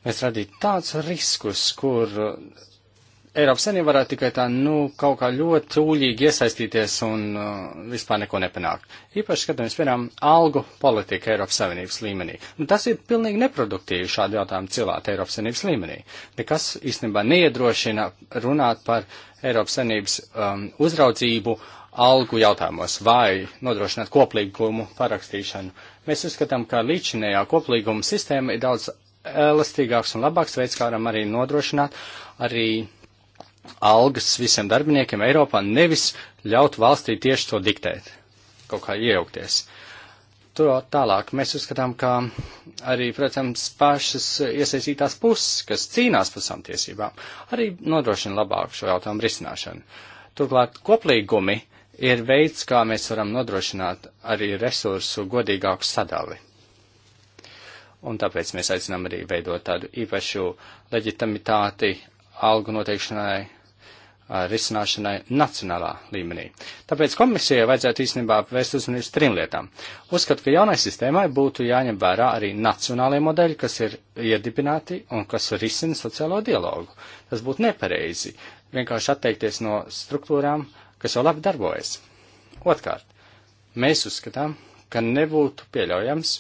mēs radītu tādus riskus, kur uh, Eiropas Savienība varētu tikai tā, nu, kaut kā ļoti tūlīgi iesaistīties un uh, vispār neko nepanākt. Īpaši skatāmies, piemēram, algu politika Eiropas Savienības līmenī. Nu, tas ir pilnīgi neproduktīvi šādi jautājumi cilāt Eiropas Savienības līmenī. Nekas īstenībā neiedrošina runāt par Eiropas Savienības um, uzraudzību algu jautājumos vai nodrošināt koplīgumu parakstīšanu. Mēs uzskatām, ka līdzinējā koplīguma sistēma ir daudz elastīgāks un labāks veids, kā varam arī nodrošināt arī algas visiem darbiniekiem Eiropā, nevis ļaut valstī tieši to diktēt, kaut kā iejaukties. Tur tālāk mēs uzskatām, ka arī, protams, pašas iesaistītās puses, kas cīnās par savām tiesībām, arī nodrošina labāku šo jautājumu risināšanu. Turklāt koplīgumi ir veids, kā mēs varam nodrošināt arī resursu godīgāku sadali. Un tāpēc mēs aicinām arī veidot tādu īpašu leģitimitāti algu noteikšanai, risināšanai nacionālā līmenī. Tāpēc komisijai vajadzētu īstenībā vērst uzmanību trim lietām. Uzskatu, ka jaunai sistēmai būtu jāņem vērā arī nacionālie modeļi, kas ir iedibināti un kas risina sociālo dialogu. Tas būtu nepareizi vienkārši atteikties no struktūrām, kas jau labi darbojas. Otkārt, mēs uzskatām, ka nebūtu pieļaujams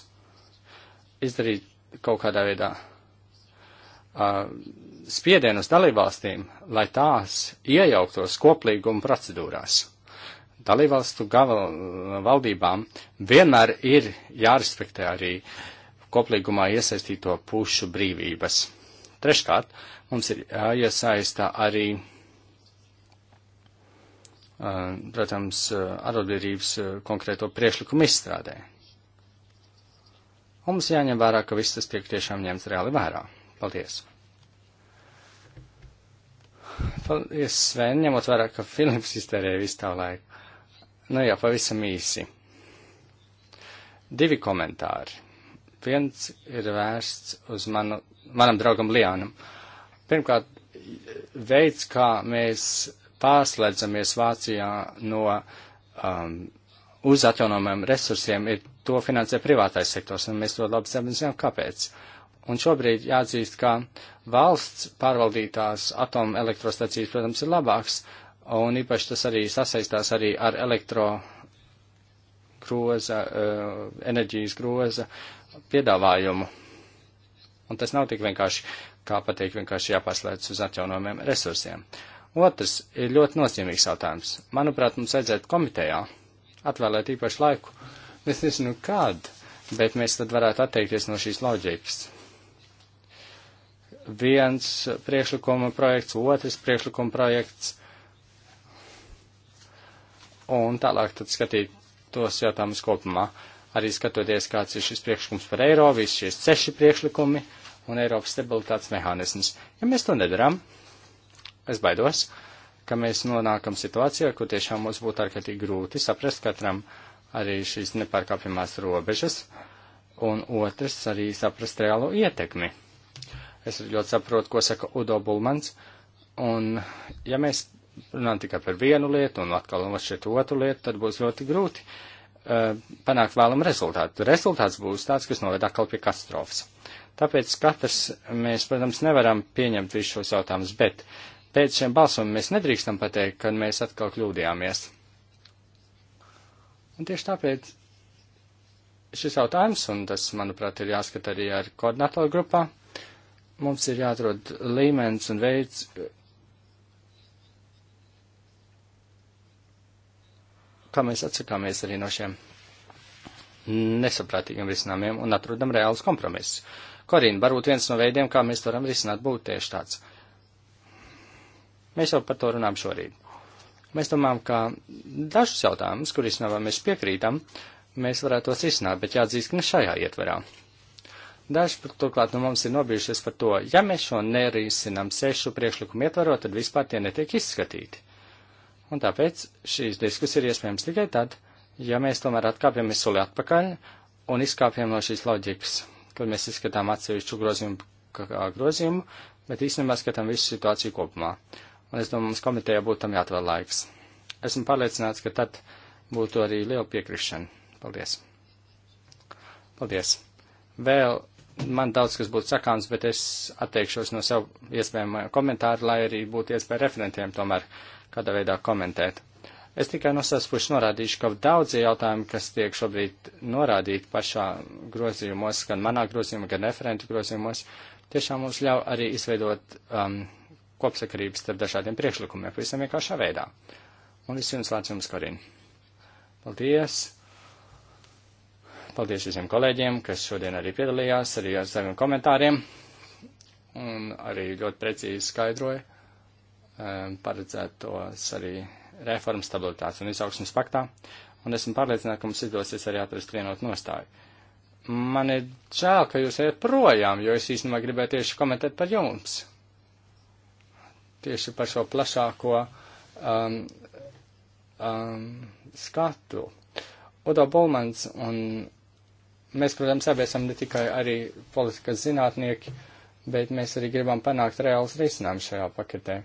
izdarīt kaut kādā veidā uh, spiedienu uz dalībvalstīm, lai tās iejauktos koplīguma procedūrās. Dalībvalstu gaval, valdībām vienmēr ir jārespektē arī koplīgumā iesaistīto pušu brīvības. Treškārt, mums ir jāiesaista arī, protams, arotbiedrības konkrēto priešlikumu izstrādē. Mums jāņem vērā, ka viss tas tiek tiešām ņemts reāli vērā. Paldies! Paldies, Sven, ņemot vērā, ka Filips iztērēja visu tā laiku. Nu jā, pavisam īsi. Divi komentāri. Viens ir vērsts uz manu, manam draugam Lianam. Pirmkārt, veids, kā mēs pārslēdzamies Vācijā no um, uz atjaunojumiem resursiem, ir to finansē privātais sektors, un mēs to labi zinām, kāpēc. Uh, Un šobrīd jāatzīst, ka valsts pārvaldītās atomelektrostacijas, protams, ir labāks, un īpaši tas arī sasaistās arī ar elektro groza, eh, enerģijas groza piedāvājumu. Un tas nav tik vienkārši, kā pateikt, vienkārši jāpaslēdz uz atjaunojumiem resursiem. Otrs ir ļoti nozīmīgs jautājums. Manuprāt, mums vajadzētu komitejā atvēlēt īpašu laiku. Es nezinu, kad, bet mēs tad varētu atteikties no šīs loģikas viens priekšlikuma projekts, otrs priekšlikuma projekts, un tālāk tad skatīt tos jautājumus kopumā. Arī skatoties, kāds ir šis priekšlikums par eiro, visi šie seši priekšlikumi un Eiropas stabilitātes mehānisms. Ja mēs to nedarām, es baidos, ka mēs nonākam situācijā, kur tiešām mums būtu ārkārtīgi grūti saprast katram arī šīs nepārkāpjamās robežas, un otrs arī saprast reālo ietekmi Es ļoti saprotu, ko saka Udo Bulmans. Un, ja mēs runājam tikai par vienu lietu un atkal un šeit otru lietu, tad būs ļoti grūti uh, panākt vēlamu rezultātu. Rezultāts būs tāds, kas noved atkal pie katastrofas. Tāpēc katrs mēs, protams, nevaram pieņemt visus šos jautājumus, bet pēc šiem balsumiem mēs nedrīkstam pateikt, ka mēs atkal kļūdījāmies. Un tieši tāpēc šis jautājums, un tas, manuprāt, ir jāskata arī ar koordinatoru grupā, Mums ir jāatrod līmenis un veids, kā mēs atsakāmies arī no šiem nesaprātīgiem risinājumiem un atrodam reālus kompromisus. Korīna, varbūt viens no veidiem, kā mēs varam risināt, būtu tieši tāds. Mēs jau par to runājam šorīt. Mēs domājam, ka dažus jautājumus, kurus mēs piekrītam, mēs varētu tos risināt, bet jāatzīst, ka ne šajā ietverā. Daži turklāt nu, mums ir nobijušies par to, ja mēs šo nerīsinam sešu priekšlikumu ietvarot, tad vispār tie netiek izskatīti. Un tāpēc šīs diskusijas ir iespējams tikai tad, ja mēs tomēr atkāpjamies soli atpakaļ un izkāpjam no šīs loģikas, kad mēs izskatām atsevišķu grozījumu kā grozījumu, bet īstenībā skatām visu situāciju kopumā. Un es domāju, mums komitejā būtu tam jāatvēl laiks. Esmu pārliecināts, ka tad būtu arī liela piekrišana. Paldies! Paldies! Vēl man daudz kas būtu sakāms, bet es atteikšos no sev iespējamā komentāra, lai arī būtu iespēja referentiem tomēr kādā veidā komentēt. Es tikai no savas puses norādīšu, ka daudzi jautājumi, kas tiek šobrīd norādīti pašā grozījumos, gan manā grozījumā, gan referentu grozījumos, tiešām mums ļauj arī izveidot um, kopsakarības starp dažādiem priekšlikumiem, pavisam vienkāršā veidā. Un viss jums lāc jums, Korīna. Paldies! Paldies visiem kolēģiem, kas šodien arī piedalījās, arī ar saviem komentāriem. Un arī ļoti precīzi skaidroja um, paredzētos arī reformas stabilitātes un izaugsmas paktā. Un esmu pārliecināta, ka mums izdosies arī atrast vienot nostāju. Man ir žēl, ka jūs ejat projām, jo es īstenībā gribēju tieši komentēt par jums. Tieši par šo plašāko um, um, skatu. Odo Bolmans un mēs, protams, abi esam ne tikai arī politikas zinātnieki, bet mēs arī gribam panākt reāls risinājums šajā paketē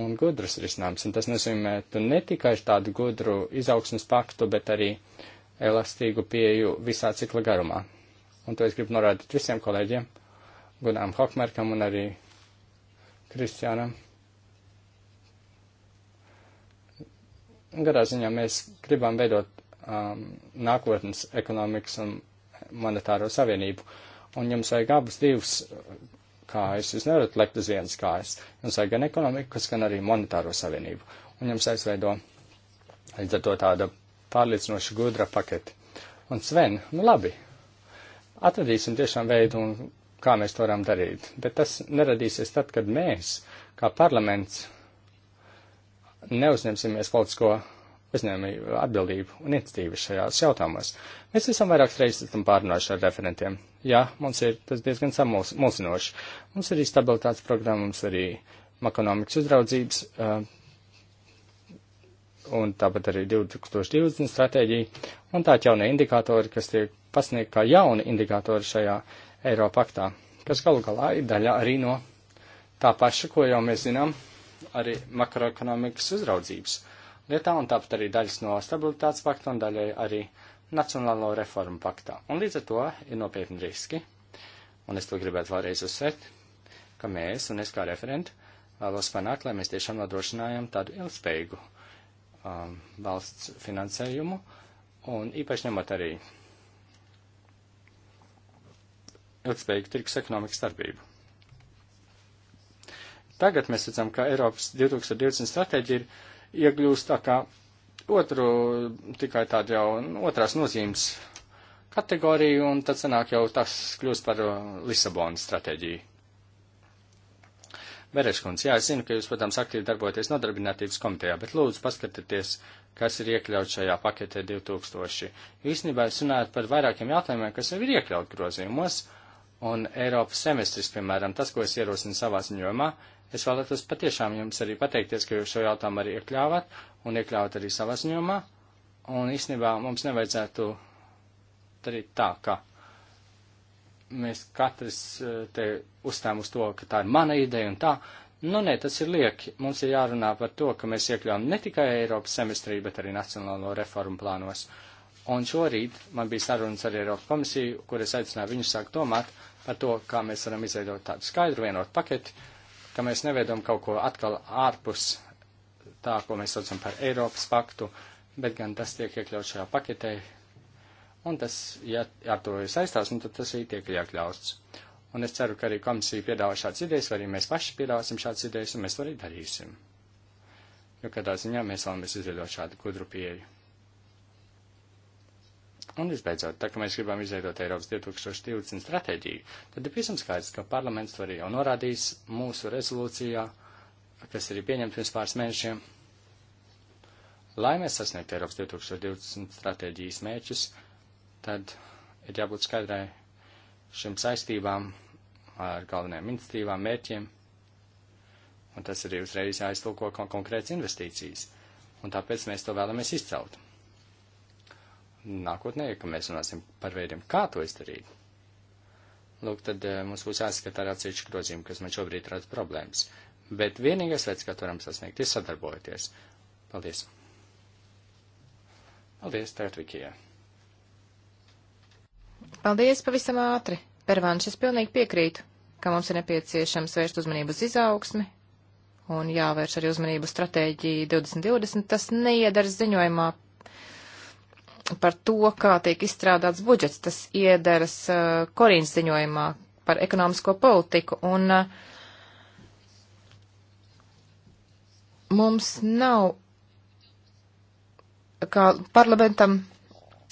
un gudrus risinājums. Un tas nozīmē, tu ne tikai tādu gudru izaugsmas paktu, bet arī elastīgu pieju visā cikla garumā. Un to es gribu norādīt visiem kolēģiem, Gunām Hokmerkam un arī Kristiānam. Garā ziņā mēs gribam veidot um, nākotnes ekonomikas un monetāro savienību. Un jums vajag abus divus kājas, jūs nevarat lekt uz vienas kājas. Jums vajag gan ekonomikas, gan arī monetāro savienību. Un jums aizveido līdz ar to tāda pārliecinoši gudra paketi. Un Sven, nu labi, atradīsim tiešām veidu, un kā mēs to varam darīt. Bet tas neradīsies tad, kad mēs, kā parlaments, neuzņemsimies politisko uzņēmēju atbildību un iniciatīvu šajās jautājumos. Mēs esam vairākas reizes tam pārunājuši ar referentiem. Jā, mums ir tas diezgan samulsinoši. Mums ir arī stabilitātes programma, mums arī ekonomikas uzraudzības un tāpat arī 2020 stratēģija un tā jaunie indikātori, kas tiek pasniegt kā jauni indikātori šajā Eiropaktā, kas galu galā ir daļa arī no tā paša, ko jau mēs zinām, arī makroekonomikas uzraudzības. Uh, lietā, un tāpat arī daļas no stabilitātes pakta un daļai arī Nacionālo reformu paktā. Un līdz ar to ir nopietni riski, un es to gribētu vēlreiz uzsvērt, ka mēs, un es kā referenti, vēlos panākt, lai mēs tiešām nodrošinājam tādu ilgspējīgu um, valsts finansējumu, un īpaši ņemot arī ilgspējīgu tirgus ekonomikas darbību. Tagad mēs redzam, ka Eiropas 2020 stratēģija ir iegļūst tā kā otru, tikai tādu jau nu, otrās nozīmes kategoriju, un tad sanāk jau tas kļūst par uh, Lisabonas stratēģiju. Bereškunds, jā, es zinu, ka jūs, protams, aktīvi darbojaties nodarbinātības komitejā, bet lūdzu paskatieties, kas ir iekļauts šajā paketē 2000. Īsnībā es runāju par vairākiem jautājumiem, kas jau ir iekļaut grozījumos, un Eiropas semestris, piemēram, tas, ko es ierosinu savā ziņojumā, Es vēlētos patiešām jums arī pateikties, ka jūs šo jautājumu arī iekļāvāt un iekļāvāt arī savā ziņomā. Un īstenībā mums nevajadzētu darīt tā, ka mēs katrs eh, te uzstājam uz to, ka tā ir mana ideja un tā. Nu, nē, tas ir lieki. Mums ir jārunā par to, ka mēs iekļaujam ne tikai Eiropas semestrī, bet arī nacionālo reformu plānos. Un šorīt man bija sarunas ar Eiropas komisiju, kur es aicināju viņus sākt domāt par to, kā mēs varam izveidot tādu skaidru vienotu paketi, ka mēs neveidojam kaut ko atkal ārpus tā, ko mēs saucam par Eiropas paktu, bet gan tas tiek iekļauts šajā paketē. Un tas, ja ar to saistās, nu, tad tas arī tiek iekļauts. Un es ceru, ka arī komisija piedāvā šādas idejas, vai arī mēs paši piedāvāsim šādas idejas, un mēs to arī darīsim. Jo kādā ziņā mēs vēlamies izveidot šādu gudru pieeju. Un visbeidzot, tā kā mēs gribam izveidot Eiropas 2020 stratēģiju, tad ir pavisam skaidrs, ka parlaments to arī jau norādījis mūsu rezolūcijā, kas ir pieņemta pirms pāris mēnešiem. Lai mēs sasniegtu Eiropas 2020 stratēģijas mērķus, tad ir jābūt skaidrai šim saistībām ar galvenajām iniciatīvām, mērķiem, un tas arī uzreiz jāiztulko konkrēts investīcijas, un tāpēc mēs to vēlamies izcelt nākotnē, ka mēs runāsim par veidiem, kā to izdarīt. Lūk, tad eh, mums būs jāskatā ar atsevišķu grozījumu, kas man šobrīd rada problēmas. Bet vienīgais veids, kā to varam sasniegt, ir sadarbojoties. Paldies! Paldies, tēt Vikijā! Paldies pavisam ātri! Pervanš, es pilnīgi piekrītu, ka mums ir nepieciešams vērst uzmanību uz izaugsmi un jāvērš arī uzmanību stratēģiju 2020. Tas neiedars ziņojumā par to, kā tiek izstrādāts budžets. Tas iedaras uh, Korīnas ziņojumā par ekonomisko politiku. Un uh, mums nav kā parlamentam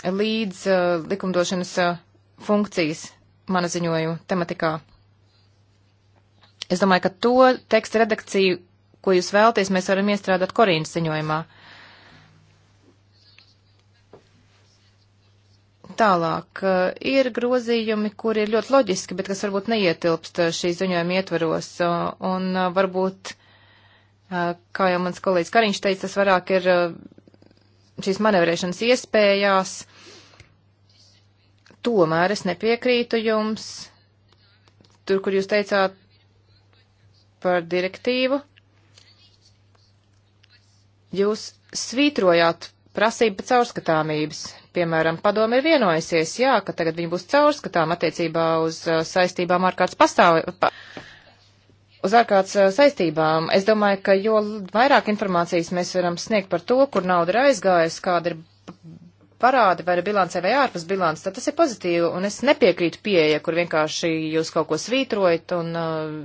līdz uh, likumdošanas uh, funkcijas mana ziņojuma tematikā. Es domāju, ka to teksta redakciju, ko jūs vēlties, mēs varam iestrādāt Korīnas ziņojumā. Uh, Tālāk eh, ir grozījumi, kuri ir ļoti loģiski, bet kas varbūt neietilpst eh, šī ziņojuma ietvaros, eh, un varbūt, kā jau mans kolēģis Kariņš teica, tas vairāk ir šīs manevrēšanas iespējās. Tomēr es nepiekrītu jums, tur, kur jūs teicāt par direktīvu, jūs svītrojāt prasību pēc caurskatāmības. Piemēram, padome ir vienojusies, jā, ka tagad viņi būs caurskatām attiecībā uz uh, saistībām ārkārtas pastāvi. Pa uz ārkārtas uh, saistībām. Es domāju, ka jo vairāk informācijas mēs varam sniegt par to, kur nauda ir aizgājusi, kāda ir parādi vai bilancē vai ārpus bilants, tad tas ir pozitīvi. Un es nepiekrītu pieeja, kur vienkārši jūs kaut ko svītrojat un uh,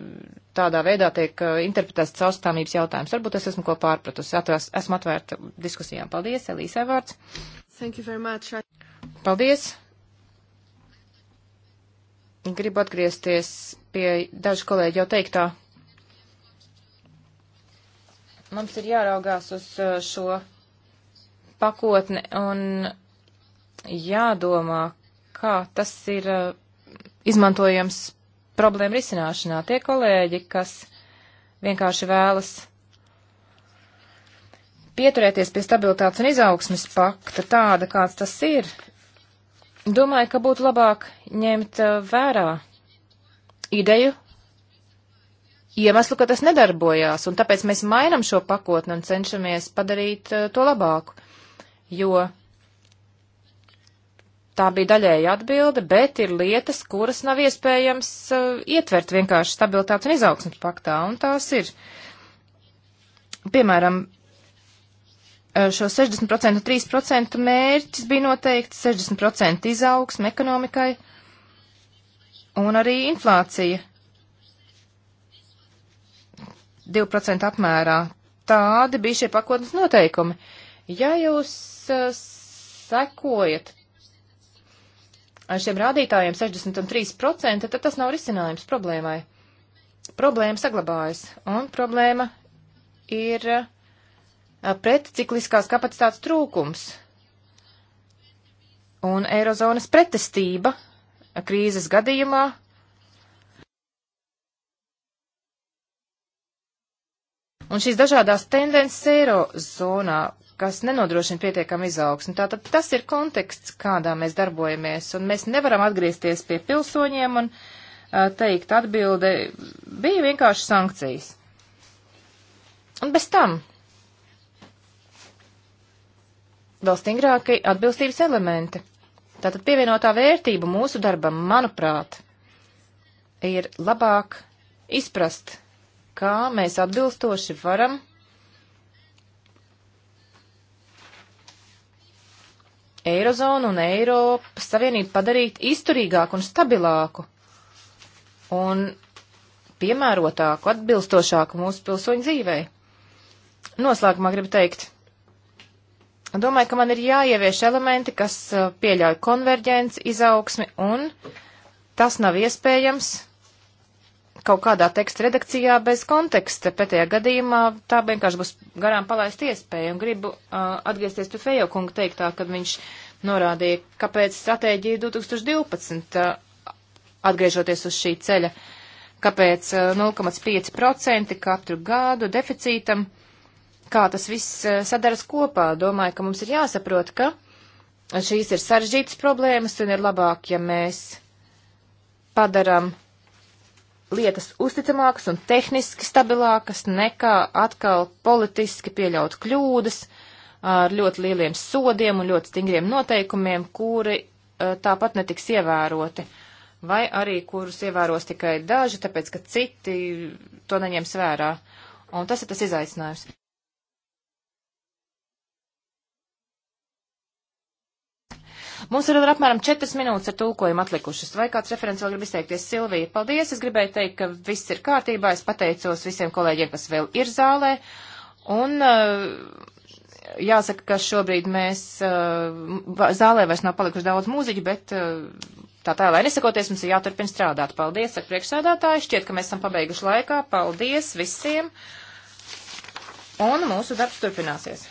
tādā veidā tiek interpretēts caurskatāmības jautājums. Varbūt es esmu ko pārpratusi. Atvērst, esmu atvērta diskusijām. Paldies, Elīsai vārds. Thank you very much. Paldies! Gribu atgriezties pie dažu kolēģi jau teiktā. Mums ir jāraugās uz uh, šo pakotni un jādomā, kā tas ir uh, izmantojams problēmu risināšanā. Tie kolēģi, kas vienkārši vēlas pieturēties pie stabilitātes un izaugsmes pakta tāda, kāds tas ir, domāju, ka būtu labāk ņemt uh, vērā ideju iemeslu, ka tas nedarbojās, un tāpēc mēs mainam šo pakotni un cenšamies padarīt uh, to labāku, jo tā bija daļēja atbilde, bet ir lietas, kuras nav iespējams uh, ietvert vienkārši stabilitātes un izaugsmas paktā, un tās ir. Piemēram, Eh, šo 60% un 3% mērķis bija noteikts 60% izaugsme ekonomikai un arī inflācija 2% apmērā. Tādi bija šie pakotnes noteikumi. Ja jūs uh, sekojat ar šiem rādītājiem 60 un 3%, tad tas nav risinājums problēmai. Problēma saglabājas, un problēma ir uh, pretcikliskās kapacitātes trūkums un eirozonas pretestība krīzes gadījumā. Un šīs dažādās tendences eirozonā, kas nenodrošina pietiekam izaugsmu. Tātad tas ir konteksts, kādā mēs darbojamies, un mēs nevaram atgriezties pie pilsoņiem un uh, teikt atbilde bija vienkārši sankcijas. Un bez tam vēl stingrāki atbilstības elementi. Tātad pievienotā vērtība mūsu darbam, manuprāt, ir labāk izprast, kā mēs atbilstoši varam Eirozonu un Eiropas Savienību padarīt izturīgāku un stabilāku un piemērotāku, atbilstošāku mūsu pilsoņu dzīvei. Noslēgumā gribu teikt, Domāju, ka man ir jāievieš elementi, kas uh, pieļauj konverģenci, izaugsmi, un tas nav iespējams kaut kādā teksta redakcijā bez konteksta. Pētajā gadījumā tā vienkārši būs garām palaist iespēja, un gribu uh, atgriezties pie Fejo kunga teiktā, kad viņš norādīja, kāpēc stratēģija 2012, uh, atgriežoties uz šī ceļa, kāpēc uh, 0,5% katru gadu deficītam kā tas viss eh, sadaras kopā. Domāju, ka mums ir jāsaprot, ka šīs ir sarežģītas problēmas un ir labāk, ja mēs padaram lietas uzticamākas un tehniski stabilākas nekā atkal politiski pieļaut kļūdas ar ļoti lieliem sodiem un ļoti stingriem noteikumiem, kuri eh, tāpat netiks ievēroti. Vai arī kurus ievēros tikai daži, tāpēc ka citi to neņems vērā. Un tas ir tas izaicinājums. Mums ir vēl apmēram 4 minūtes ar tulkojumu atlikušas. Vai kāds referents vēl grib izteikties? Silvija, paldies. Es gribēju teikt, ka viss ir kārtībā. Es pateicos visiem kolēģiem, kas vēl ir zālē. Un eh, jāsaka, ka šobrīd mēs eh, zālē vairs nav palikuši daudz mūziķu, bet eh, tā tā, lai nesakoties, mums ir jāturpina strādāt. Paldies, ar priekšsēdātāju. Šķiet, ka mēs esam pabeiguši laikā. Paldies visiem. Un mūsu darbs turpināsies.